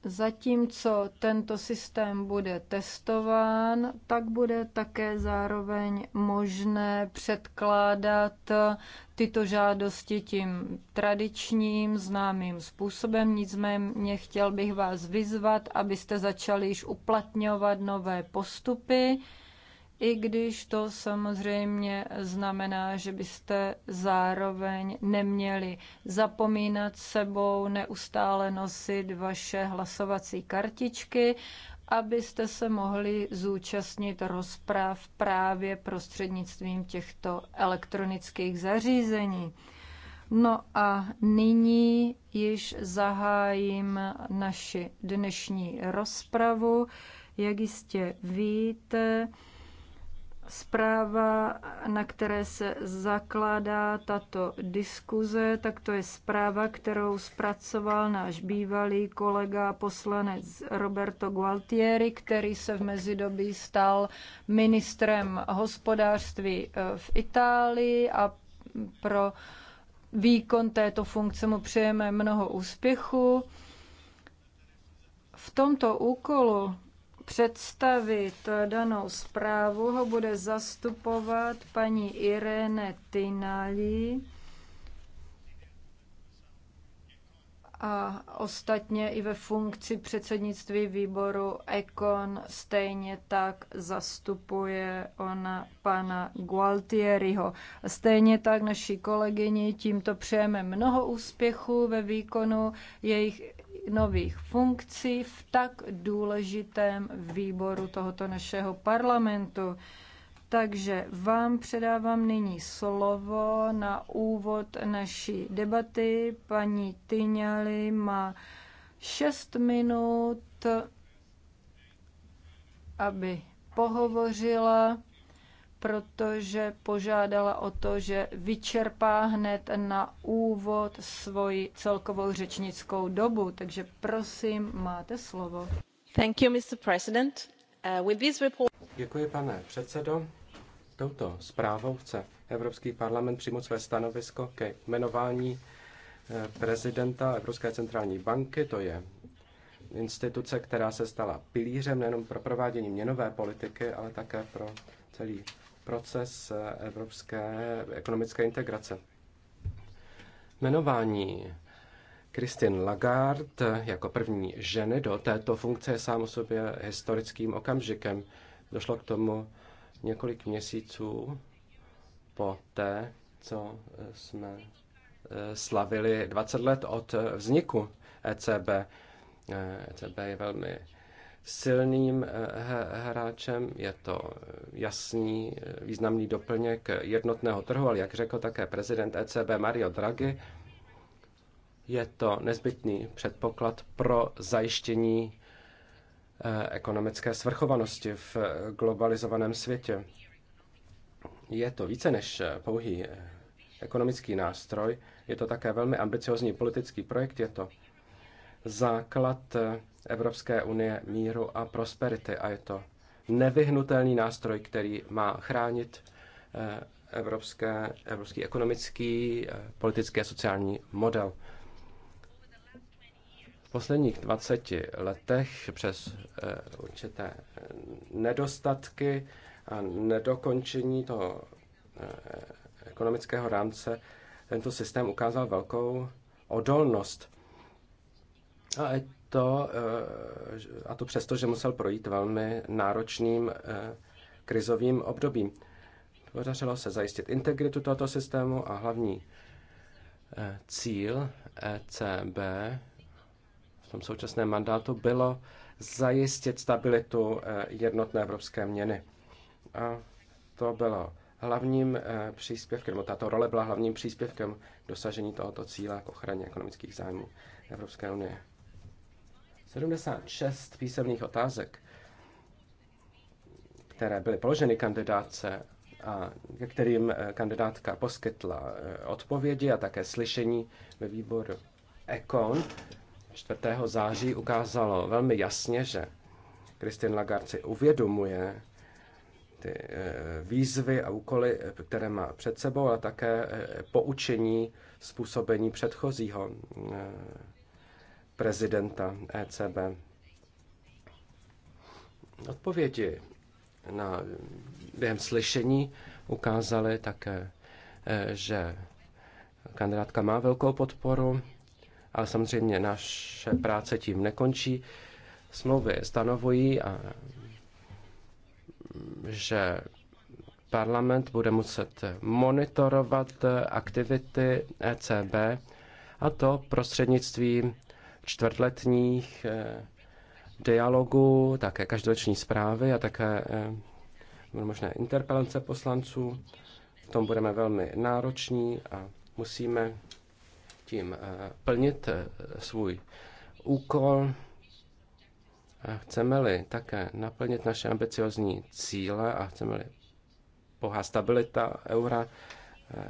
Zatímco tento systém bude testován, tak bude také zároveň možné předkládat tyto žádosti tím tradičním známým způsobem. Nicméně chtěl bych vás vyzvat, abyste začali již uplatňovat nové postupy i když to samozřejmě znamená, že byste zároveň neměli zapomínat sebou, neustále nosit vaše hlasovací kartičky, abyste se mohli zúčastnit rozpráv právě prostřednictvím těchto elektronických zařízení. No a nyní již zahájím naši dnešní rozpravu. Jak jistě víte, Zpráva, na které se zakládá tato diskuze, tak to je zpráva, kterou zpracoval náš bývalý kolega poslanec Roberto Gualtieri, který se v mezidobí stal ministrem hospodářství eh, v Itálii a pro výkon této funkce mu přejeme mnoho úspěchu. V tomto úkolu představit danou zprávu ho bude zastupovat paní Irene Tinali a ostatně i ve funkci předsednictví výboru Econ stejně tak zastupuje ona pana Gualtieriho. Stejně tak naší kolegyni tímto přejeme mnoho úspěchů ve výkonu jejich nových funkcí v tak důležitém výboru tohoto našeho parlamentu. Takže vám předávám nyní slovo na úvod naší debaty. Paní Tyňali má 6 minut, aby pohovořila protože požádala o to, že vyčerpá hned na úvod svoji celkovou řečnickou dobu. Takže prosím, máte slovo. Thank you, Mr. President. Uh, with this report... Děkuji, pane předsedo. Touto zprávou chce Evropský parlament přijmout své stanovisko ke jmenování eh, prezidenta Evropské centrální banky. To je instituce, která se stala pilířem nejenom pro provádění měnové politiky, ale také pro celý proces eh, evropské ekonomické integrace. Jmenování Christine Lagarde jako první ženy do této funkce je sám o sobě historickým okamžikem. Došlo k tomu několik měsíců po té, co eh, jsme eh, slavili 20 let od vzniku ECB. ECB e je velmi silným eh, hráčem, je to jasný, eh, významný doplněk jednotného trhu, ale jak řekl také prezident ECB Mario Draghi, je to nezbytný předpoklad pro zajištění eh, ekonomické svrchovanosti v globalizovaném světě. Je to více než pouhý ekonomický nástroj, je to také velmi ambiciozní politický projekt, je to základ Evropské unie míru a prosperity a je to nevyhnutelný nástroj, který má chránit eh, evropské, evropský ekonomický, eh, politický a sociální model. V posledních 20 letech přes eh, určité nedostatky a nedokončení toho ekonomického rámce tento systém ukázal velkou odolnost. A to, eh, a to přesto, že musel projít velmi náročným eh, krizovým obdobím. Podařilo se zajistit integritu tohoto systému a hlavní eh, cíl ECB v tom současném mandátu bylo zajistit stabilitu jednotné evropské měny. A to bylo hlavním příspěvkem, nebo tato role byla hlavním příspěvkem dosažení tohoto cíle k ochraně ekonomických zájmů Evropské unie. 76 písemných otázek, které byly položeny kandidátce a kterým eh, kandidátka poskytla eh, odpovědi a také slyšení ve výboru Econ 4. září ukázalo velmi jasně, že Kristin Lagarde si uvědomuje ty eh, výzvy a úkoly, které má před sebou, a také poučení způsobení předchozího prezidenta ECB. Odpovědi na, během slyšení ukázaly také, eh, že kandidátka má velkou podporu, ale samozřejmě naše práce tím nekončí. Smlouvy stanovují, a, že parlament bude muset monitorovat aktivity ECB a to prostřednictvím čtvrtletních eh, dialogů, také každoroční zprávy a také eh, možné interpelace poslanců. V tom budeme velmi nároční a musíme tím eh, plnit svůj úkol. Chceme-li také naplnit naše ambiciozní cíle a chceme-li pohá stabilita eura,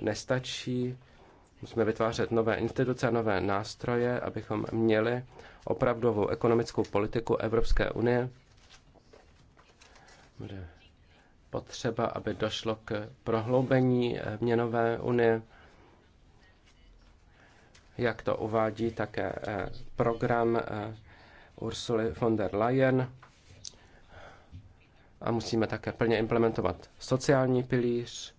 nestačí Musíme vytvářet nové instituce, nové nástroje, abychom měli opravdovou ekonomickou politiku Evropské unie. Bude potřeba, aby došlo k prohloubení eh, měnové unie. Jak to uvádí také eh, program eh, Ursuly von der Leyen. A musíme také plně implementovat sociální pilíř,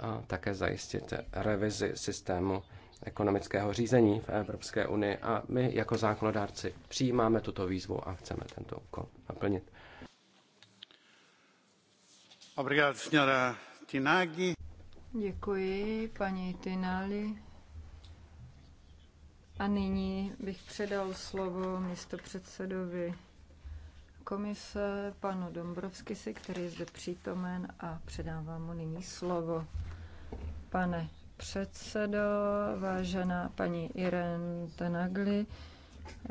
a také zajistit revizi systému ekonomického řízení v Evropské unii a my jako zákonodárci přijímáme tuto výzvu a chceme tento úkol naplnit. Děkuji, paní Tinali. A nyní bych předal slovo místo předsedovi komise, panu Dombrovskisi, který je zde přítomen a předávám mu nyní slovo pane předsedo, vážená paní Irene Tenagli.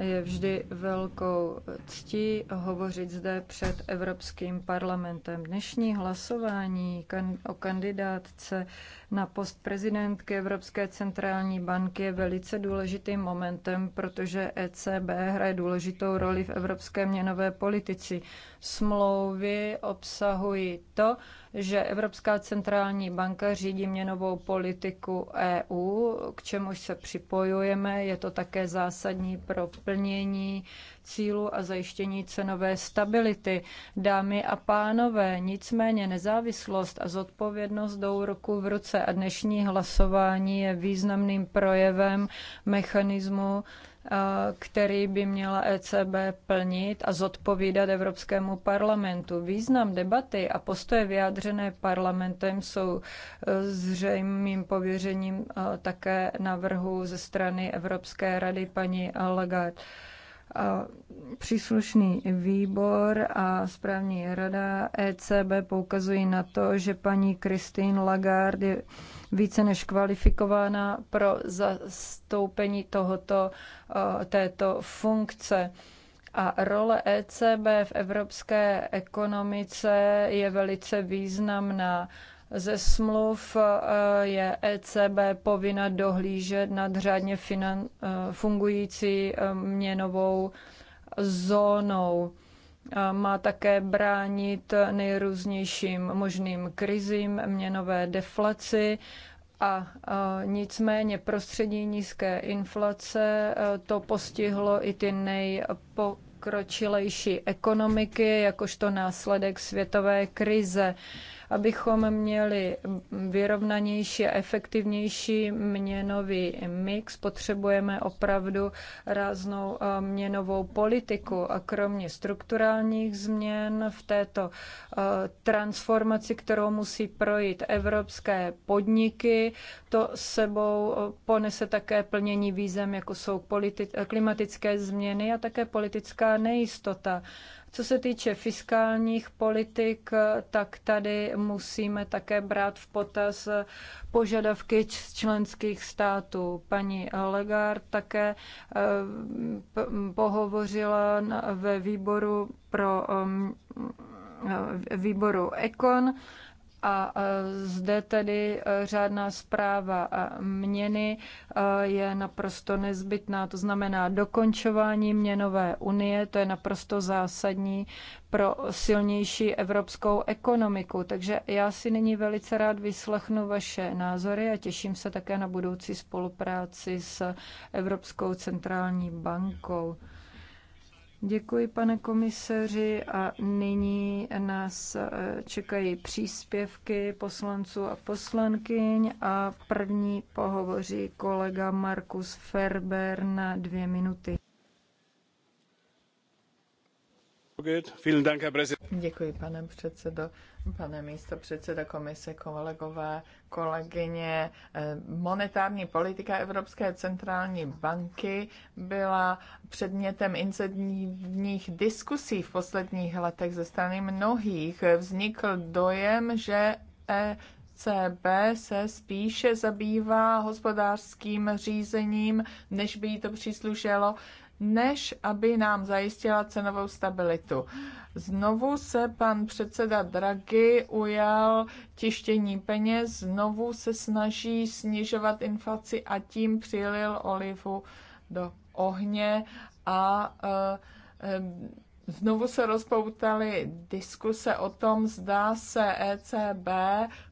Je vždy velkou ctí hovořit zde před Evropským parlamentem. Dnešní hlasování o kandidátce na post prezidentky Evropské centrální banky je velice důležitým momentem, protože ECB hraje důležitou roli v evropské měnové politici. Smlouvy obsahují to, že Evropská centrální banka řídí měnovou politiku EU, k čemuž se připojujeme. Je to také zásadní pro plnění cílu a zajištění cenové stability. Dámy a pánové, nicméně nezávislost a zodpovědnost jdou ruku v ruce a dnešní hlasování je významným projevem mechanismu, který by měla ECB plnit a zodpovídat Evropskému parlamentu. Význam debaty a postoje vyjádřené parlamentem jsou e, zřejmým pověřením také navrhu ze strany Evropské rady paní Lagarde. Příslušný výbor a správní rada ECB poukazují na to, že paní Christine Lagarde je více než kvalifikována pro zastoupení tohoto, této funkce. A role ECB v evropské ekonomice je velice významná ze smluv eh, je ECB povinna dohlížet nad řádně finan, eh, fungující eh, měnovou zónou. Má také bránit nejrůznějším možným krizím, měnové deflaci a nicméně prostředí nízké inflace to postihlo i ty nejpokročilejší ekonomiky, jakožto následek světové krize abychom měli vyrovnanější a efektivnější měnový mix, potřebujeme opravdu ráznou eh, měnovou politiku a kromě strukturálních změn v této eh, transformaci, kterou musí projít evropské podniky, to sebou eh, ponese také plnění výzem, jako jsou klimatické změny a také politická nejistota. Co se týče fiskálních politik, tak tady musíme také brát v potaz požadavky členských států. Paní Legard také eh, pohovořila ve výboru pro eh, eh, výboru Econ a e, zde tedy e, řádná zpráva e, měny je naprosto nezbytná, to znamená dokončování měnové unie, to je naprosto zásadní pro silnější evropskou ekonomiku. Takže já si nyní velice rád vyslechnu vaše názory a těším se také na budoucí spolupráci s Evropskou centrální bankou. Děkuji, pane komisaři, a nyní nás e, čekají příspěvky poslanců a poslankyň a první pohovoří kolega Markus Ferber na dvě minuty. Děkuji, pane předsedo. Pane místo předseda komise, kolegové, kolegyně, eh, monetární politika Evropské centrální banky byla předmětem incidentních diskusí v posledních letech ze strany mnohých. Vznikl dojem, že ECB se spíše zabývá hospodářským řízením, než by jí to příslušelo než aby nám zajistila cenovou stabilitu. Znovu se pan předseda Draghi ujal tištění peněz, znovu se snaží snižovat inflaci a tím přilil olivu do ohně a eh, znovu se rozpoutaly diskuse o tom, zda se ECB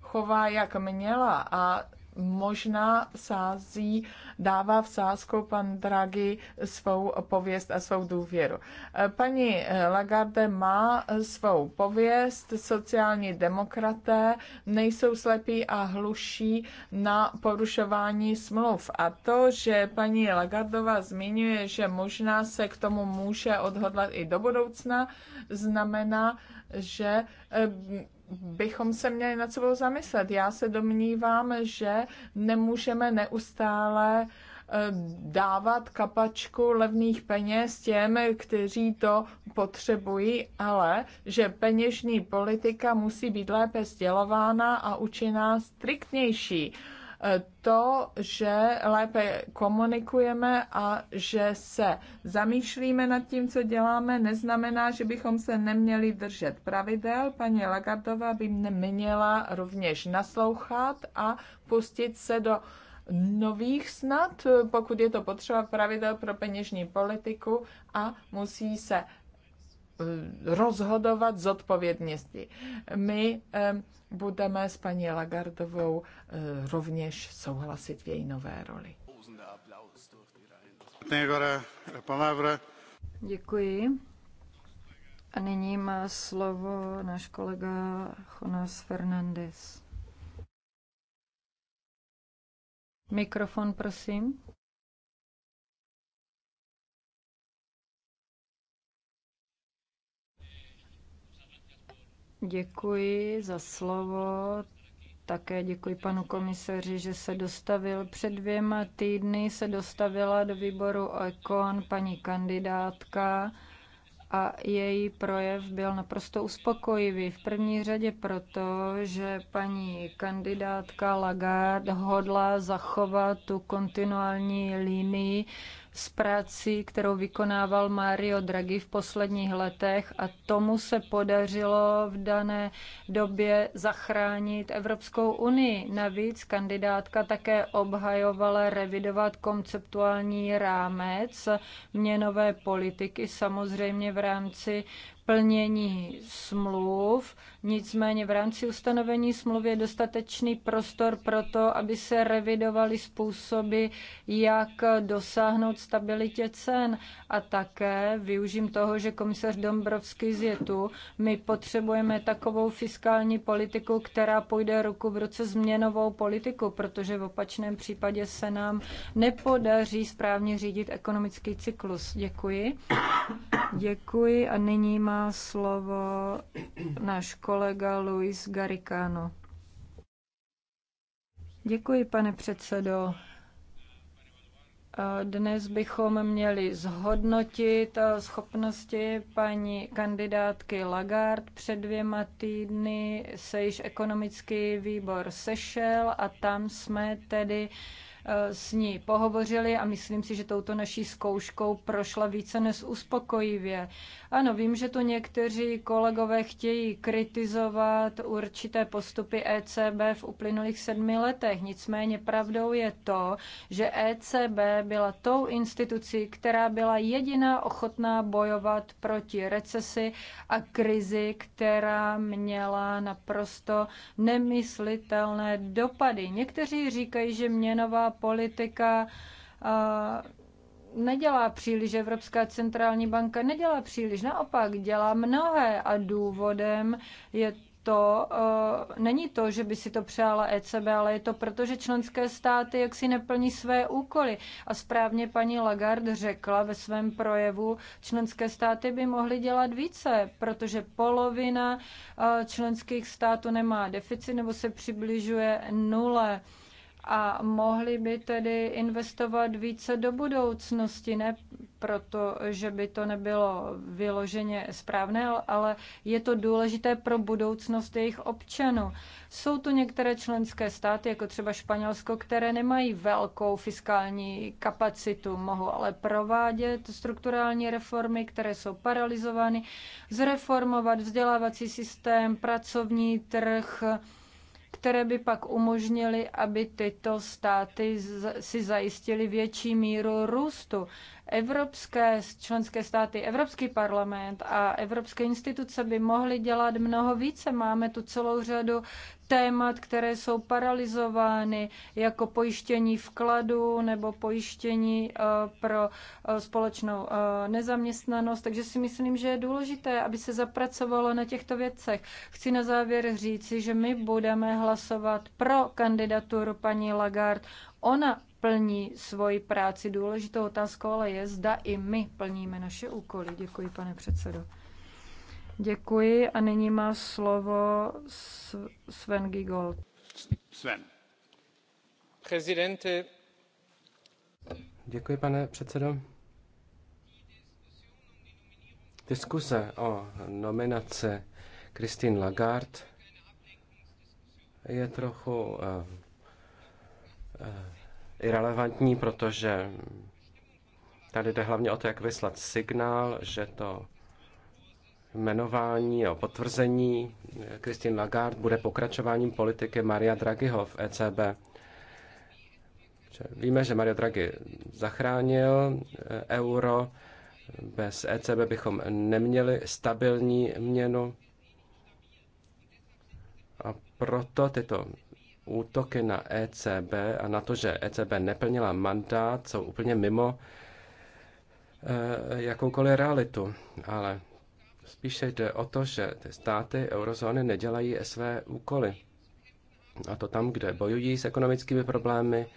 chová jak měla a možná sází, dává v sázku pan Draghi svou pověst a svou důvěru. Eh, paní Lagarde má svou pověst, sociální demokraté nejsou slepí a hluší na porušování smluv. A to, že paní Lagardová zmiňuje, že možná se k tomu může odhodlat i do budoucna, znamená, že eh, bychom se měli nad sebou zamyslet. Já se domnívám, že nemůžeme neustále eh, dávat kapačku levných peněz těm, kteří to potřebují, ale že peněžní politika musí být lépe sdělována a učiná striktnější to, že lépe komunikujeme a že se zamýšlíme nad tím, co děláme, neznamená, že bychom se neměli držet pravidel. Paní Lagardová by mě měla rovněž naslouchat a pustit se do nových snad, pokud je to potřeba pravidel pro peněžní politiku a musí se Eh, rozhodovat zodpovědnosti. My eh, budeme s paní Lagardovou eh, rovněž souhlasit v její nové roli. Děkuji. A nyní má slovo náš kolega Jonas Fernandez. Mikrofon, prosím. Děkuji za slovo. Také děkuji panu komisaři, že se dostavil. Před dvěma týdny se dostavila do výboru OECON paní kandidátka a její projev byl naprosto uspokojivý. V první řadě proto, že paní kandidátka Lagarde hodla zachovat tu kontinuální linii s prací, kterou vykonával Mario Draghi v posledních letech a tomu se podařilo v dané době zachránit Evropskou unii. Navíc kandidátka také obhajovala revidovat konceptuální rámec měnové politiky, samozřejmě v rámci plnění smluv, Nicméně v rámci ustanovení smlouvy je dostatečný prostor pro to, aby se revidovaly způsoby, jak dosáhnout stabilitě cen. A také využím toho, že komisař Dombrovský je tu. My potřebujeme takovou fiskální politiku, která půjde ruku v ruce s měnovou politikou, protože v opačném případě se nám nepodaří správně řídit ekonomický cyklus. Děkuji. Děkuji a nyní má slovo náš kolega kolega Luis Garicano. Děkuji, pane předsedo. Dnes bychom měli zhodnotit schopnosti paní kandidátky Lagarde. Před dvěma týdny se již ekonomický výbor sešel a tam jsme tedy uh, Eh, s ní pohovořili a myslím si, že touto naší zkouškou prošla více než uspokojivě. Ano, vím, že tu někteří kolegové chtějí kritizovat určité postupy ECB v uplynulých sedmi letech. Nicméně pravdou je to, že ECB byla tou institucí, která byla jediná ochotná bojovat proti recesi a krizi, která měla naprosto nemyslitelné dopady. Někteří říkají, že měnová politika nedělá příliš, Evropská centrální banka nedělá příliš, naopak dělá mnohé a důvodem je to, není to, že by si to přála ECB, ale je to proto, že členské státy jaksi neplní své úkoly. A správně paní Lagarde řekla ve svém projevu, členské státy by mohly dělat více, protože polovina členských států nemá deficit nebo se přibližuje nule a mohli by tedy investovat více do budoucnosti, ne proto, že by to nebylo vyloženě správné, ale je to důležité pro budoucnost jejich občanů. Jsou tu některé členské státy, jako třeba Španělsko, které nemají velkou fiskální kapacitu, mohou ale provádět strukturální reformy, které jsou paralizovány, zreformovat vzdělávací systém, pracovní trh, které by pak umožnily, aby tyto státy si zajistily větší míru růstu. Evropské členské státy, Evropský parlament a evropské instituce by mohly dělat mnoho více. Máme tu celou řadu témat, které jsou paralizovány, jako pojištění vkladu nebo pojištění eh, pro eh, společnou eh, nezaměstnanost. Takže si myslím, že je důležité, aby se zapracovalo na těchto věcech. Chci na závěr říci, že my budeme hlasovat pro kandidaturu paní Lagarde. Ona plní svoji práci. Důležitou otázkou ale je, zda i my plníme naše úkoly. Děkuji, pane předsedo. Děkuji a nyní má slovo Sven Gigol. Sven. Prezidente. Děkuji, pane předsedo. Diskuse o nominaci Christine Lagarde je trochu uh, uh, irrelevantní, protože tady jde hlavně o to, jak vyslat signál, že to jmenování o potvrzení Christine Lagarde bude pokračováním politiky Maria Draghiho v ECB. Víme, že Mario Draghi zachránil eh, euro. Bez ECB bychom neměli stabilní měnu. A proto tyto útoky na ECB a na to, že ECB neplnila mandát, jsou úplně mimo eh, jakoukoliv realitu. Ale spíše jde o to, že ty státy eurozóny nedělají své úkoly. A to tam, kde bojují s ekonomickými problémy, v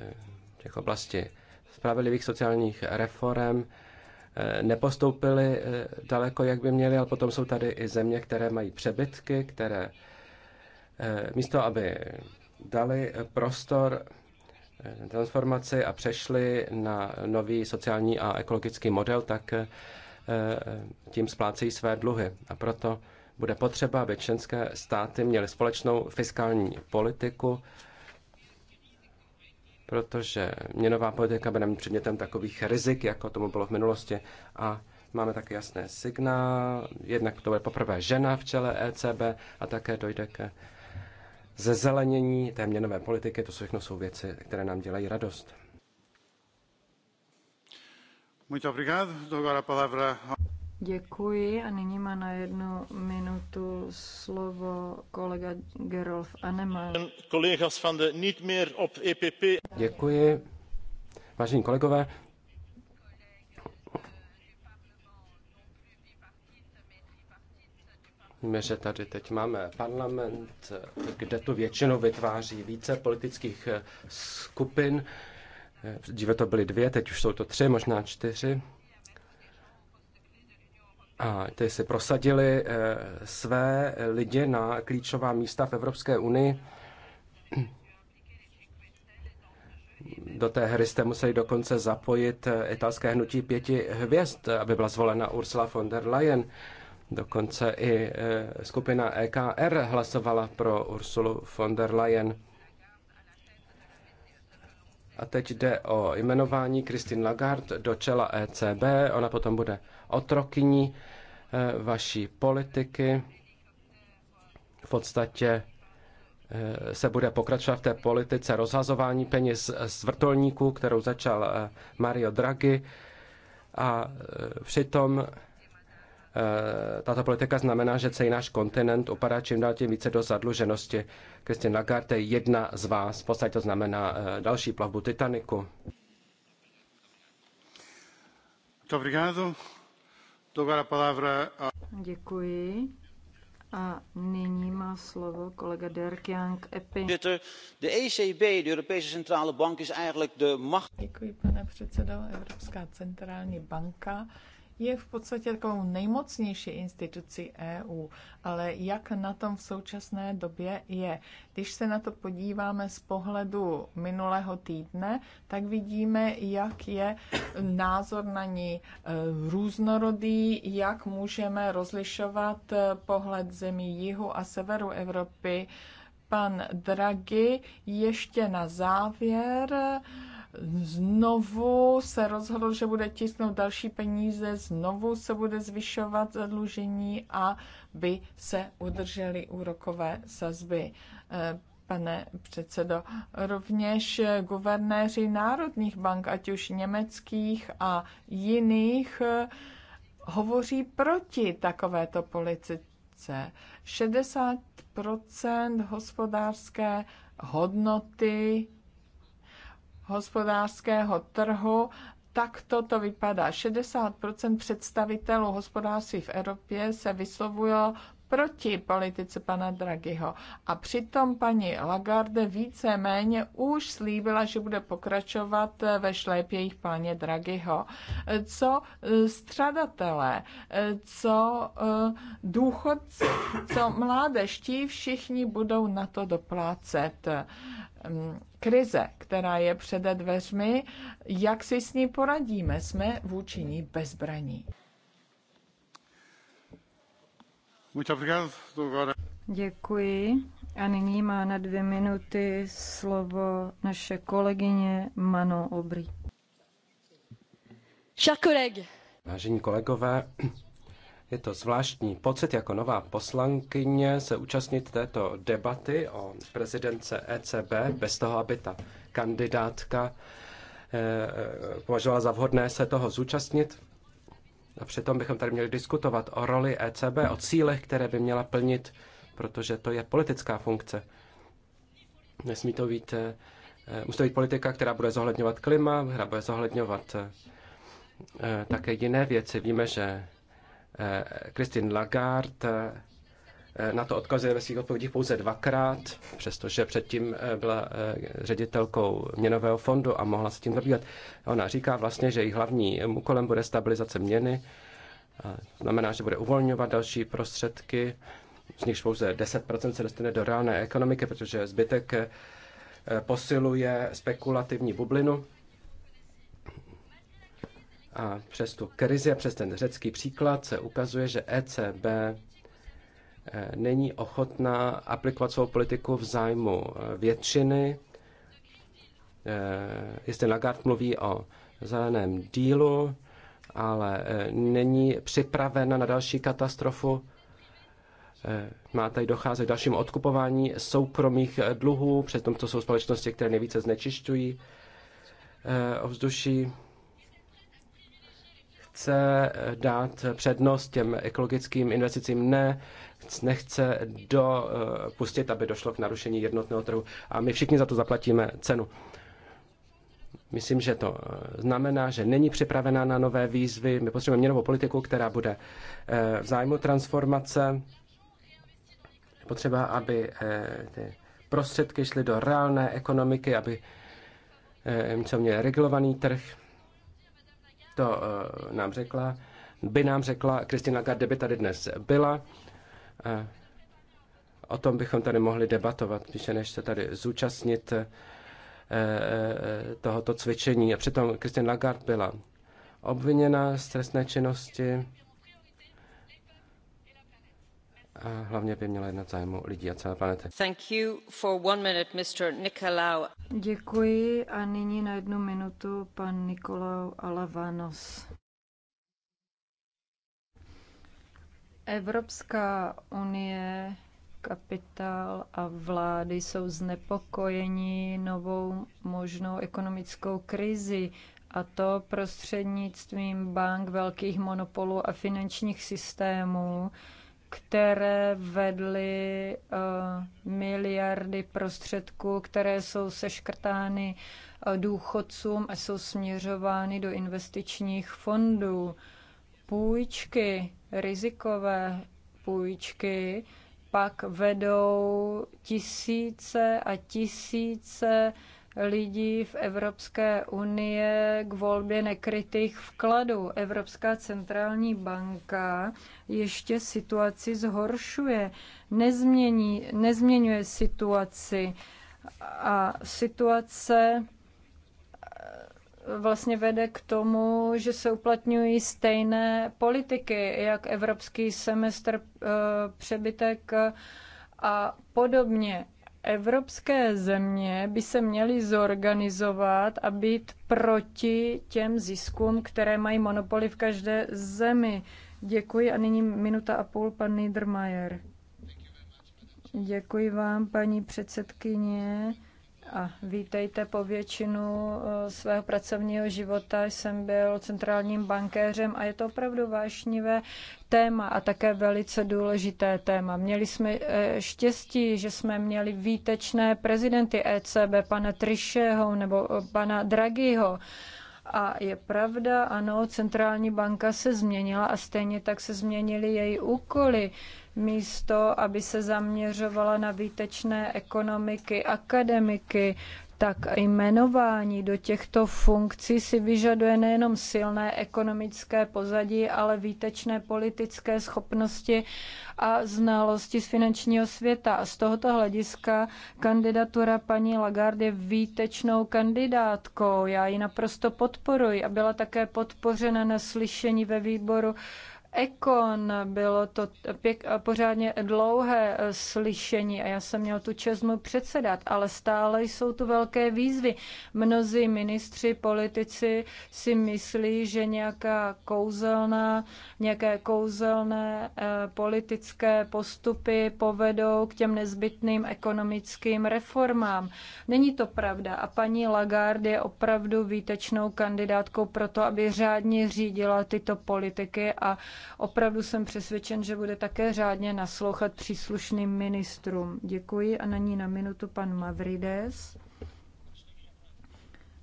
eh, těch oblasti spravedlivých sociálních reform, eh, nepostoupili daleko, jak by měli, ale potom jsou tady i země, které mají přebytky, které Eh, místo aby dali eh, prostor eh, transformaci a přešli na nový sociální a ekologický model, tak tím splácejí své dluhy. A proto bude potřeba, aby členské státy měly společnou fiskální politiku, protože měnová politika by neměla předmětem takových rizik, jako tomu bylo v minulosti. A máme také jasné signál, jednak to je poprvé žena v čele ECB a také dojde ke zezelenění té měnové politiky. To všechno jsou věci, které nám dělají radost. Děkuji a nyní má na jednu minutu slovo kolega Gerolf Anemann. E Děkuji. Vážení kolegové, Víme, že tady teď máme parlament, kde tu většinu vytváří více politických eh, skupin. Eh, dříve to byly dvě, teď už jsou to tři, možná čtyři. A ty si prosadili eh, své lidi na klíčová místa v Evropské unii. Do té hry jste museli dokonce zapojit italské hnutí pěti hvězd, aby byla zvolena Ursula von der Leyen Dokonce i e, skupina EKR hlasovala pro Ursulu von der Leyen. A teď jde o jmenování Christine Lagarde do čela ECB. Ona potom bude otrokyní e, vaší politiky. V podstatě e, se bude pokračovat v té politice rozhazování peněz z vrtulníků, kterou začal Mario Draghi. A přitom Eh, tato politika znamená, že celý náš kontinent upadá čím dál tím více do zadluženosti. Christine Lagarde je jedna z vás, v podstatě to znamená eh, další plavbu Titaniku. Děkuji. A nyní má slovo kolega Dirk Jank Epping. De ECB, de Děkuji, pane předsedo. Evropská centrální banka je v podstatě takovou nejmocnější institucí EU, ale jak na tom v současné době je. Když se na to podíváme z pohledu minulého týdne, tak vidíme, jak je názor na ní e, různorodý, jak můžeme rozlišovat e, pohled zemí jihu a severu Evropy. Pan Draghi ještě na závěr Znovu se rozhodl, že bude tisknout další peníze, znovu se bude zvyšovat zadlužení, a by se udržely úrokové sazby eh, pane předsedo. Rovněž guvernéři národních bank, ať už německých a jiných, eh, hovoří proti takovéto politice. 60 hospodářské hodnoty hospodářského trhu. Tak to, vypadá. 60% představitelů hospodářství v Evropě se vyslovuje proti politice pana Draghiho. A přitom paní Lagarde více-méně už slíbila, že bude pokračovat ve šlépějích paně Draghiho. Co e, střadatelé, e, co e, důchodci, co mládeští, všichni budou na to doplácet krize, která je před dveřmi, jak si s ní poradíme? Jsme vůči ní bezbraní. Děkuji. A nyní má na dvě minuty slovo naše kolegyně Mano Obry. Vážení kolegové, je to zvláštní pocit jako nová poslankyně se účastnit této debaty o prezidence ECB bez toho, aby ta kandidátka eh, eh, považovala za vhodné se toho zúčastnit. A přitom bychom tady měli diskutovat o roli ECB, o cílech, které by měla plnit, protože to je politická funkce. Nesmí to být, eh, musí to být politika, která bude zohledňovat klima, která bude zohledňovat také jiné věci. Víme, že Kristin eh, Lagarde eh, na to odkazuje ve svých odpovědích pouze dvakrát, přestože předtím eh, byla ředitelkou měnového fondu a mohla se tím zabývat. Ona říká vlastně, že jejich hlavním úkolem bude stabilizace měny, to znamená, že bude uvolňovat další prostředky, z nichž pouze 10% se dostane do reálné ekonomiky, protože zbytek posiluje spekulativní bublinu. A přes tu krizi a přes ten řecký příklad se ukazuje, že ECB eh, není ochotná aplikovat svou politiku v zájmu eh, většiny. Eh, jestli Lagarde mluví o zeleném dílu, ale není připravena na další katastrofu. Má tady docházet k dalšímu odkupování soukromých dluhů, přitom to jsou společnosti, které nejvíce znečišťují ovzduší chce eh, dát přednost těm ekologickým investicím, ne, nechce dopustit, eh, aby došlo k narušení jednotného trhu. A my všichni za to zaplatíme cenu. Myslím, že to eh, znamená, že není připravená na nové výzvy. My potřebujeme měnovou politiku, která bude v zájmu transformace. Potřeba, aby ty prostředky šly do reálné ekonomiky, aby co měli regulovaný trh to uh, nám řekla, by nám řekla Kristina Lagarde, by tady dnes byla. Uh, o tom bychom tady mohli debatovat, spíše než se tady zúčastnit uh, tohoto cvičení. A přitom Kristina Lagarde byla obviněna z trestné činnosti a hlavně by měla jednat zájmu lidí a celé planety. Thank you for one minute, Mr. Děkuji a nyní na jednu minutu pan Nikolau Alavanos. Evropská unie, kapitál a vlády jsou znepokojeni novou možnou ekonomickou krizi, a to prostřednictvím bank, velkých monopolů a finančních systémů, které vedly eh, miliardy prostředků, které jsou seškrtány eh, důchodcům a jsou směřovány do investičních fondů. Půjčky, rizikové půjčky, pak vedou tisíce a tisíce lidí v Evropské unie k volbě nekrytých vkladů. Evropská centrální banka ještě situaci zhoršuje, nezmění, nezměňuje situaci a situace eh, vlastně vede k tomu, že se uplatňují stejné politiky, jak evropský semestr, eh, přebytek eh, a podobně. Evropské země by se měly zorganizovat a být proti těm ziskům, které mají monopoly v každé zemi. Děkuji a nyní minuta a půl pan Niedermayer. Děkuji vám, paní předsedkyně a vítejte po většinu eh, svého pracovního života. Jsem byl centrálním bankéřem a je to opravdu vášnivé téma a také velice důležité téma. Měli jsme eh, štěstí, že jsme měli výtečné prezidenty ECB, pana Trišeho nebo eh, pana Draghiho. A je pravda, ano, centrální banka se změnila a stejně tak se změnily její úkoly místo aby se zaměřovala na výtečné ekonomiky, akademiky, tak jmenování do těchto funkcí si vyžaduje nejenom silné ekonomické pozadí, ale výtečné politické schopnosti a znalosti z finančního světa. A z tohoto hlediska kandidatura paní Lagarde je výtečnou kandidátkou. Já ji naprosto podporuji a byla také podpořena na slyšení ve výboru Ekon, bylo to pěk, pořádně dlouhé eh, slyšení a já jsem měl tu čest mu předsedat, ale stále jsou tu velké výzvy. Mnozí ministři, politici si myslí, že nějaká kouzelná, nějaké kouzelné eh, politické postupy povedou k těm nezbytným ekonomickým reformám. Není to pravda a paní Lagarde je opravdu výtečnou kandidátkou pro to, aby řádně řídila tyto politiky a opravdu jsem přesvědčen, že bude také řádně naslouchat příslušným ministrům. Děkuji a na ní na minutu pan Mavrides.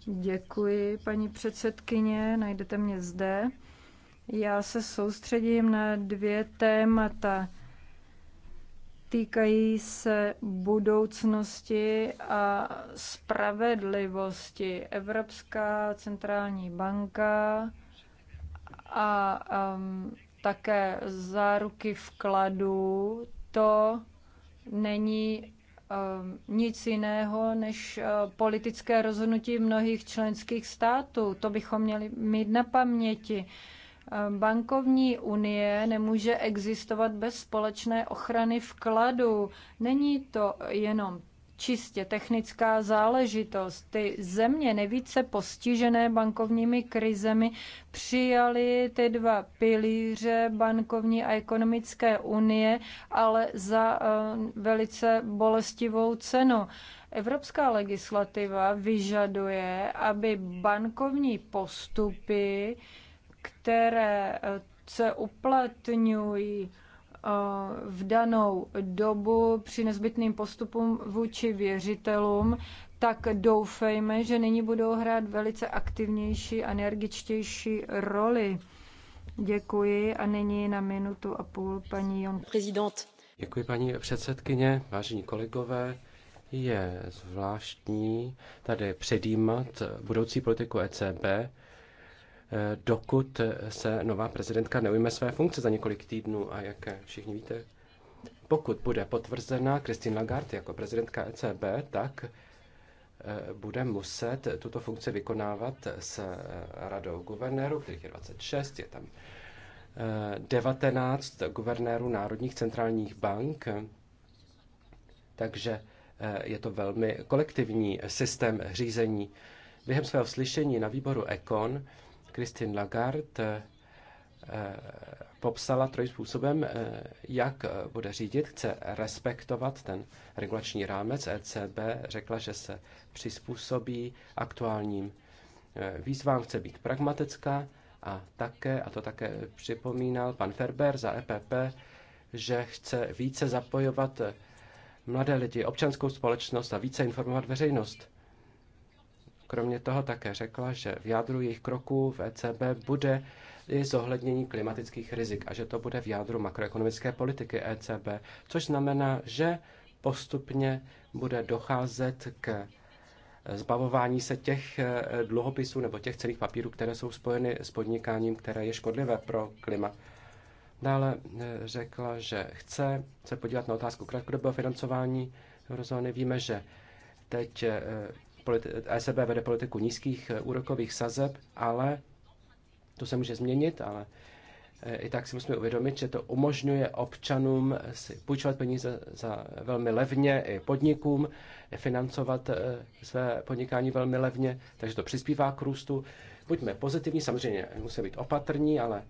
Děkuji, paní předsedkyně, najdete mě zde. Já se soustředím na dvě témata týkají se budoucnosti a spravedlivosti. Evropská centrální banka a um, také záruky vkladů, to není eh, nic jiného než eh, politické rozhodnutí mnohých členských států. To bychom měli mít na paměti. Eh, bankovní unie nemůže existovat bez společné ochrany vkladů. Není to jenom čistě technická záležitost. Ty země nejvíce postižené bankovními krizemi přijaly ty dva pilíře bankovní a ekonomické unie, ale za eh, velice bolestivou cenu. Evropská legislativa vyžaduje, aby bankovní postupy, které eh, se uplatňují, Eh, v danou dobu při nezbytným postupům vůči věřitelům, tak doufejme, že nyní budou hrát velice aktivnější, energičtější roli. Děkuji a nyní na minutu a půl paní Jon. Prezident. Děkuji paní předsedkyně, vážení kolegové. Je zvláštní tady předjímat budoucí politiku ECB, Eh, dokud se nová prezidentka neujme své funkce za několik týdnů. A jak všichni víte, pokud bude potvrzena Christine Lagarde jako prezidentka ECB, tak eh, bude muset tuto funkci vykonávat s eh, radou guvernérů, kterých je 26, je tam 19 guvernérů národních centrálních bank, takže je to velmi kolektivní systém řízení. Během svého slyšení na výboru Econ Christine Lagarde eh, popsala trojím způsobem, eh, jak eh, bude řídit. Chce respektovat ten regulační rámec ECB, řekla, že se přizpůsobí aktuálním výzvám, chce být pragmatická a také, a to také připomínal pan Ferber za EPP, že chce více zapojovat mladé lidi, občanskou společnost a více informovat veřejnost. Kromě toho také řekla, že v jádru jejich kroků v ECB bude i zohlednění klimatických rizik a že to bude v jádru makroekonomické politiky ECB, což znamená, že postupně bude docházet k zbavování se těch eh, dluhopisů nebo těch celých papírů, které jsou spojeny s podnikáním, které je škodlivé pro klima. Dále eh, řekla, že chce se podívat na otázku krátkodobého financování eurozóny. Víme, že teď eh, ECB vede politiku nízkých eh, úrokových sazeb, ale to se může změnit, ale eh, i tak si musíme uvědomit, že to umožňuje občanům eh, si půjčovat peníze za velmi levně, i podnikům financovat své podnikání velmi levně, takže to přispívá k růstu. Buďme pozitivní, samozřejmě musíme být opatrní, ale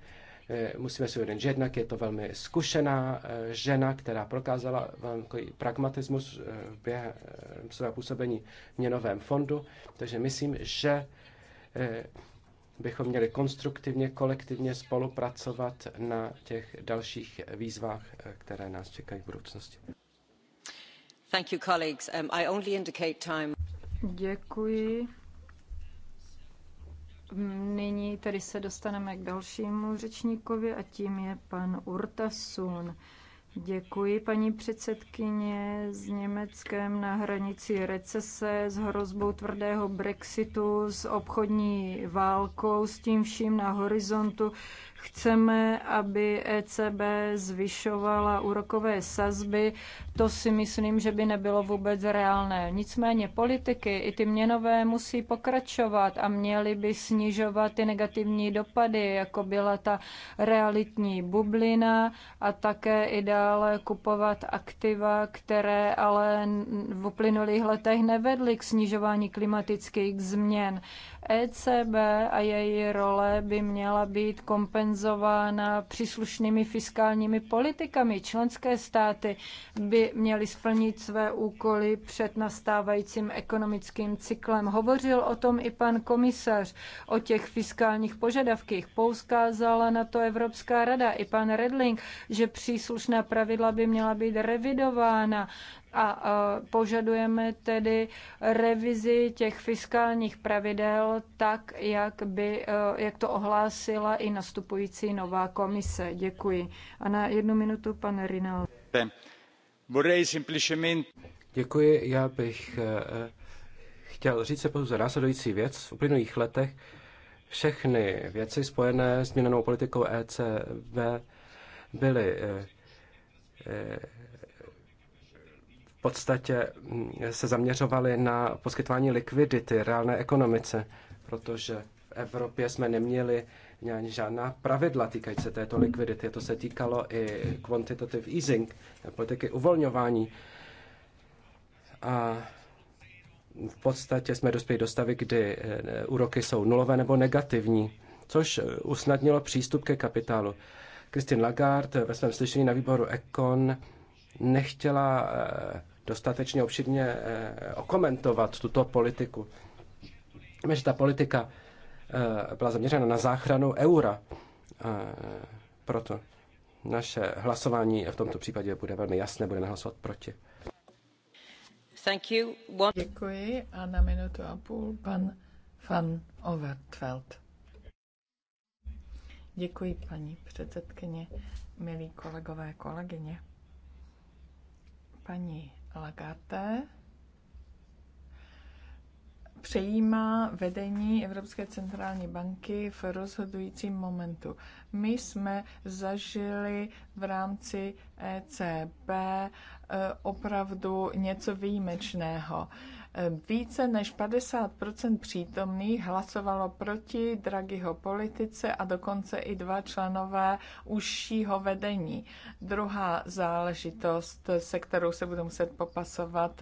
Eh, musíme si uvědomit, že jednak je to velmi zkušená eh, žena, která prokázala velký pragmatismus eh, během svého působení v měnovém fondu, takže myslím, že bychom měli konstruktivně, kolektivně spolupracovat na těch dalších výzvách, které nás čekají v budoucnosti. Thank you, colleagues. Um, I only indicate time. Děkuji. Nyní tedy se dostaneme k dalšímu řečníkovi a tím je pan Urtasun. Děkuji, paní předsedkyně. S Německem na hranici recese, s hrozbou tvrdého Brexitu, s obchodní válkou, s tím vším na horizontu Chceme, aby ECB zvyšovala úrokové sazby. To si myslím, že by nebylo vůbec reálné. Nicméně politiky i ty měnové musí pokračovat a měly by snižovat ty negativní dopady, jako byla ta realitní bublina a také i dále kupovat aktiva, které ale v uplynulých letech nevedly k snižování klimatických změn. ECB a její role by měla být kompenzována kompenzována příslušnými fiskálními politikami. Členské státy by měly splnit své úkoly před nastávajícím ekonomickým cyklem. Hovořil o tom i pan komisař, o těch fiskálních požadavkách. Pouskázala na to Evropská rada i pan Redling, že příslušná pravidla by měla být revidována a požadujeme tedy revizi těch fiskálních pravidel tak, jak, by, e, jak to ohlásila i nastupující nová komise. Děkuji. A na jednu minutu pan Rinal. Děkuji, já bych e, e, chtěl říct se pouze následující věc. V uplynulých letech všechny věci spojené s měnenou politikou ECB byly podstatě mm, se zaměřovali na poskytování likvidity reálné ekonomice, protože v Evropě jsme neměli žádná pravidla týkající se této likvidity. To se týkalo i quantitative easing, politiky uvolňování. A v podstatě jsme dospěli do stavy, kdy eh, úroky jsou nulové nebo negativní, což eh, usnadnilo přístup ke kapitálu. Christine Lagarde ve svém slyšení na výboru Econ nechtěla eh, dostatečně obširně eh, okomentovat tuto politiku. Víme, že ta politika eh, byla zaměřena na záchranu eura. Proto naše hlasování v tomto případě bude velmi jasné, budeme hlasovat proti. Thank you. One... Děkuji a na minutu a půl pan van Overtveld. Děkuji, paní předsedkyně, milí kolegové, kolegyně paní Lagarde přejímá vedení Evropské centrální banky v rozhodujícím momentu. My jsme zažili v rámci ECB eh, opravdu něco výjimečného. Více než 50 přítomných hlasovalo proti Draghiho politice a dokonce i dva členové užšího vedení. Druhá záležitost, se kterou se budu muset popasovat,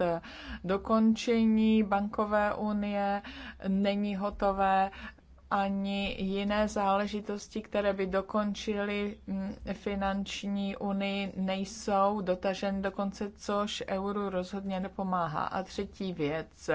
dokončení bankové unie není hotové, ani jiné záležitosti, které by dokončily mm, finanční unii, nejsou dotažen do konce, což euru rozhodně nepomáhá. A třetí věc.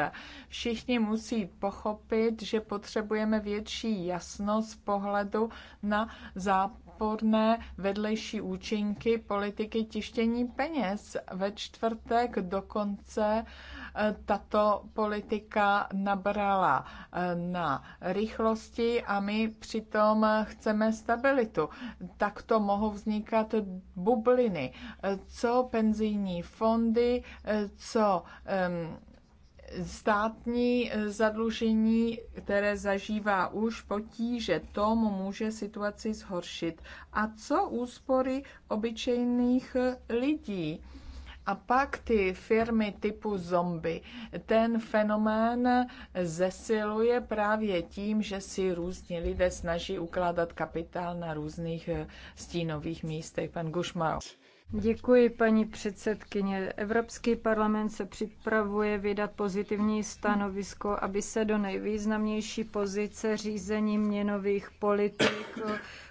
Všichni musí pochopit, že potřebujeme větší jasnost pohledu na záporné vedlejší účinky politiky tištění peněz. Ve čtvrtek dokonce uh, tato politika nabrala eh, na rychlosti a my přitom chceme stabilitu. Takto mohou vznikat bubliny, eh, co penzijní fondy, eh, co státní zadlužení, které zažívá už potíže, tomu může situaci zhoršit. A co úspory obyčejných lidí? A pak ty firmy typu zombie. Ten fenomén zesiluje právě tím, že si různí lidé snaží ukládat kapitál na různých eh, stínových místech. Pan Gušmao. Děkuji, paní předsedkyně. Evropský parlament se připravuje vydat pozitivní stanovisko, aby se do nejvýznamnější pozice řízení měnových politik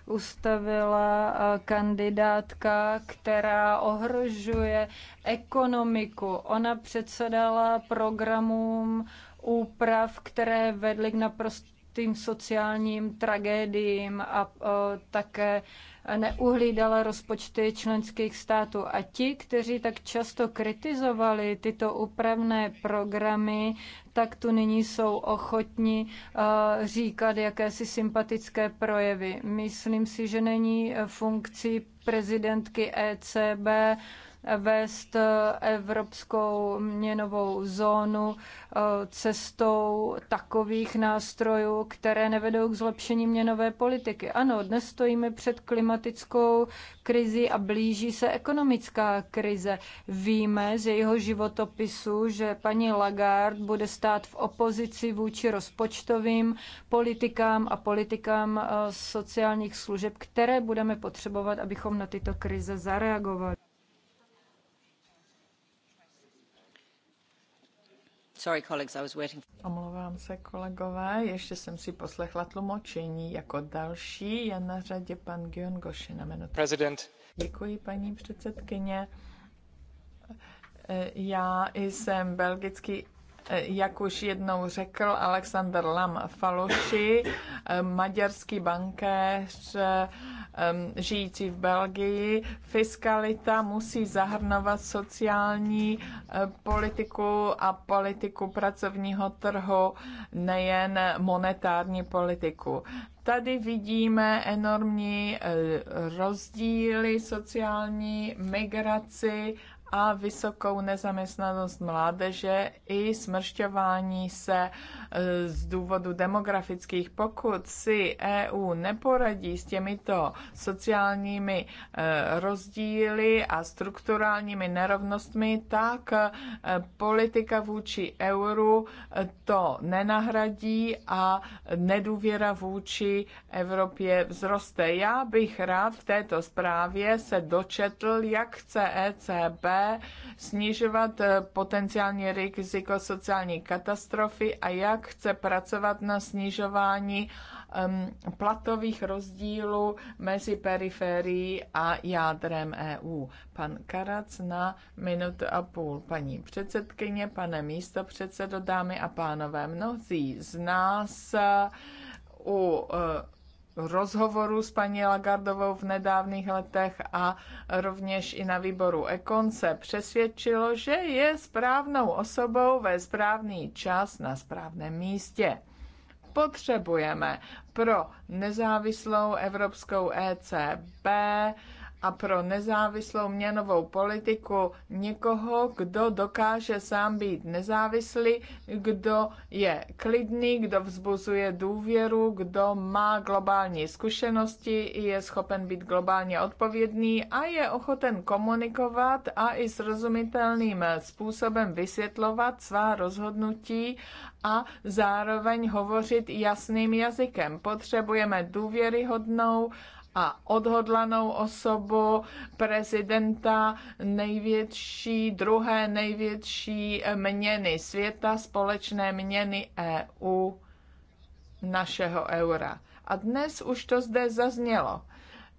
ustavila eh, kandidátka, která ohrožuje ekonomiku. Ona předsedala programům úprav, které vedly k naprosto tím sociálním tragédiím a také neuhlídala rozpočty členských států. A ti, kteří tak často kritizovali tyto úpravné programy, tak tu nyní jsou ochotni říkat jakési sympatické projevy. Myslím si, že není e, funkcí prezidentky ECB vést eh, evropskou měnovou zónu eh, cestou takových nástrojů, které nevedou k zlepšení měnové politiky. Ano, dnes stojíme před klimatickou krizi a blíží se ekonomická krize. Víme z jejího životopisu, že paní Lagarde bude stát v opozici vůči rozpočtovým politikám a politikám eh, sociálních služeb, které budeme potřebovat, abychom na tyto krize zareagovali. Sorry, colleagues, I was waiting. Omlouvám se, kolegové, ještě jsem si poslechla tlumočení. Jako další je na řadě pan Gion Goshi na minutu. President. Děkuji, paní předsedkyně. Já jsem belgický jak už jednou řekl Alexander Lam Faloši, maďarský bankéř, žijící v Belgii. Fiskalita musí zahrnovat sociální e, politiku a politiku pracovního trhu, nejen monetární politiku. Tady vidíme enormní e, rozdíly sociální, migraci a vysokou nezaměstnanost mládeže i smršťování se e, z důvodu demografických. Pokud si EU neporadí s těmito sociálními e, rozdíly a strukturálními nerovnostmi, tak e, politika vůči euru to nenahradí a nedůvěra vůči Evropě vzroste. Já bych rád v této zprávě se dočetl, jak chce ECB snižovat eh, potenciální riziko sociální katastrofy a jak chce pracovat na snižování um, platových rozdílů mezi periferií a jádrem EU. Pan Karac na minutu a půl. Paní předsedkyně, pane místo předsedo, dámy a pánové, mnozí z nás u uh, rozhovoru s paní Lagardovou v nedávných letech a rovněž i na výboru Ekon se přesvědčilo, že je správnou osobou ve správný čas na správném místě. Potřebujeme pro nezávislou evropskou ECB a pro nezávislou měnovou politiku někoho, kdo dokáže sám být nezávislý, kdo je klidný, kdo vzbuzuje důvěru, kdo má globální zkušenosti, je schopen být globálně odpovědný a je ochoten komunikovat a i srozumitelným způsobem vysvětlovat svá rozhodnutí a zároveň hovořit jasným jazykem. Potřebujeme důvěryhodnou a odhodlanou osobu prezidenta největší, druhé největší měny světa, společné měny EU, našeho eura. A dnes už to zde zaznělo.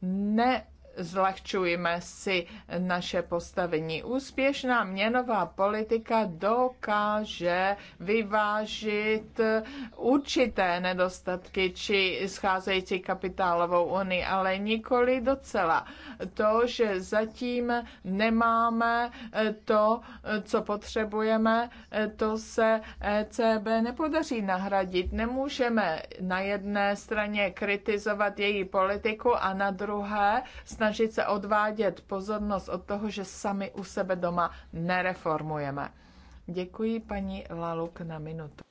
Ne zlehčujeme si naše postavení. Úspěšná měnová politika dokáže vyvážit určité nedostatky či scházející kapitálovou unii, ale nikoli docela. To, že zatím nemáme to, co potřebujeme, to se ECB nepodaří nahradit. Nemůžeme na jedné straně kritizovat její politiku a na druhé snad snažit se odvádět pozornost od toho, že sami u sebe doma nereformujeme. Děkuji paní Laluk na minutu.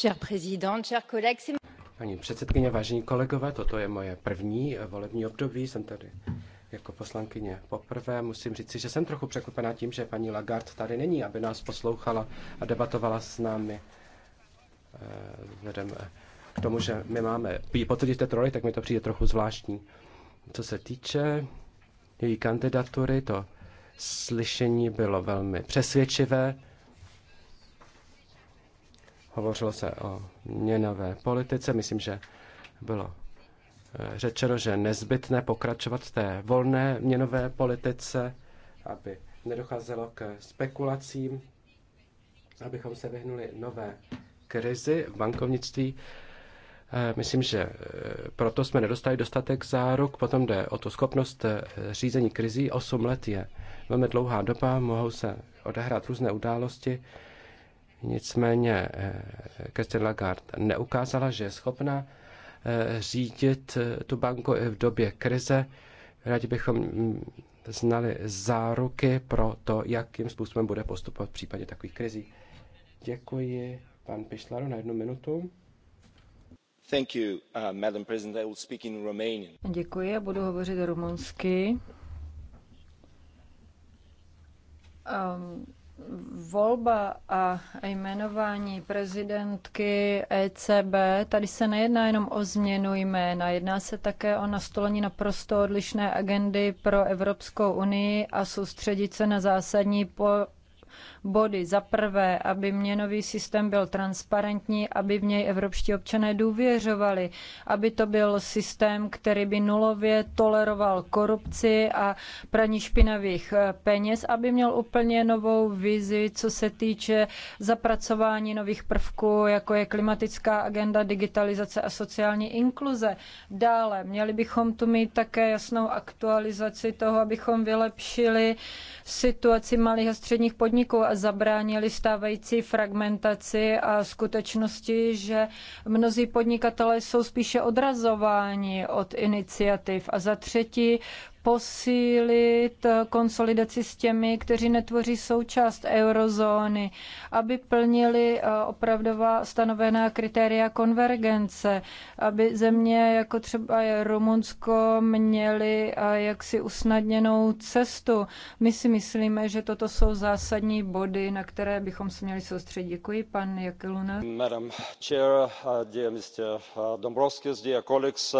Cher président, cher collègues, Paní předsedkyně, vážení kolegové, toto je moje první volební období. Jsem tady jako poslankyně poprvé. Musím říci, že jsem trochu překvapená tím, že paní Lagarde tady není, aby nás poslouchala a debatovala s námi. Eh, vzhledem k tomu, že my máme potvrdit této roli, tak mi to přijde trochu zvláštní. Co se týče její kandidatury, to slyšení bylo velmi přesvědčivé. Hovořilo se o měnové politice. Myslím, že bylo eh, řečeno, že nezbytné pokračovat v té volné měnové politice, aby nedocházelo k spekulacím, abychom se vyhnuli nové krizi v bankovnictví. Eh, myslím, že eh, proto jsme nedostali dostatek záruk. Potom jde o tu schopnost eh, řízení krizí. 8 let je velmi dlouhá doba, mohou se odehrát různé události. Nicméně Christine Lagarde neukázala, že je schopna řídit tu banku i v době krize. Rádi bychom mm, znali záruky pro to, jakým způsobem bude postupovat v případě takových krizí. Děkuji, pan Pišlaru, na jednu minutu. Uh, Děkuji, a budu hovořit rumunsky. Um, volba a jmenování prezidentky ECB, tady se nejedná jenom o změnu jména, jedná se také o nastolení naprosto odlišné agendy pro Evropskou unii a soustředit se na zásadní po body. Za prvé, aby měnový systém byl transparentní, aby v něj evropští občané důvěřovali, aby to byl systém, který by nulově toleroval korupci a praní špinavých eh, peněz, aby měl úplně novou vizi, co se týče zapracování nových prvků, jako je klimatická agenda, digitalizace a sociální inkluze. Dále, měli bychom tu mít také jasnou aktualizaci toho, abychom vylepšili situaci malých a středních podniků a zabránili stávající fragmentaci a skutečnosti, že mnozí podnikatelé jsou spíše odrazováni od iniciativ. A za třetí posílit eh, konsolidaci s těmi, kteří netvoří součást eurozóny, aby plnili eh, opravdová stanovená kritéria konvergence, aby země jako třeba je Rumunsko měly eh, jaksi usnadněnou cestu. My si myslíme, že toto jsou zásadní body, na které bychom se měli soustředit. Děkuji, pan Jakeluna. Madam Chair, dear Mr. Dombrovskis, dear colleagues,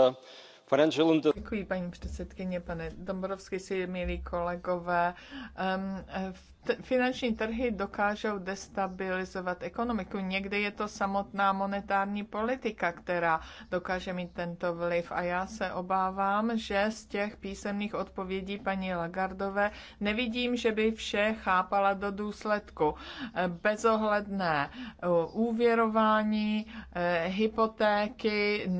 Děkuji, paní předsedkyně, pane Domborovský, si milí kolegové. finanční trhy dokážou destabilizovat ekonomiku. Někdy je to samotná monetární politika, která dokáže mít tento vliv. A já se obávám, že z těch písemných odpovědí paní Lagardové nevidím, že by vše chápala do důsledku. Bezohledné e, úvěrování, e, hypotéky,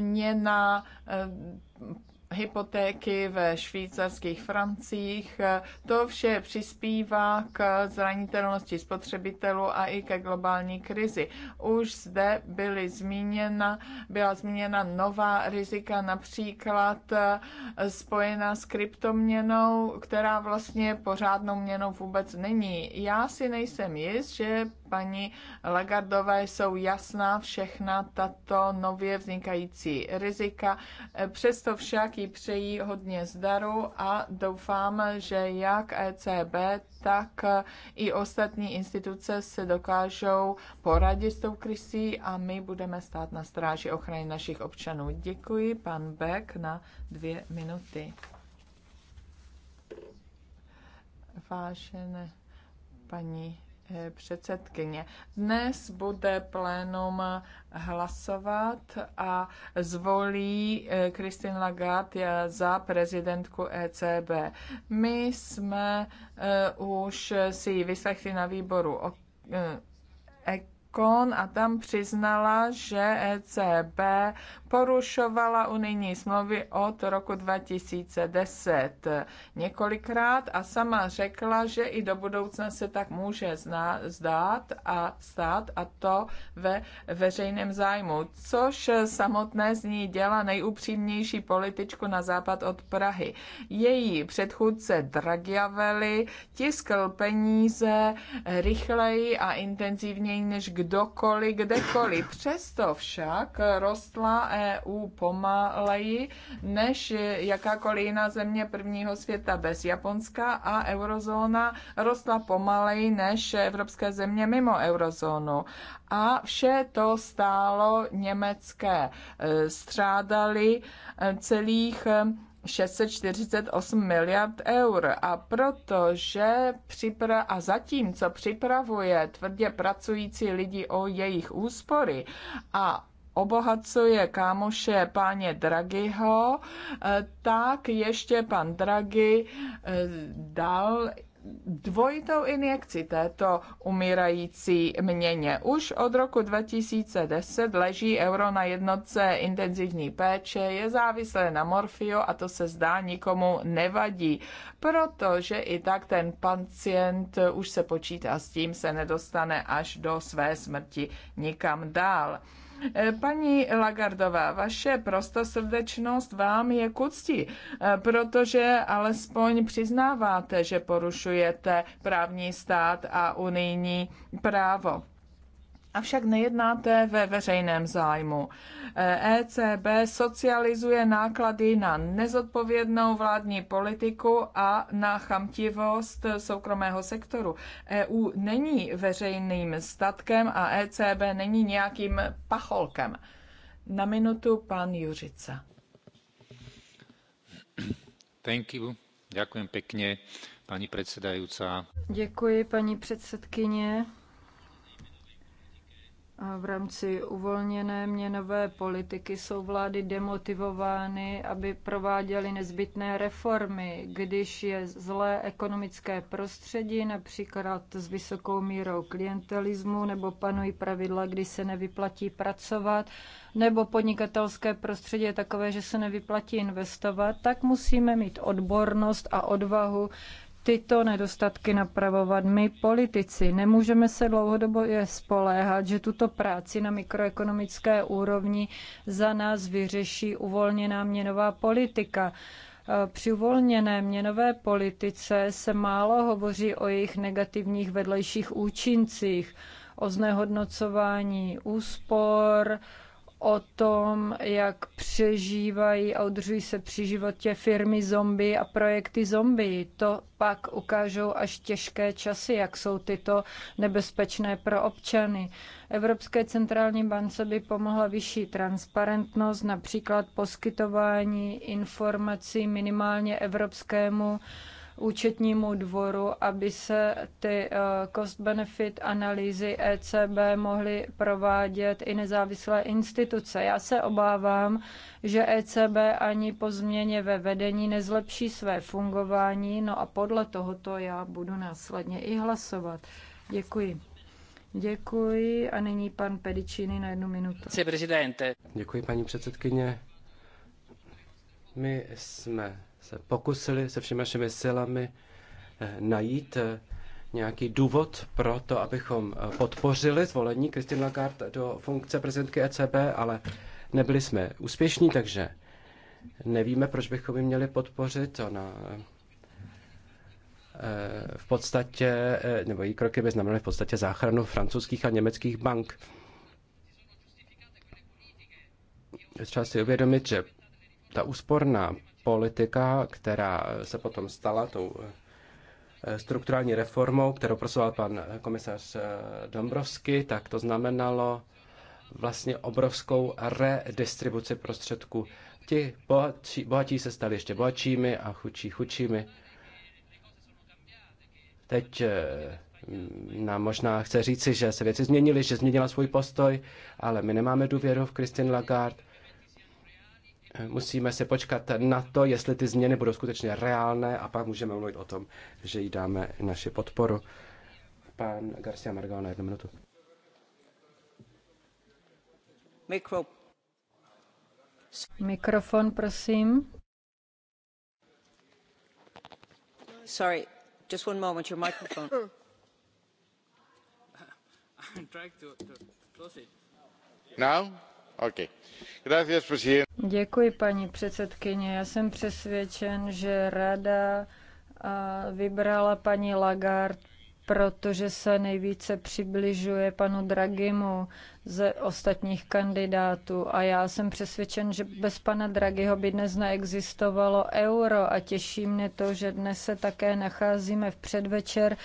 měna, eh, hypotéky ve švýcarských francích. To vše přispívá k zranitelnosti spotřebitelů a i ke globální krizi. Už zde byly zmíněna, byla zmíněna nová rizika, například eh, spojená s kryptoměnou, která vlastně pořádnou měnou vůbec není. Já si nejsem jist, že paní Lagardové jsou jasná všechna tato nově vznikající rizika. Přesto však jí přejí hodně zdaru a doufám, že jak ECB, tak i ostatní instituce se dokážou poradit s tou krizí a my budeme stát na stráži ochrany našich občanů. Děkuji, pan Beck, na dvě minuty. Vážené paní předsedkyně. Dnes bude plénum hlasovat a zvolí eh, Christine Lagarde za prezidentku ECB. My jsme eh, už si ji vyslechli na výboru eh, Kon a tam přiznala, že ECB porušovala unijní smlouvy od roku 2010 několikrát a sama řekla, že i do budoucna se tak může zdát a stát a to ve veřejném zájmu, což samotné z ní dělá nejupřímnější političku na západ od Prahy. Její předchůdce Dragiaveli tiskl peníze rychleji a intenzivněji než kdy kdokoliv, kdekoliv. Přesto však rostla EU pomaleji než jakákoliv jiná země prvního světa bez Japonska a eurozóna rostla pomaleji než evropské země mimo eurozónu. A vše to stálo německé eh, střádali eh, celých 648 miliard eur. A protože připra- a co připravuje tvrdě pracující lidi o jejich úspory a obohacuje kámoše páně Dragiho, eh, tak ještě pan Draghi eh, dal dvojitou injekci této umírající měně. Už od roku 2010 leží euro na jednotce intenzivní péče, je závislé na morfiu a to se zdá nikomu nevadí, protože i tak ten pacient už se počítá s tím, se nedostane až do své smrti nikam dál. Eh, paní Lagardová, vaše prostosrdečnost vám je kuctí, eh, protože alespoň přiznáváte, že porušujete právní stát a unijní právo. Avšak nejednáte ve veřejném zájmu. ECB eh, e socializuje náklady na nezodpovědnou vládní politiku a na chamtivost soukromého sektoru. EU není veřejným statkem a ECB není nějakým pacholkem. Na minutu pan Juřica. Thank you. Děkuji pěkně, paní předsedající. Děkuji, paní předsedkyně v rámci uvolněné měnové politiky jsou vlády demotivovány, aby prováděly nezbytné reformy, když je zlé ekonomické prostředí, například s vysokou mírou klientelismu, nebo panují pravidla, kdy se nevyplatí pracovat, nebo podnikatelské prostředí je takové, že se nevyplatí investovat, tak musíme mít odbornost a odvahu tyto nedostatky napravovat my, politici. Nemůžeme se dlouhodobě spoléhat, že tuto práci na mikroekonomické úrovni za nás vyřeší uvolněná měnová politika. E, při uvolněné měnové politice se málo hovoří o jejich negativních vedlejších účincích, o znehodnocování úspor, o tom, jak přežívají a udržují se při životě firmy zombie a projekty zombie. To pak ukážou až těžké časy, jak jsou tyto nebezpečné pro občany. Evropské centrální bance by pomohla vyšší transparentnost, například poskytování informací minimálně evropskému účetnímu dvoru, aby se ty eh, cost-benefit analýzy ECB mohly provádět i nezávislé instituce. Já se obávám, že ECB ani po změně ve vedení nezlepší své fungování, no a podle tohoto já budu následně i hlasovat. Děkuji. Děkuji a nyní pan Pedicini na jednu minutu. Děkuji, paní předsedkyně. My jsme se pokusili se všemi našimi silami eh, najít eh, nějaký důvod pro to, abychom eh, podpořili zvolení Christine Lagarde do funkce prezidentky ECB, ale nebyli jsme úspěšní, takže nevíme, proč bychom ji měli podpořit. Ona v podstatě, nebo její kroky by znamenaly v podstatě záchranu francouzských a německých bank. Třeba si uvědomit, že ta úsporná politika, která se potom stala tou eh, strukturální reformou, kterou prosoval pan komisař eh, Dombrovsky, tak to znamenalo vlastně obrovskou redistribuci prostředků. Ti bohatí, bohatí se stali ještě bohatšími a chudší chudšími. Teď eh, nám možná chce říci, že se věci změnily, že změnila svůj postoj, ale my nemáme důvěru v Christine Lagarde musíme se počkat na to, jestli ty změny budou skutečně reálné a pak můžeme mluvit o tom, že jí dáme naši podporu. Pan Garcia Margal na jednu minutu. Mikro. Mikrofon, prosím. Sorry, just one moment, your microphone. I'm trying to, to close it. Now? Děkuji, paní předsedkyně. Já jsem přesvědčen, že rada vybrala paní Lagarde, protože se nejvíce přibližuje panu Dragimu ze ostatních kandidátů. A já jsem přesvědčen, že bez pana Draghiho by dnes neexistovalo euro a těší mě to, že dnes se také nacházíme v předvečer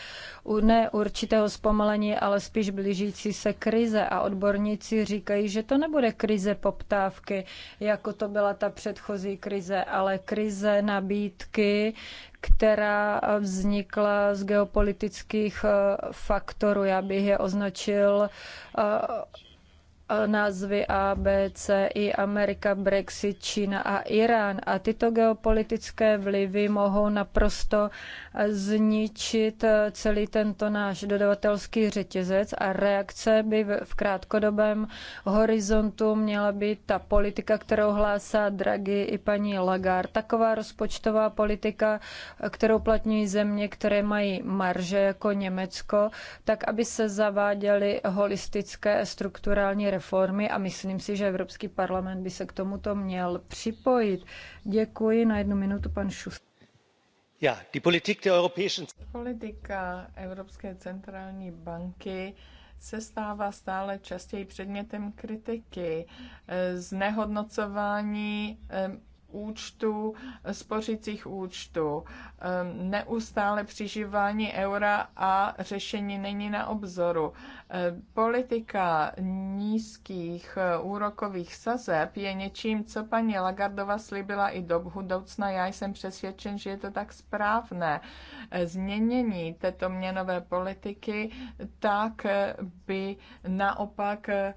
u ne určitého zpomalení, ale spíš blížící se krize. A odborníci říkají, že to nebude krize poptávky, jako to byla ta předchozí krize, ale krize nabídky, která vznikla z geopolitických eh, faktorů. Já bych je označil eh, Eh, názvy A, B, C, I, Amerika, Brexit, Čína a Irán. A tyto geopolitické vlivy mohou naprosto eh, zničit eh, celý tento náš dodavatelský řetězec a reakce by v krátkodobém horizontu měla být ta politika, kterou hlásá Draghi i paní Lagarde. Taková rozpočtová politika, kterou platňují země, které mají marže jako Německo, tak aby se zaváděly holistické strukturální reformy reformy a myslím si, že Evropský parlament by se k tomuto měl připojit. Děkuji na jednu minutu, pan Šust. Ja, die Politik der Europäischen Politika Evropské centrální banky se stává stále častěji předmětem kritiky, eh, znehodnocování eh, účtů, spořících účtů. Ehm, neustále přižívání eura a řešení není na obzoru. Ehm, politika nízkých eh, úrokových sazeb je něčím, co paní Lagardova slibila i do budoucna. Já jsem přesvědčen, že je to tak správné. Ehm, změnění této měnové politiky tak eh, by naopak eh,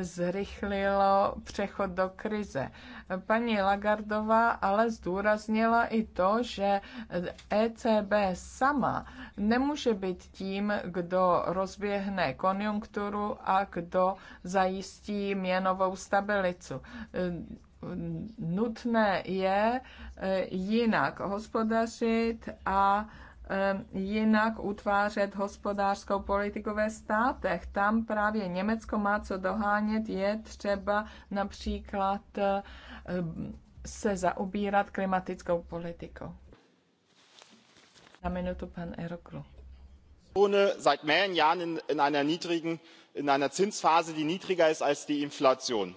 zrychlilo přechod do krize. Paní Lagardová ale zdůraznila i to, že ECB sama nemůže být tím, kdo rozběhne konjunkturu a kdo zajistí měnovou stabilitu nutné je eh, jinak hospodařit a Ehm, jinak utvářet hospodářskou politiku ve státech. Tam právě Německo má co dohánět, je třeba například ehm, se zaobírat klimatickou politikou. Na minutu pan Eroklu. Ohne seit mehreren Jahren in, in einer niedrigen, in einer Zinsphase, die niedriger ist als die Inflation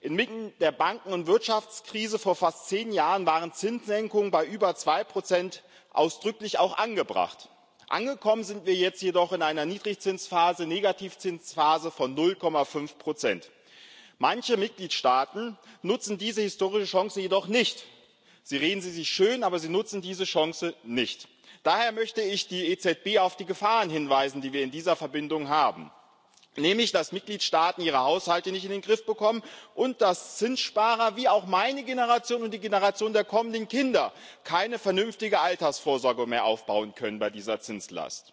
inmitten der banken und wirtschaftskrise vor fast zehn jahren waren zinssenkungen bei über zwei prozent ausdrücklich auch angebracht. angekommen sind wir jetzt jedoch in einer niedrigzinsphase negativzinsphase von. null fünf manche mitgliedstaaten nutzen diese historische chance jedoch nicht. sie reden sie sich schön aber sie nutzen diese chance nicht. daher möchte ich die ezb auf die gefahren hinweisen die wir in dieser verbindung haben nämlich dass mitgliedstaaten ihre haushalte nicht in den griff bekommen und dass zinssparer wie auch meine generation und die generation der kommenden kinder keine vernünftige altersvorsorge mehr aufbauen können bei dieser zinslast.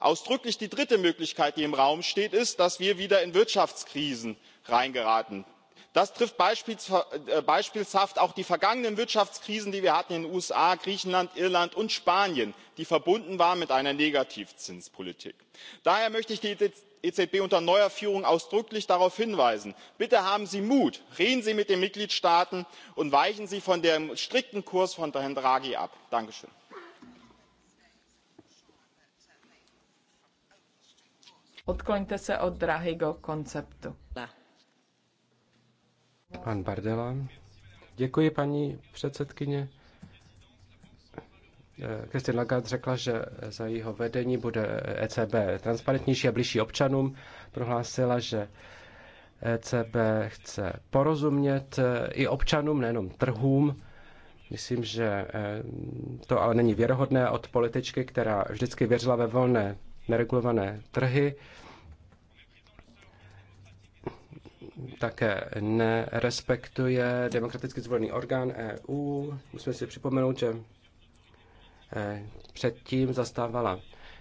ausdrücklich die dritte möglichkeit die im raum steht ist dass wir wieder in wirtschaftskrisen hineingeraten. das trifft beispielhaft äh, auch die vergangenen wirtschaftskrisen die wir hatten in den usa griechenland irland und spanien die verbunden waren mit einer negativzinspolitik. daher möchte ich ezb unter neuer führung ausdrücklich darauf hinweisen bitte haben sie mut reden sie mit den mitgliedstaaten und weichen sie von dem strikten kurs von herrn draghi ab! odkloňte se od Drahého konceptu. Pan Bardella. Děkuji, paní předsedkyně. Eh, Christine Lagarde řekla, že za jeho vedení bude ECB transparentnější a blížší občanům. Prohlásila, že ECB chce porozumět eh, i občanům, nejenom trhům. Myslím, že eh, to ale není věrohodné od političky, která vždycky věřila ve volné, neregulované trhy. Také nerespektuje demokraticky zvolený orgán EU. Musíme si připomenout, že předtím zastávala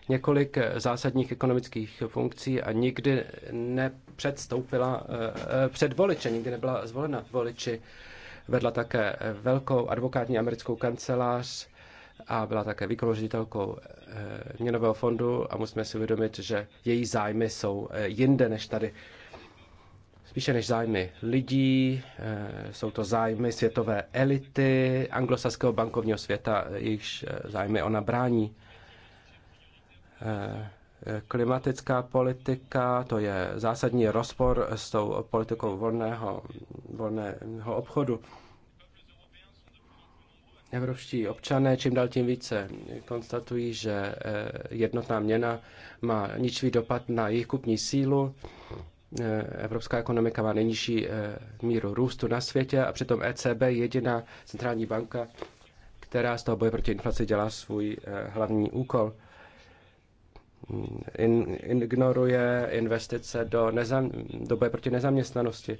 několik zásadních ekonomických funkcí a nikdy nepředstoupila eh, eh, před voliče, nikdy nebyla zvolena voliči. Vedla také velkou advokátní americkou kancelář a byla také výkonnou ředitelkou eh, měnového fondu a musíme si uvědomit, že její zájmy jsou jinde než tady spíše než zájmy lidí, eh, jsou to zájmy světové elity anglosaského bankovního světa, jejichž eh, zájmy ona brání. Eh, klimatická politika, to je zásadní rozpor s tou politikou volného, volného obchodu. Evropští občané čím dál tím více konstatují, že jednotná měna má ničivý dopad na jejich kupní sílu Eh, evropská ekonomika má nejnižší eh, míru růstu na světě a přitom ECB je jediná centrální banka, která z toho boje proti inflaci dělá svůj eh, hlavní úkol. Mm, in, ignoruje investice do, nezam, do boje proti nezaměstnanosti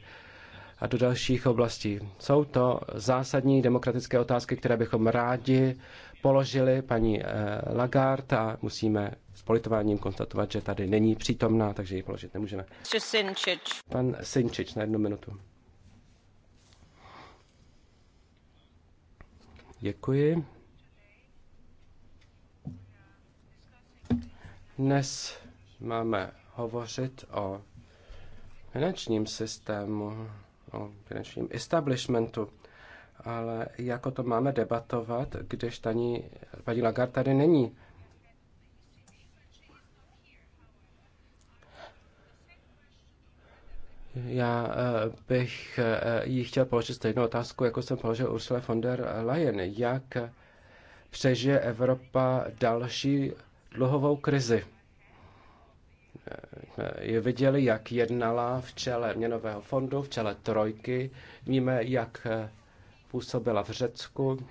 a do dalších oblastí. Jsou to zásadní demokratické otázky, které bychom rádi položili paní Lagarde a musíme s politováním konstatovat, že tady není přítomná, takže ji položit nemůžeme. Sinčič. Pan Sinčič na jednu minutu. Děkuji. Dnes máme hovořit o finančním systému, o finančním establishmentu, ale jako to máme debatovat, když tani, paní Lagarde tady není. Já eh, bych eh, jí chtěl položit stejnou otázku, jako jsem položil Ursula von der Leyen. Jak přežije Evropa další dluhovou krizi? Eh, je viděli, jak jednala v čele měnového fondu, v čele trojky. Víme, jak působila v Řecku.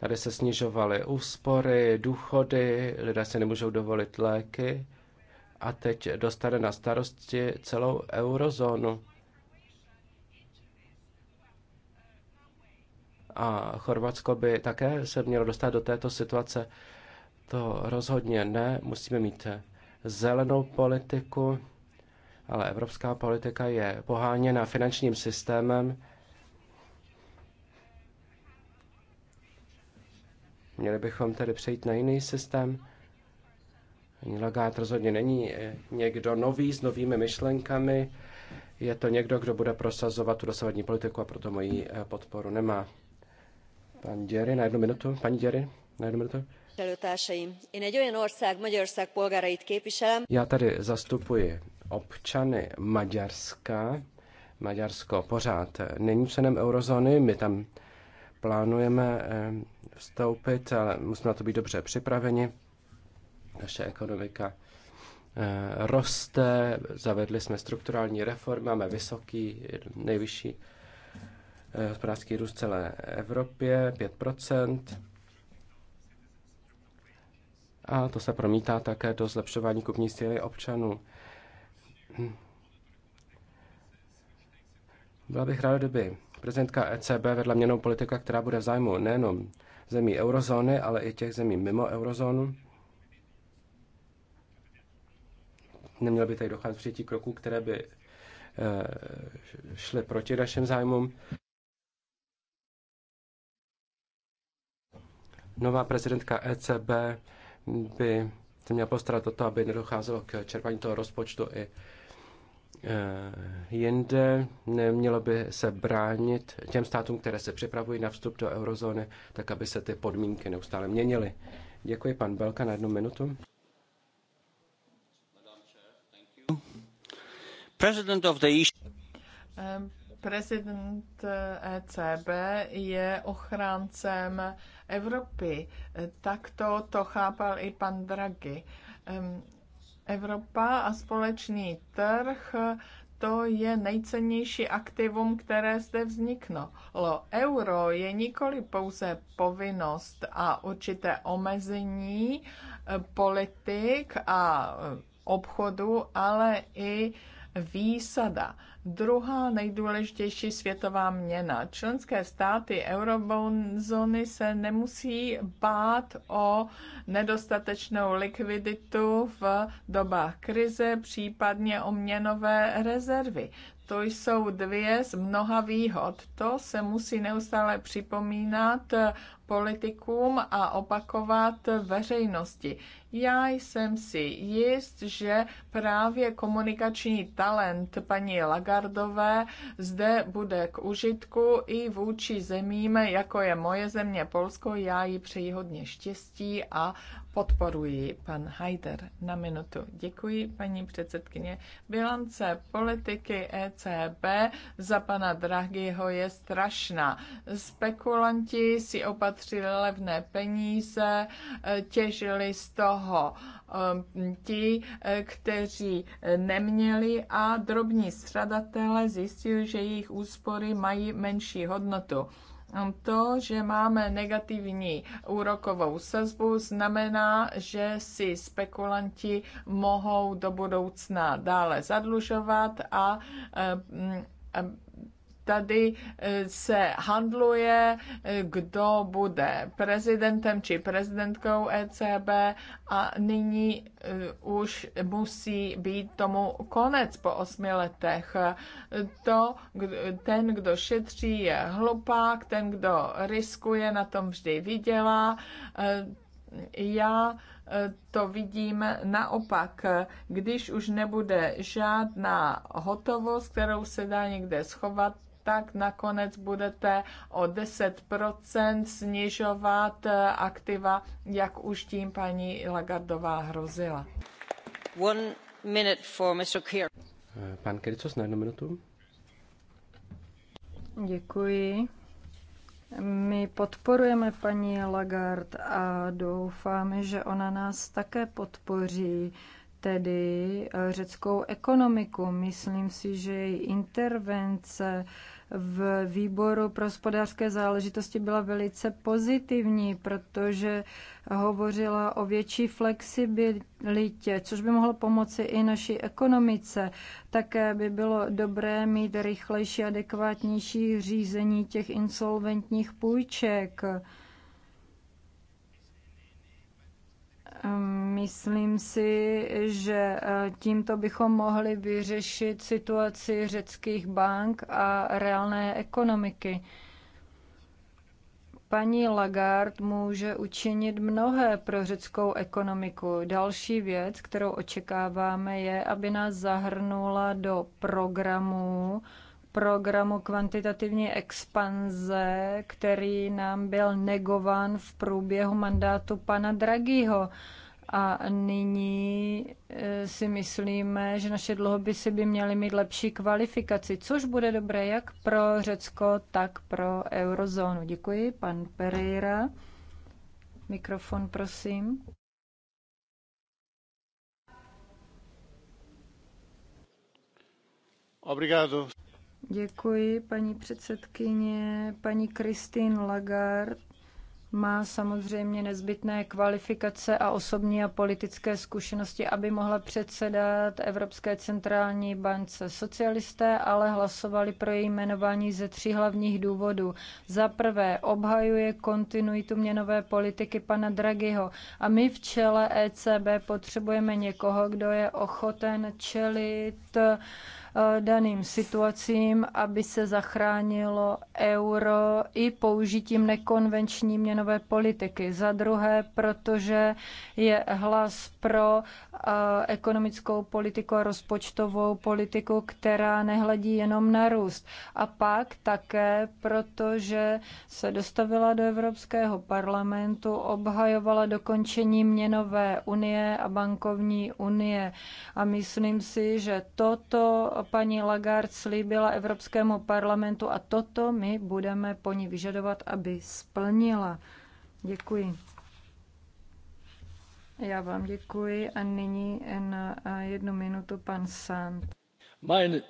Tady se snižovaly úspory, důchody, lidé si nemůžou dovolit léky a teď dostane na starosti celou eurozónu. A Chorvatsko by také se mělo dostat do této situace. To rozhodně ne. Musíme mít zelenou politiku, ale evropská politika je poháněna finančním systémem. Měli bychom tedy přejít na jiný systém Paní rozhodně není eh, někdo nový s novými myšlenkami, je to někdo, kdo bude prosazovat tu dosavadní politiku a proto moji eh, podporu nemá. Pan Děry, na jednu minutu. Pani Děry, na jednu minutu. Já tady zastupuji občany Maďarska. Maďarsko pořád eh, není členem eurozóny, my tam plánujeme vstoupit, ale musíme na to být dobře připraveni. Naše ekonomika eh, roste, zavedli jsme strukturální reformy, máme vysoký, nejvyšší eh, hospodářský růst celé Evropě, 5%. A to se promítá také do zlepšování kupní síly občanů. Byla bych ráda, kdyby prezidentka ECB vedla měnou politika, která bude v zájmu nejenom zemí eurozóny, ale i těch zemí mimo eurozónu. Neměl by tady docházet přijetí kroků, které by eh, šly proti našim zájmům. Nová prezidentka ECB by se měla postarat o to, aby nedocházelo k čerpání toho rozpočtu i eh, jinde. Nemělo by se bránit těm státům, které se připravují na vstup do eurozóny, tak aby se ty podmínky neustále měnily. Děkuji, pan Belka, na jednu minutu. President of the Prezident ECB eh, e je ochráncem Evropy. Eh, Takto to chápal i pan Draghi. Evropa a společný trh to je nejcennější aktivum, které zde vzniklo. Euro je nikoli pouze povinnost a určité omezení eh, politik a obchodu, ale i výsada. Druhá nejdůležitější světová měna. Členské státy eurozóny se nemusí bát o nedostatečnou likviditu v dobách krize, případně o měnové rezervy. To jsou dvě z mnoha výhod. To se musí neustále připomínat politikům a opakovat veřejnosti. Já jsem si jist, že právě komunikační talent paní Lagardové zde bude k užitku i vůči zemím, jako je moje země Polsko. Já jí přeji hodně štěstí a podporuji. Pan Haider na minutu. Děkuji, paní předsedkyně. Bilance politiky ECB za pana Draghiho je strašná. Spekulanti si opatřili levné peníze, těžili z toho um, ti, kteří neměli a drobní stradatelé zjistili, že jejich úspory mají menší hodnotu to, že máme negativní úrokovou sazbu, znamená, že si spekulanti mohou do budoucna dále zadlužovat a eh, tady eh, se handluje, eh, kdo bude prezidentem či prezidentkou ECB a nyní eh, už musí být tomu konec po osmi letech. To, ten, kdo šetří, je hlupák, ten, kdo riskuje, na tom vždy vydělá. Já to vidím naopak. Když už nebude žádná hotovost, kterou se dá někde schovat, tak nakonec budete o 10% snižovat eh, aktiva, jak už tím paní Lagardová hrozila. One minute for Mr. Eh, pan Kircos na jednu minutu. Děkuji. My podporujeme paní Lagarde a doufáme, že ona nás také podpoří, tedy eh, řeckou ekonomiku. Myslím si, že její intervence v výboru pro hospodářské záležitosti byla velice pozitivní, protože hovořila o větší flexibilitě, což by mohlo pomoci i naší ekonomice. Také by bylo dobré mít rychlejší, adekvátnější řízení těch insolventních půjček. Myslím si, že eh, tímto bychom mohli vyřešit situaci řeckých bank a reálné ekonomiky. Paní Lagarde může učinit mnohé pro řeckou ekonomiku. Další věc, kterou očekáváme, je, aby nás zahrnula do programů, programu kvantitativní expanze, který nám byl negovan v průběhu mandátu pana Draghiho. A nyní eh, si myslíme, že naše dluhopisy by měly mít lepší kvalifikaci, což bude dobré jak pro Řecko, tak pro eurozónu. Děkuji, pan Pereira. Mikrofon, prosím. Obrigado. Děkuji, paní předsedkyně. Paní Kristýn Lagarde má samozřejmě nezbytné kvalifikace a osobní a politické zkušenosti, aby mohla předsedat Evropské centrální bance. Socialisté ale hlasovali pro její jmenování ze tří hlavních důvodů. Za prvé, obhajuje kontinuitu měnové politiky pana Draghiho a my v čele ECB potřebujeme někoho, kdo je ochoten čelit Eh, daným situacím, aby se zachránilo euro i použitím nekonvenční měnové politiky. Za druhé, protože je hlas pro eh, ekonomickou politiku a rozpočtovou politiku, která nehledí jenom na růst. A pak také, protože se dostavila do Evropského parlamentu, obhajovala dokončení měnové unie a bankovní unie. A myslím si, že toto paní Lagarde slíbila Evropskému parlamentu a toto my budeme po ní vyžadovat, aby splnila. Děkuji. Já vám děkuji a nyní na jednu minutu pan Sant. Lagarde.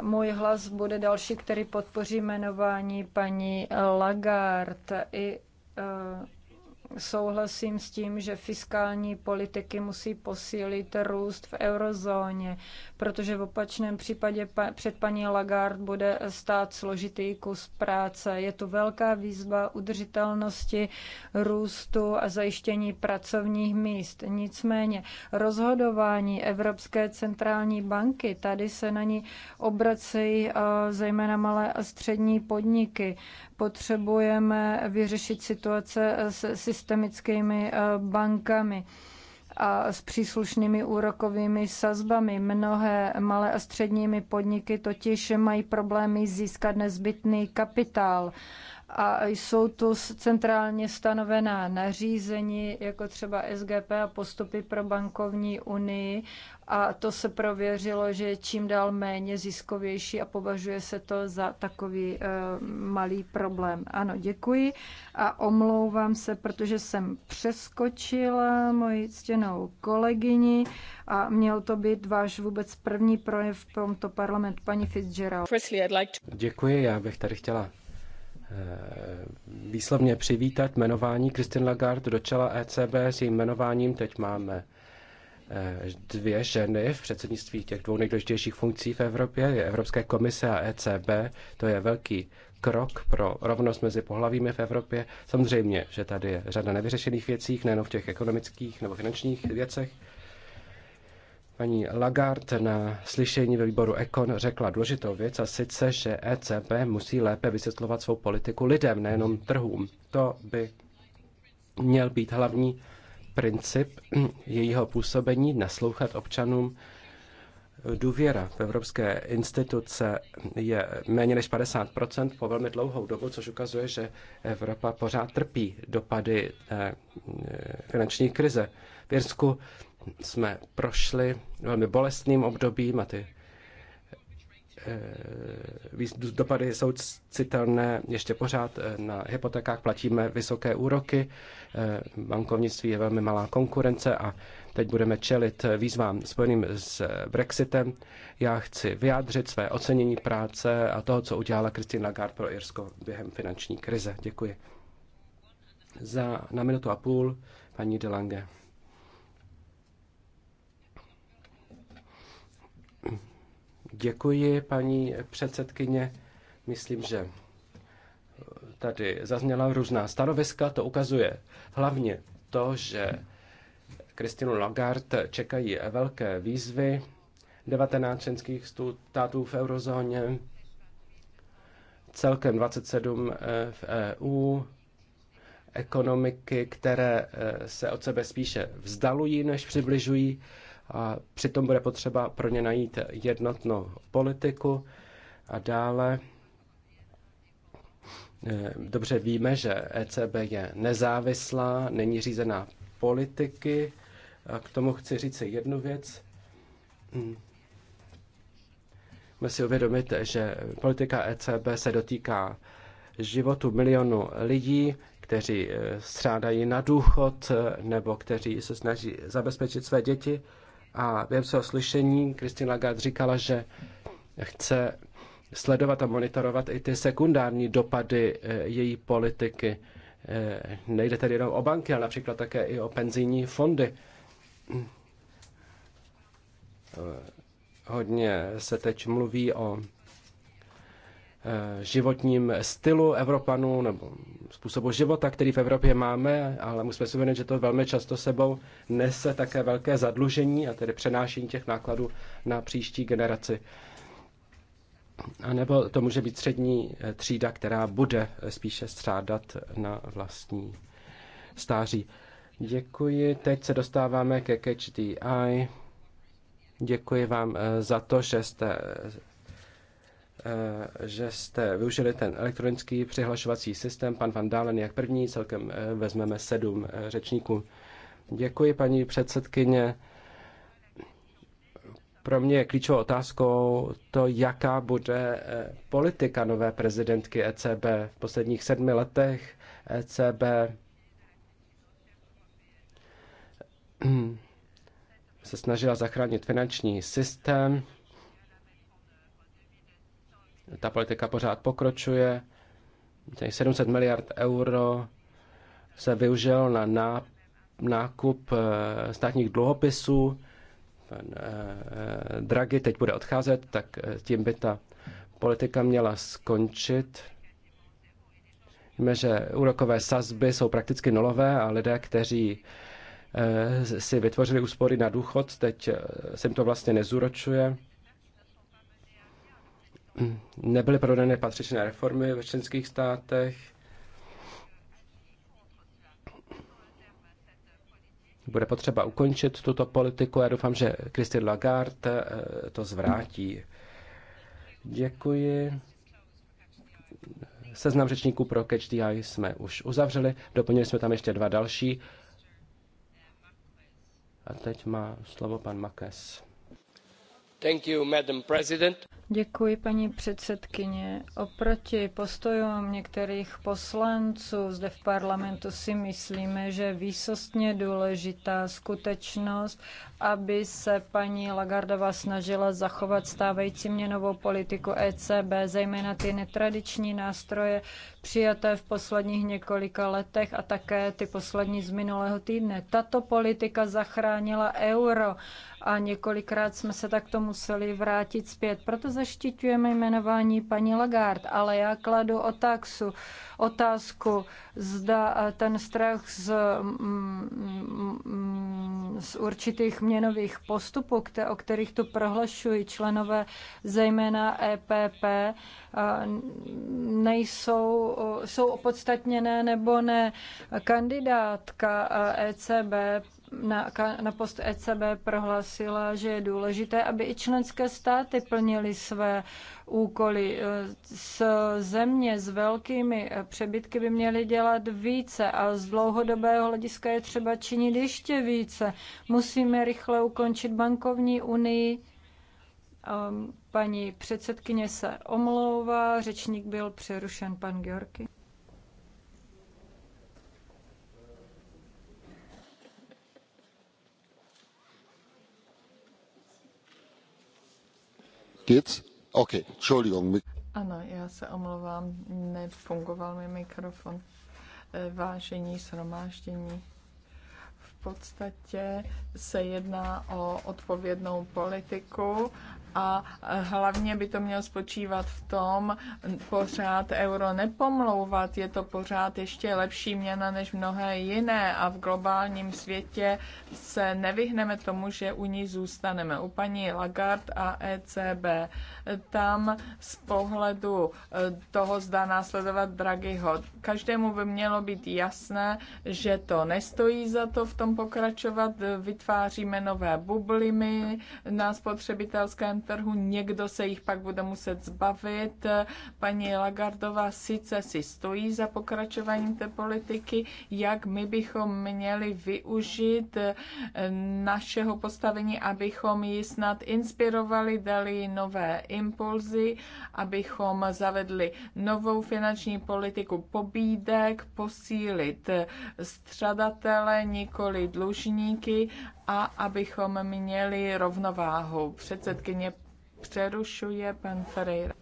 můj hlas bude další, který podpoří jmenování paní Lagarde. I, uh, souhlasím s tím, že fiskální politiky musí posílit růst v eurozóně, protože v opačném případě před paní Lagarde bude stát složitý kus práce. Je to velká výzva udržitelnosti růstu a zajištění pracovních míst. Nicméně rozhodování Evropské centrální banky, tady se na ní obracejí eh, zejména malé a střední podniky. Potřebujeme vyřešit situace eh, s systémem systemickými eh, bankami a s příslušnými úrokovými sazbami. Mnohé malé a středními podniky totiž mají problémy získat nezbytný kapitál a jsou tu centrálně stanovená nařízení, jako třeba SGP a postupy pro bankovní unii a to se prověřilo, že je čím dál méně ziskovější a považuje se to za takový e, malý problém. Ano, děkuji a omlouvám se, protože jsem přeskočila moji ctěnou kolegyni a měl to být váš vůbec první projev v tomto parlament, paní Fitzgerald. Děkuji, já bych tady chtěla Eh, výslovně přivítat jmenování Christine Lagarde do čela ECB s jejím jmenováním. Teď máme eh, dvě ženy v předsednictví těch dvou nejdůležitějších funkcí v Evropě, je Evropské komise a ECB. To je velký krok pro rovnost mezi pohlavími v Evropě. Samozřejmě, že tady je řada nevyřešených věcí, nejen v těch ekonomických nebo finančních věcech, Paní Lagarde na slyšení ve výboru Econ řekla důležitou věc a sice, že ECB musí lépe vysvětlovat svou politiku lidem, nejenom trhům. To by měl být hlavní princip jejího působení, naslouchat občanům. Důvěra v evropské instituce je méně než 50% po velmi dlouhou dobu, což ukazuje, že Evropa pořád trpí dopady eh, eh, finanční krize. V Irsku jsme prošli velmi bolestným obdobím a ty eh, dopady jsou citelné ještě pořád. Eh, na hypotékách platíme vysoké úroky, eh, bankovnictví je velmi malá konkurence a teď budeme čelit výzvám spojeným s Brexitem. Já chci vyjádřit své ocenění práce a toho, co udělala Christine Lagarde pro Irsko během finanční krize. Děkuji. Za na minutu a půl paní Delange. Děkuji, paní předsedkyně. Myslím, že tady zazněla různá stanoviska. To ukazuje hlavně to, že Kristinu Lagarde čekají velké výzvy 19 členských států v eurozóně, celkem 27 eh, v EU, ekonomiky, které eh, se od sebe spíše vzdalují, než přibližují a přitom bude potřeba pro ně najít jednotnou politiku a dále. Eh, dobře víme, že ECB je nezávislá, není řízená politiky. A k tomu chci říct jednu věc. Hmm. Musíme si uvědomit, že politika ECB se dotýká životu milionu lidí, kteří eh, střádají na důchod nebo kteří se snaží zabezpečit své děti a během svého slyšení Christine Lagarde říkala, že chce sledovat a monitorovat i ty sekundární dopady eh, její politiky. Eh, nejde tedy jenom o banky, ale například také i o penzijní fondy. Eh, hodně se teď mluví o Eh, životním stylu Evropanů nebo způsobu života, který v Evropě máme, ale musíme si uvědomit, že to velmi často sebou nese také velké zadlužení a tedy přenášení těch nákladů na příští generaci. A nebo to může být střední eh, třída, která bude eh, spíše střádat na vlastní stáří. Děkuji. Teď se dostáváme ke Catch the Eye. Děkuji vám za to, že jste Eh, že jste využili ten elektronický přihlašovací systém. Pan Van Dalen jak první, celkem eh, vezmeme sedm eh, řečníků. Děkuji, paní předsedkyně. Pro mě je klíčovou otázkou to, jaká bude politika nové prezidentky ECB. V posledních sedmi letech ECB se snažila zachránit finanční systém ta politika pořád pokročuje. Těch 700 miliard euro se využilo na nákup eh, státních dluhopisů. Pan eh, eh, Draghi teď bude odcházet, tak tím by ta politika měla skončit. Víme, že úrokové sazby jsou prakticky nulové a lidé, kteří si vytvořili úspory na důchod, teď se jim to vlastně nezúročuje nebyly provedeny patřičné reformy ve členských státech. Bude potřeba ukončit tuto politiku. Já doufám, že Christine Lagarde eh, to zvrátí. Děkuji. Seznam řečníků pro Catch the Eye jsme už uzavřeli. Doplnili jsme tam ještě dva další. A teď má slovo pan Makes. Děkuji, paní předsedkyně. Oproti postojům některých poslanců zde v parlamentu si myslíme, že je výsostně důležitá skutečnost, aby se paní Lagardová snažila zachovat stávající měnovou politiku ECB, zejména ty netradiční nástroje přijaté v posledních několika letech a také ty poslední z minulého týdne. Tato politika zachránila euro a několikrát jsme se takto museli vrátit zpět. Proto zaštiťujeme jmenování paní Lagarde, ale já kladu otaxu, otázku, zda eh, ten strach z, mm, mm, mm, z určitých měnových postupů, o kterých tu prohlašují členové zejména EPP, eh, nejsou jsou opodstatněné nebo ne. Kandidátka ECB na, na post ECB prohlásila, že je důležité, aby i členské státy plnily své úkoly. E, s země s velkými e, přebytky by měly dělat více a z dlouhodobého hlediska je třeba činit ještě více. Musíme rychle ukončit bankovní unii Ehm, paní předsedkyně se omlouvá, řečník byl přerušen pan Georgi. Okay, Ano, já se omlouvám, nefungoval mi mikrofon. Eh, vážení shromáždění, v podstatě se jedná o odpovědnou politiku a hlavně by to mělo spočívat v tom, pořád euro nepomlouvat, je to pořád ještě lepší měna než mnohé jiné a v globálním světě se nevyhneme tomu, že u ní zůstaneme. U paní Lagarde a ECB tam z pohledu eh, toho zdá následovat Draghiho. Každému by mělo být jasné, že to nestojí za to v tom pokračovat, vytváříme nové bubliny na spotřebitelském trhu, někdo se jich pak bude muset zbavit. Paní Lagardová sice si stojí za pokračováním té politiky, jak my bychom měli využít eh, našeho postavení, abychom ji snad inspirovali, dali nové impulzy, abychom zavedli novou finanční politiku pobídek, posílit střadatele, nikoli dlužníky a abychom měli rovnováhu. Předsedkyně přerušuje pan Ferreira.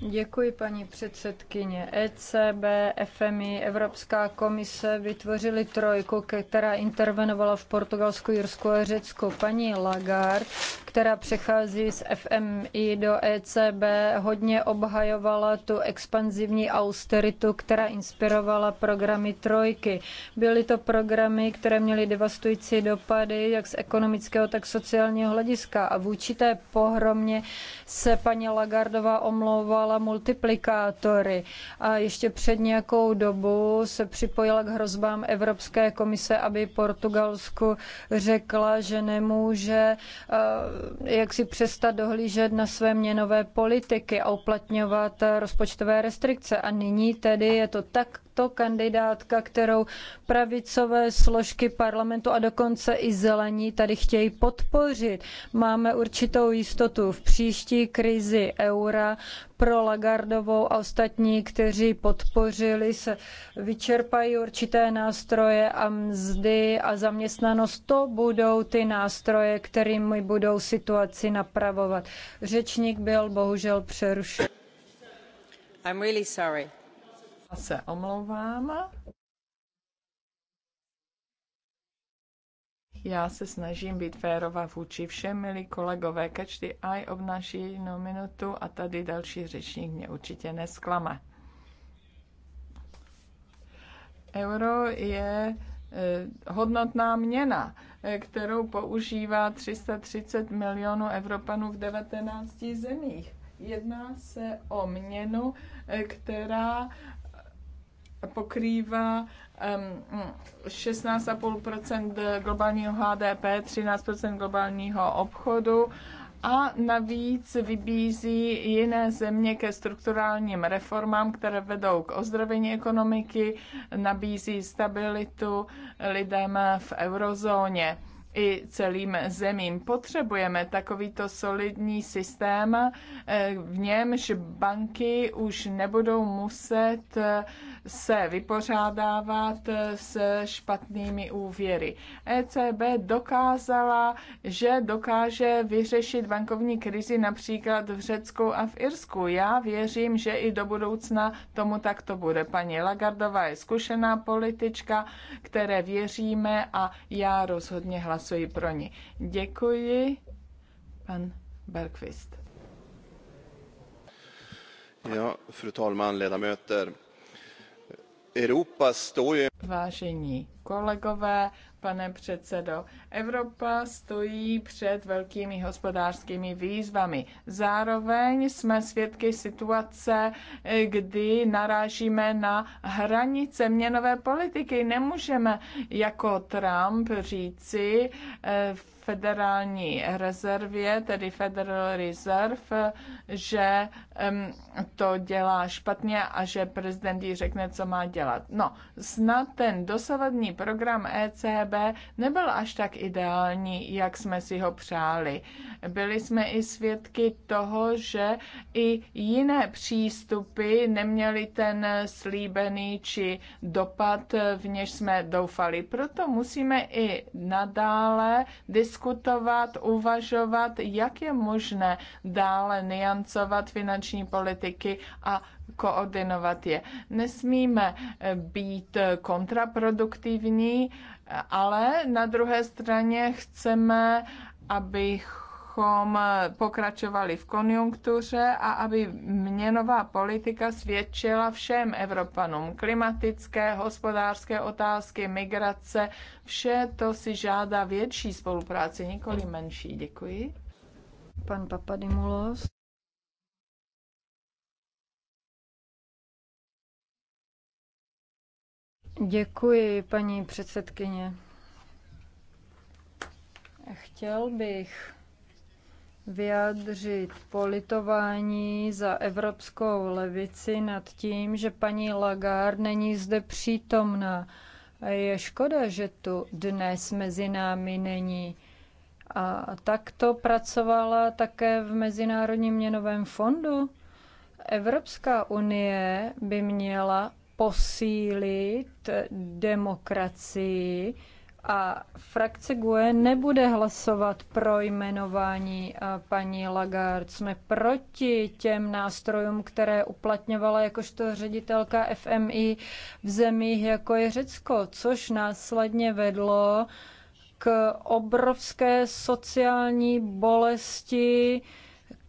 Děkuji, paní předsedkyně. ECB, FMI, Evropská komise vytvořili trojku, která intervenovala v Portugalsku, Jirsku a Řecku. Paní Lagarde, která přechází z FMI do ECB, hodně obhajovala tu expanzivní austeritu, která inspirovala programy trojky. Byly to programy, které měly devastující dopady jak z ekonomického, tak sociálního hlediska. A vůči té pohromě se paní Lagardová omlouvala multiplikátory. A ještě před nějakou dobu se připojila k hrozbám Evropské komise, aby Portugalsku řekla, že nemůže eh, jak si přestat dohlížet na své měnové politiky a uplatňovat rozpočtové restrikce. A nyní tedy je to takto kandidátka, kterou pravicové složky parlamentu a dokonce i zelení tady chtějí podpořit. Máme určitou jistotu v příští krizi eura pro Lagardovou a ostatní, kteří podpořili, se vyčerpají určité nástroje a mzdy a zaměstnanost. To budou ty nástroje, kterými budou situaci napravovat. Řečník byl bohužel přerušen. I'm really sorry. Se omlouvám. Já se snažím být férová vůči všem, milí kolegové. Každý aj obnáší jednu minutu a tady další řečník mě určitě nesklame. Euro je e, hodnotná měna, e, kterou používá 330 milionů Evropanů v 19 zemích. Jedná se o měnu, e, která pokrývá 16,5 globálního HDP, 13 globálního obchodu a navíc vybízí jiné země ke strukturálním reformám, které vedou k ozdravení ekonomiky, nabízí stabilitu lidem v eurozóně i celým zemím. Potřebujeme takovýto solidní systém, eh, v němž banky už nebudou muset se vypořádávat s špatnými úvěry. ECB dokázala, že dokáže vyřešit bankovní krizi například v Řecku a v Irsku. Já věřím, že i do budoucna tomu tak to bude. Paní Lagardová je zkušená politička, které věříme a já rozhodně hlasuji pro ní. Děkuji, pan Bergqvist. Ja, fru talman, ledamöter. Vážení kolegové, pane předsedo, Evropa stojí před velkými hospodářskými výzvami. Zároveň jsme svědky situace, kdy narážíme na hranice měnové politiky. Nemůžeme jako Trump říci eh, federální rezervě, tedy Federal Reserve, že to dělá špatně a že prezident jí řekne, co má dělat. No, snad ten dosavadní program ECB nebyl až tak ideální, jak jsme si ho přáli. Byli jsme i svědky toho, že i jiné přístupy neměly ten slíbený či dopad, v něž jsme doufali. Proto musíme i nadále diskutovat, uvažovat, jak je možné dále niancovat finanční politiky a koordinovat je. Nesmíme eh, být eh, kontraproduktivní, ale na druhé straně chceme, abychom eh, pokračovali v konjunktuře a aby měnová politika svědčila všem Evropanům. Klimatické, hospodářské otázky, migrace, vše to si žádá větší spolupráci, nikoli menší. Děkuji. Pan Papadimulos. Děkuji, paní předsedkyně. Chtěl bych vyjádřit politování za evropskou levici nad tím, že paní Lagarde není zde přítomná. Je škoda, že tu dnes mezi námi není. A takto pracovala také v Mezinárodním měnovém fondu. Evropská unie by měla posílit demokracii a frakce GUE nebude hlasovat pro jmenování eh, paní Lagarde. Jsme proti těm nástrojům, které uplatňovala jakožto ředitelka FMI v zemích, jako je Řecko, což následně vedlo k obrovské sociální bolesti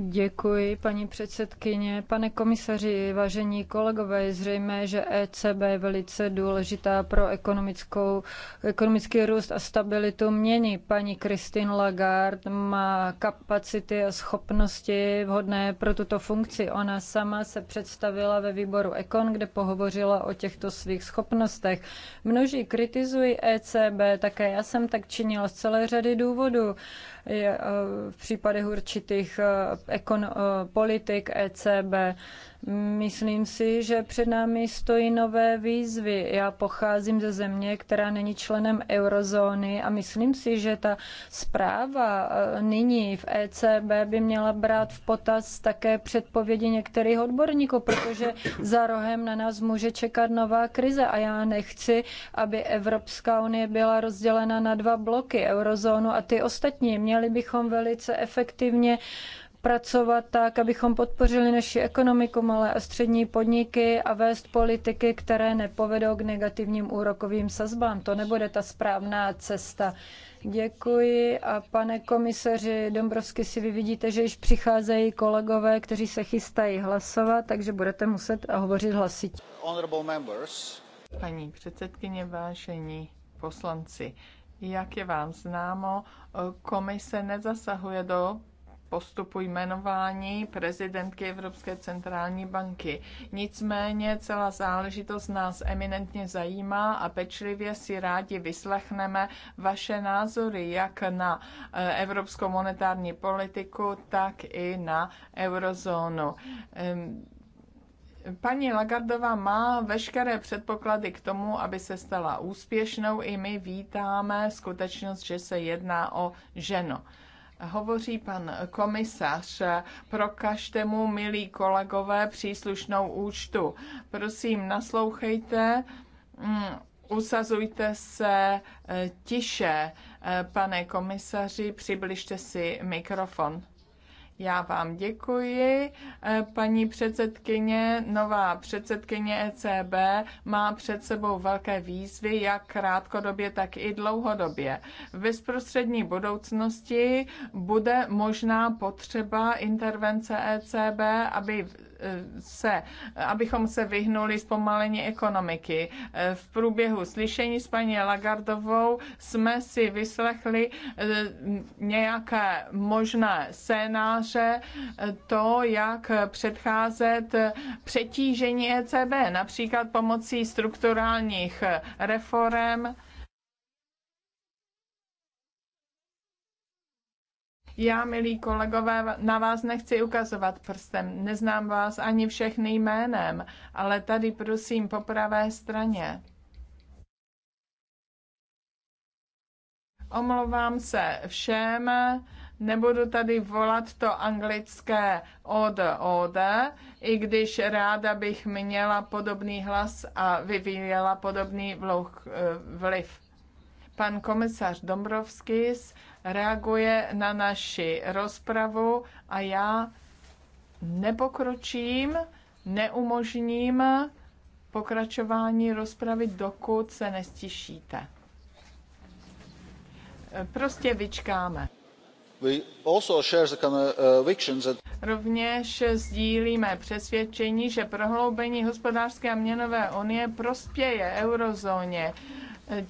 Děkuji, paní předsedkyně. Pane komisaři, vážení kolegové, je zřejmé, že ECB je velice důležitá pro ekonomickou, ekonomický růst a stabilitu měny. Paní Christine Lagarde má kapacity a schopnosti vhodné pro tuto funkci. Ona sama se představila ve výboru Econ, kde pohovořila o těchto svých schopnostech. Množí kritizují ECB, také já jsem tak činila z celé řady důvodů. Je, eh, v případech určitých eh, ekon, eh, politik ECB. Myslím si, že před námi stojí nové výzvy. Já pocházím ze země, která není členem eurozóny a myslím si, že ta zpráva eh, nyní v ECB by měla brát v potaz také předpovědi některých odborníků, protože za rohem na nás může čekat nová krize a já nechci, aby Evropská unie byla rozdělena na dva bloky, eurozónu a ty ostatní. Měli bychom velice efektivně pracovat tak, abychom podpořili naši ekonomiku, malé a střední podniky a vést politiky, které nepovedou k negativním úrokovým sazbám. To nebude ta správná cesta. Děkuji a pane komisaři Dombrovsky, si vy vidíte, že již přicházejí kolegové, kteří se chystají hlasovat, takže budete muset hovořit hlasitě. Paní předsedkyně, vážení poslanci, jak je vám známo, komise nezasahuje do postupu jmenování prezidentky Evropské centrální banky. Nicméně celá záležitost nás eminentně zajímá a pečlivě si rádi vyslechneme vaše názory jak na eh, evropskou monetární politiku, tak i na eurozónu. Ehm, paní Lagardová má veškeré předpoklady k tomu, aby se stala úspěšnou. I my vítáme skutečnost, že se jedná o ženu. Hovoří pan komisař, prokažte mu, milí kolegové, příslušnou účtu. Prosím, naslouchejte, mm, usazujte se eh, tiše, eh, pane komisaři, přibližte si mikrofon. Já vám děkuji. Eh, paní předsedkyně, nová předsedkyně ECB má před sebou velké výzvy, jak krátkodobě, tak i dlouhodobě. V bezprostřední budoucnosti bude možná potřeba intervence ECB, aby se, abychom se vyhnuli zpomalení ekonomiky. V průběhu slyšení s paní Lagardovou jsme si vyslechli eh, nějaké možné scénáře, eh, to, jak předcházet eh, přetížení ECB, například pomocí strukturálních reform, Já, milí kolegové, na vás nechci ukazovat prstem, neznám vás ani všechny jménem, ale tady prosím po pravé straně. Omlouvám se všem, nebudu tady volat to anglické od od, i když ráda bych měla podobný hlas a vyvíjela podobný eh, vliv. Pan komisař Dombrovskis reaguje na naši rozpravu a já nepokročím, neumožním pokračování rozpravy, dokud se nestišíte. Prostě vyčkáme. Uh, Rovněž sdílíme přesvědčení, že prohloubení hospodářské a měnové unie prospěje eurozóně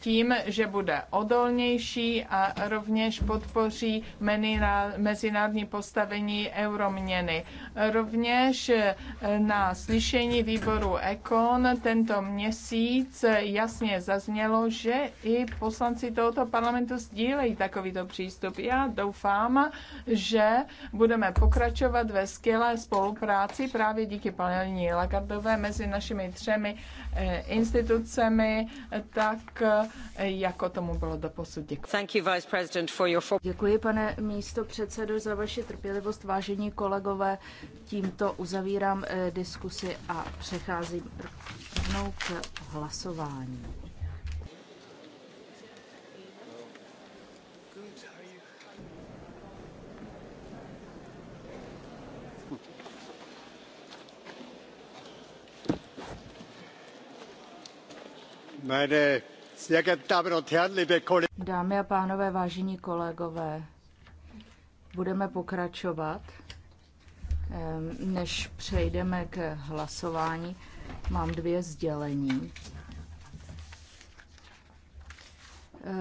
tím, že bude odolnější a rovněž podpoří mezinárodní postavení euroměny. Rovněž eh, na slyšení výboru ECON tento měsíc jasně zaznělo, že i poslanci tohoto parlamentu sdílejí takovýto přístup. Já doufám, že budeme pokračovat ve skvělé spolupráci právě díky paní Lagardové mezi našimi třemi Eh, institucemi, tak eh, jako tomu bylo doposud. Děkuji. Děkuji, pane místo předsedo, za vaši trpělivost. Vážení kolegové, tímto uzavírám eh, diskusi a přecházím rovnou k hlasování. Dámy a pánové, vážení kolegové, budeme pokračovat. Než přejdeme k hlasování, mám dvě sdělení.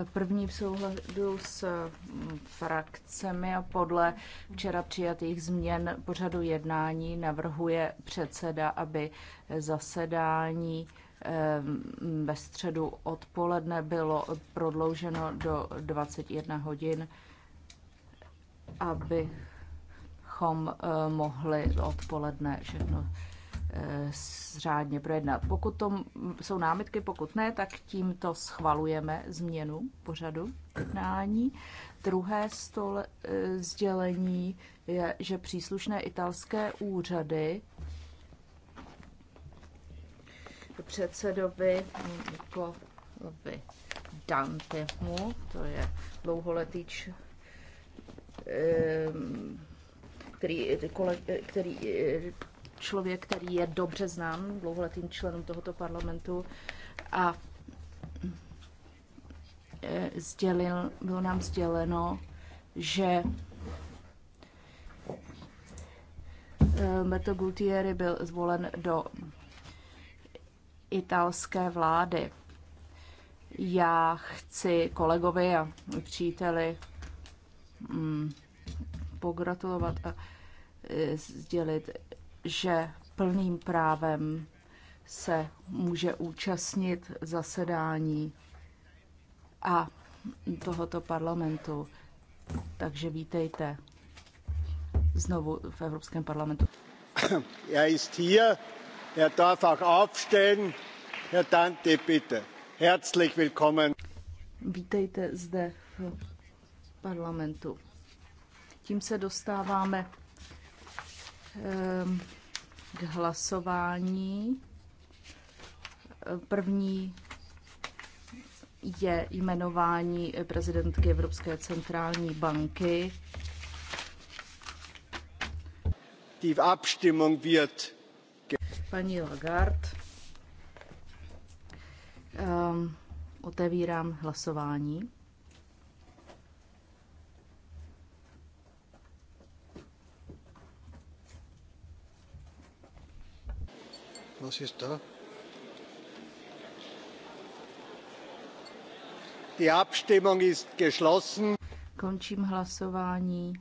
E, první v souhledu s mm, frakcemi a podle včera přijatých změn pořadu jednání navrhuje předseda, aby zasedání ve středu odpoledne bylo prodlouženo do 21 hodin, abychom eh, mohli odpoledne všechno eh, řádně projednat. Pokud to jsou námitky, pokud ne, tak tímto schvalujeme změnu pořadu jednání. Druhé stole, eh, sdělení je, že příslušné italské úřady předsedovi Nikolovi Dantemu, to je dlouholetý č, který, který, člověk, který je dobře znám, dlouholetým členům tohoto parlamentu a e, sdělil, bylo nám sděleno, že Beto Gutierrez byl zvolen do italské vlády. Já chci kolegovi a příteli mm, pogratulovat a e, sdělit, že plným právem se může účastnit zasedání a tohoto parlamentu. Takže vítejte znovu v Evropském parlamentu. Já ist hier er darf auch aufstehen. herr bitte. herzlich willkommen. vítejte zde v parlamentu. tím se dostáváme ehm, k hlasování. První je jmenování prezidentky Evropské centrální banky. Die Abstimmung wird paní Lagarde. Um, otevírám hlasování. No, si to. Die Abstimmung ist geschlossen. Končím hlasování.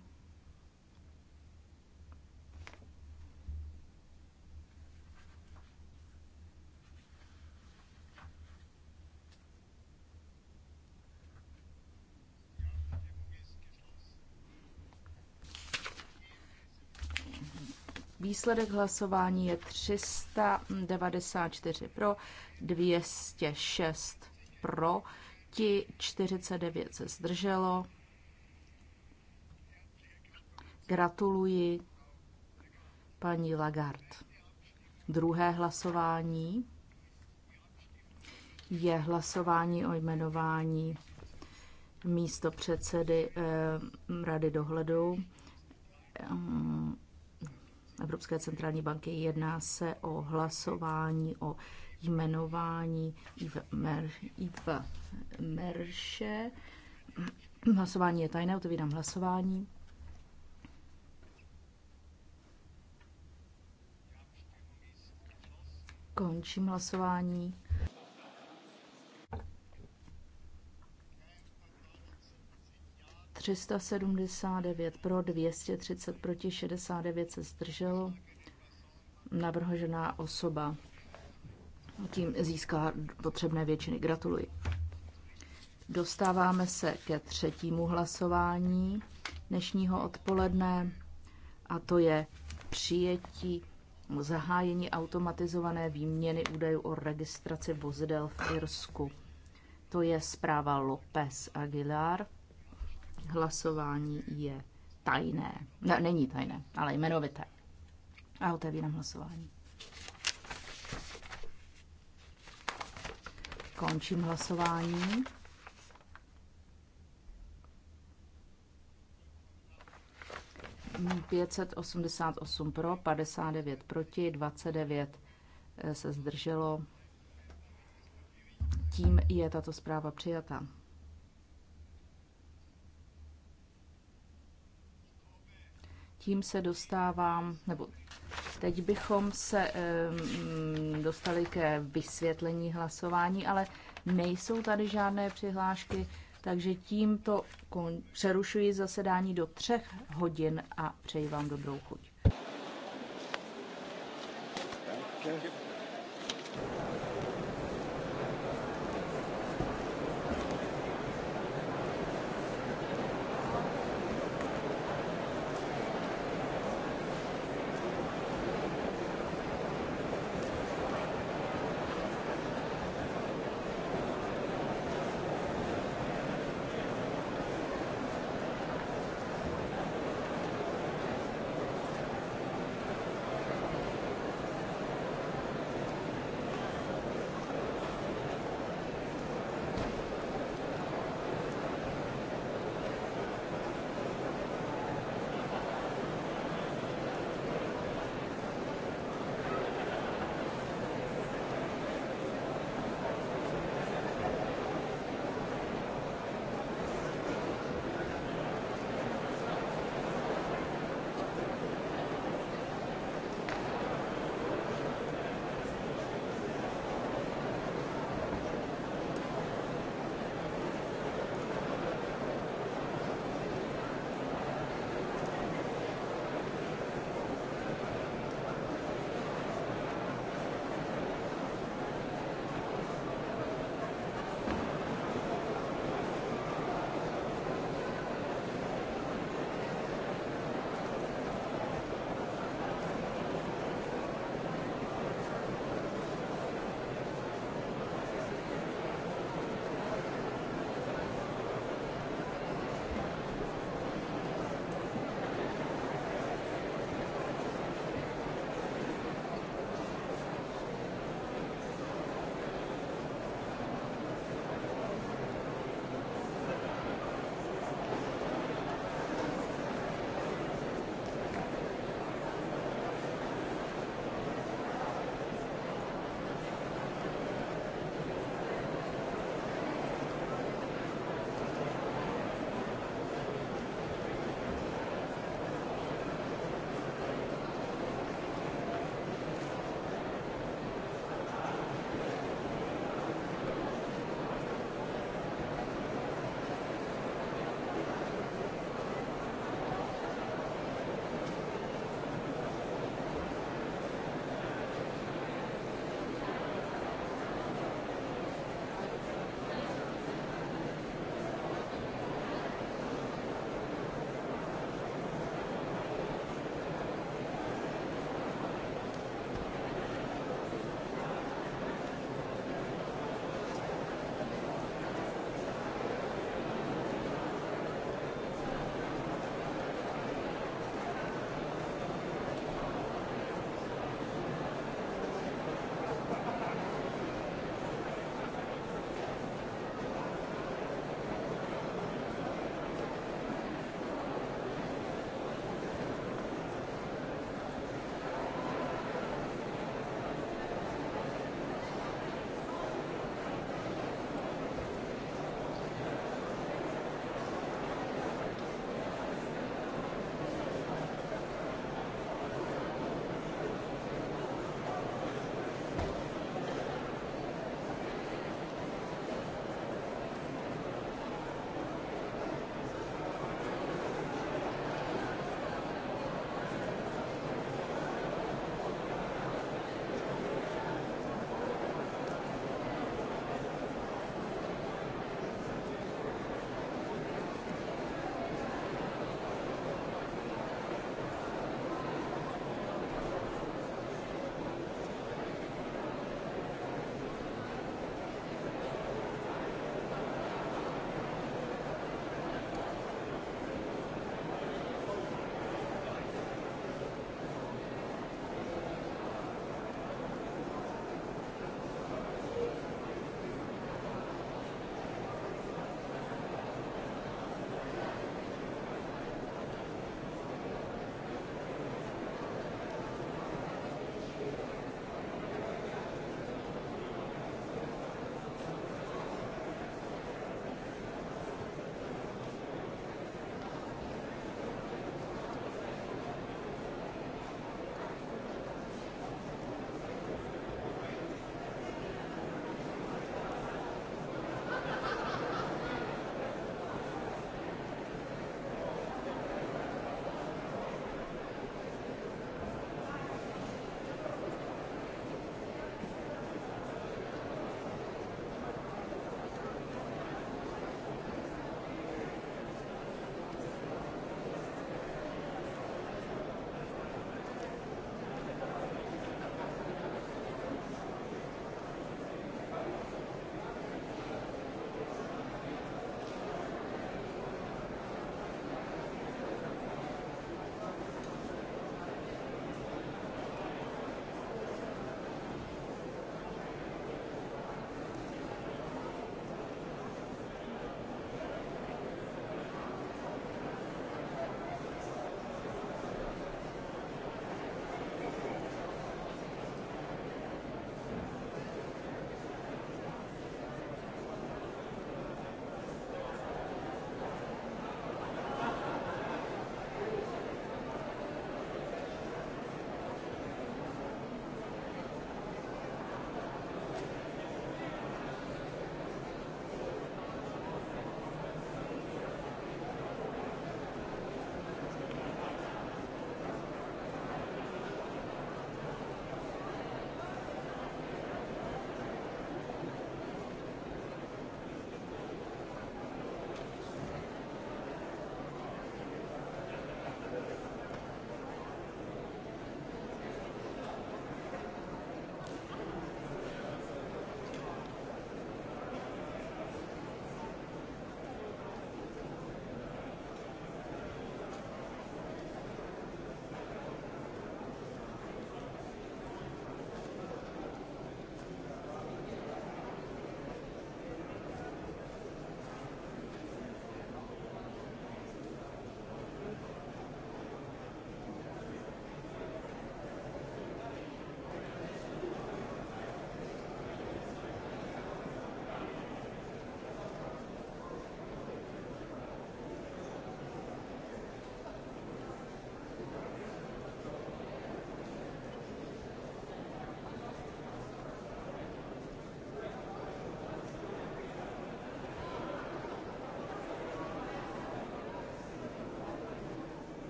Výsledek hlasování je 394 pro, 206 pro, ti 49 se zdrželo. Gratuluji paní Lagarde. Druhé hlasování je hlasování o jmenování místo předsedy eh, Rady dohledu ehm, Evropské centrální banky. Jedná se o hlasování, o jmenování Iva Merše. Hlasování je tajné, otevírám hlasování. Končím hlasování. 379 pro, 230 proti, 69 se zdrželo. Navrhožená osoba tím získá potřebné většiny. Gratuluji. Dostáváme se ke třetímu hlasování dnešního odpoledne a to je přijetí zahájení automatizované výměny údajů o registraci vozidel v Irsku. To je zpráva López Aguilar. Hlasování je tajné. Ne, není tajné, ale jmenovité. A otevírám hlasování. Končím hlasování. 588 pro, 59 proti, 29 eh, se zdrželo. Tím je tato zpráva přijata. tím se dostávám, nebo teď bychom se um, dostali ke vysvětlení hlasování, ale nejsou tady žádné přihlášky, takže tímto kon- přerušuji zasedání do třech hodin a přeji vám dobrou chuť. Thank you.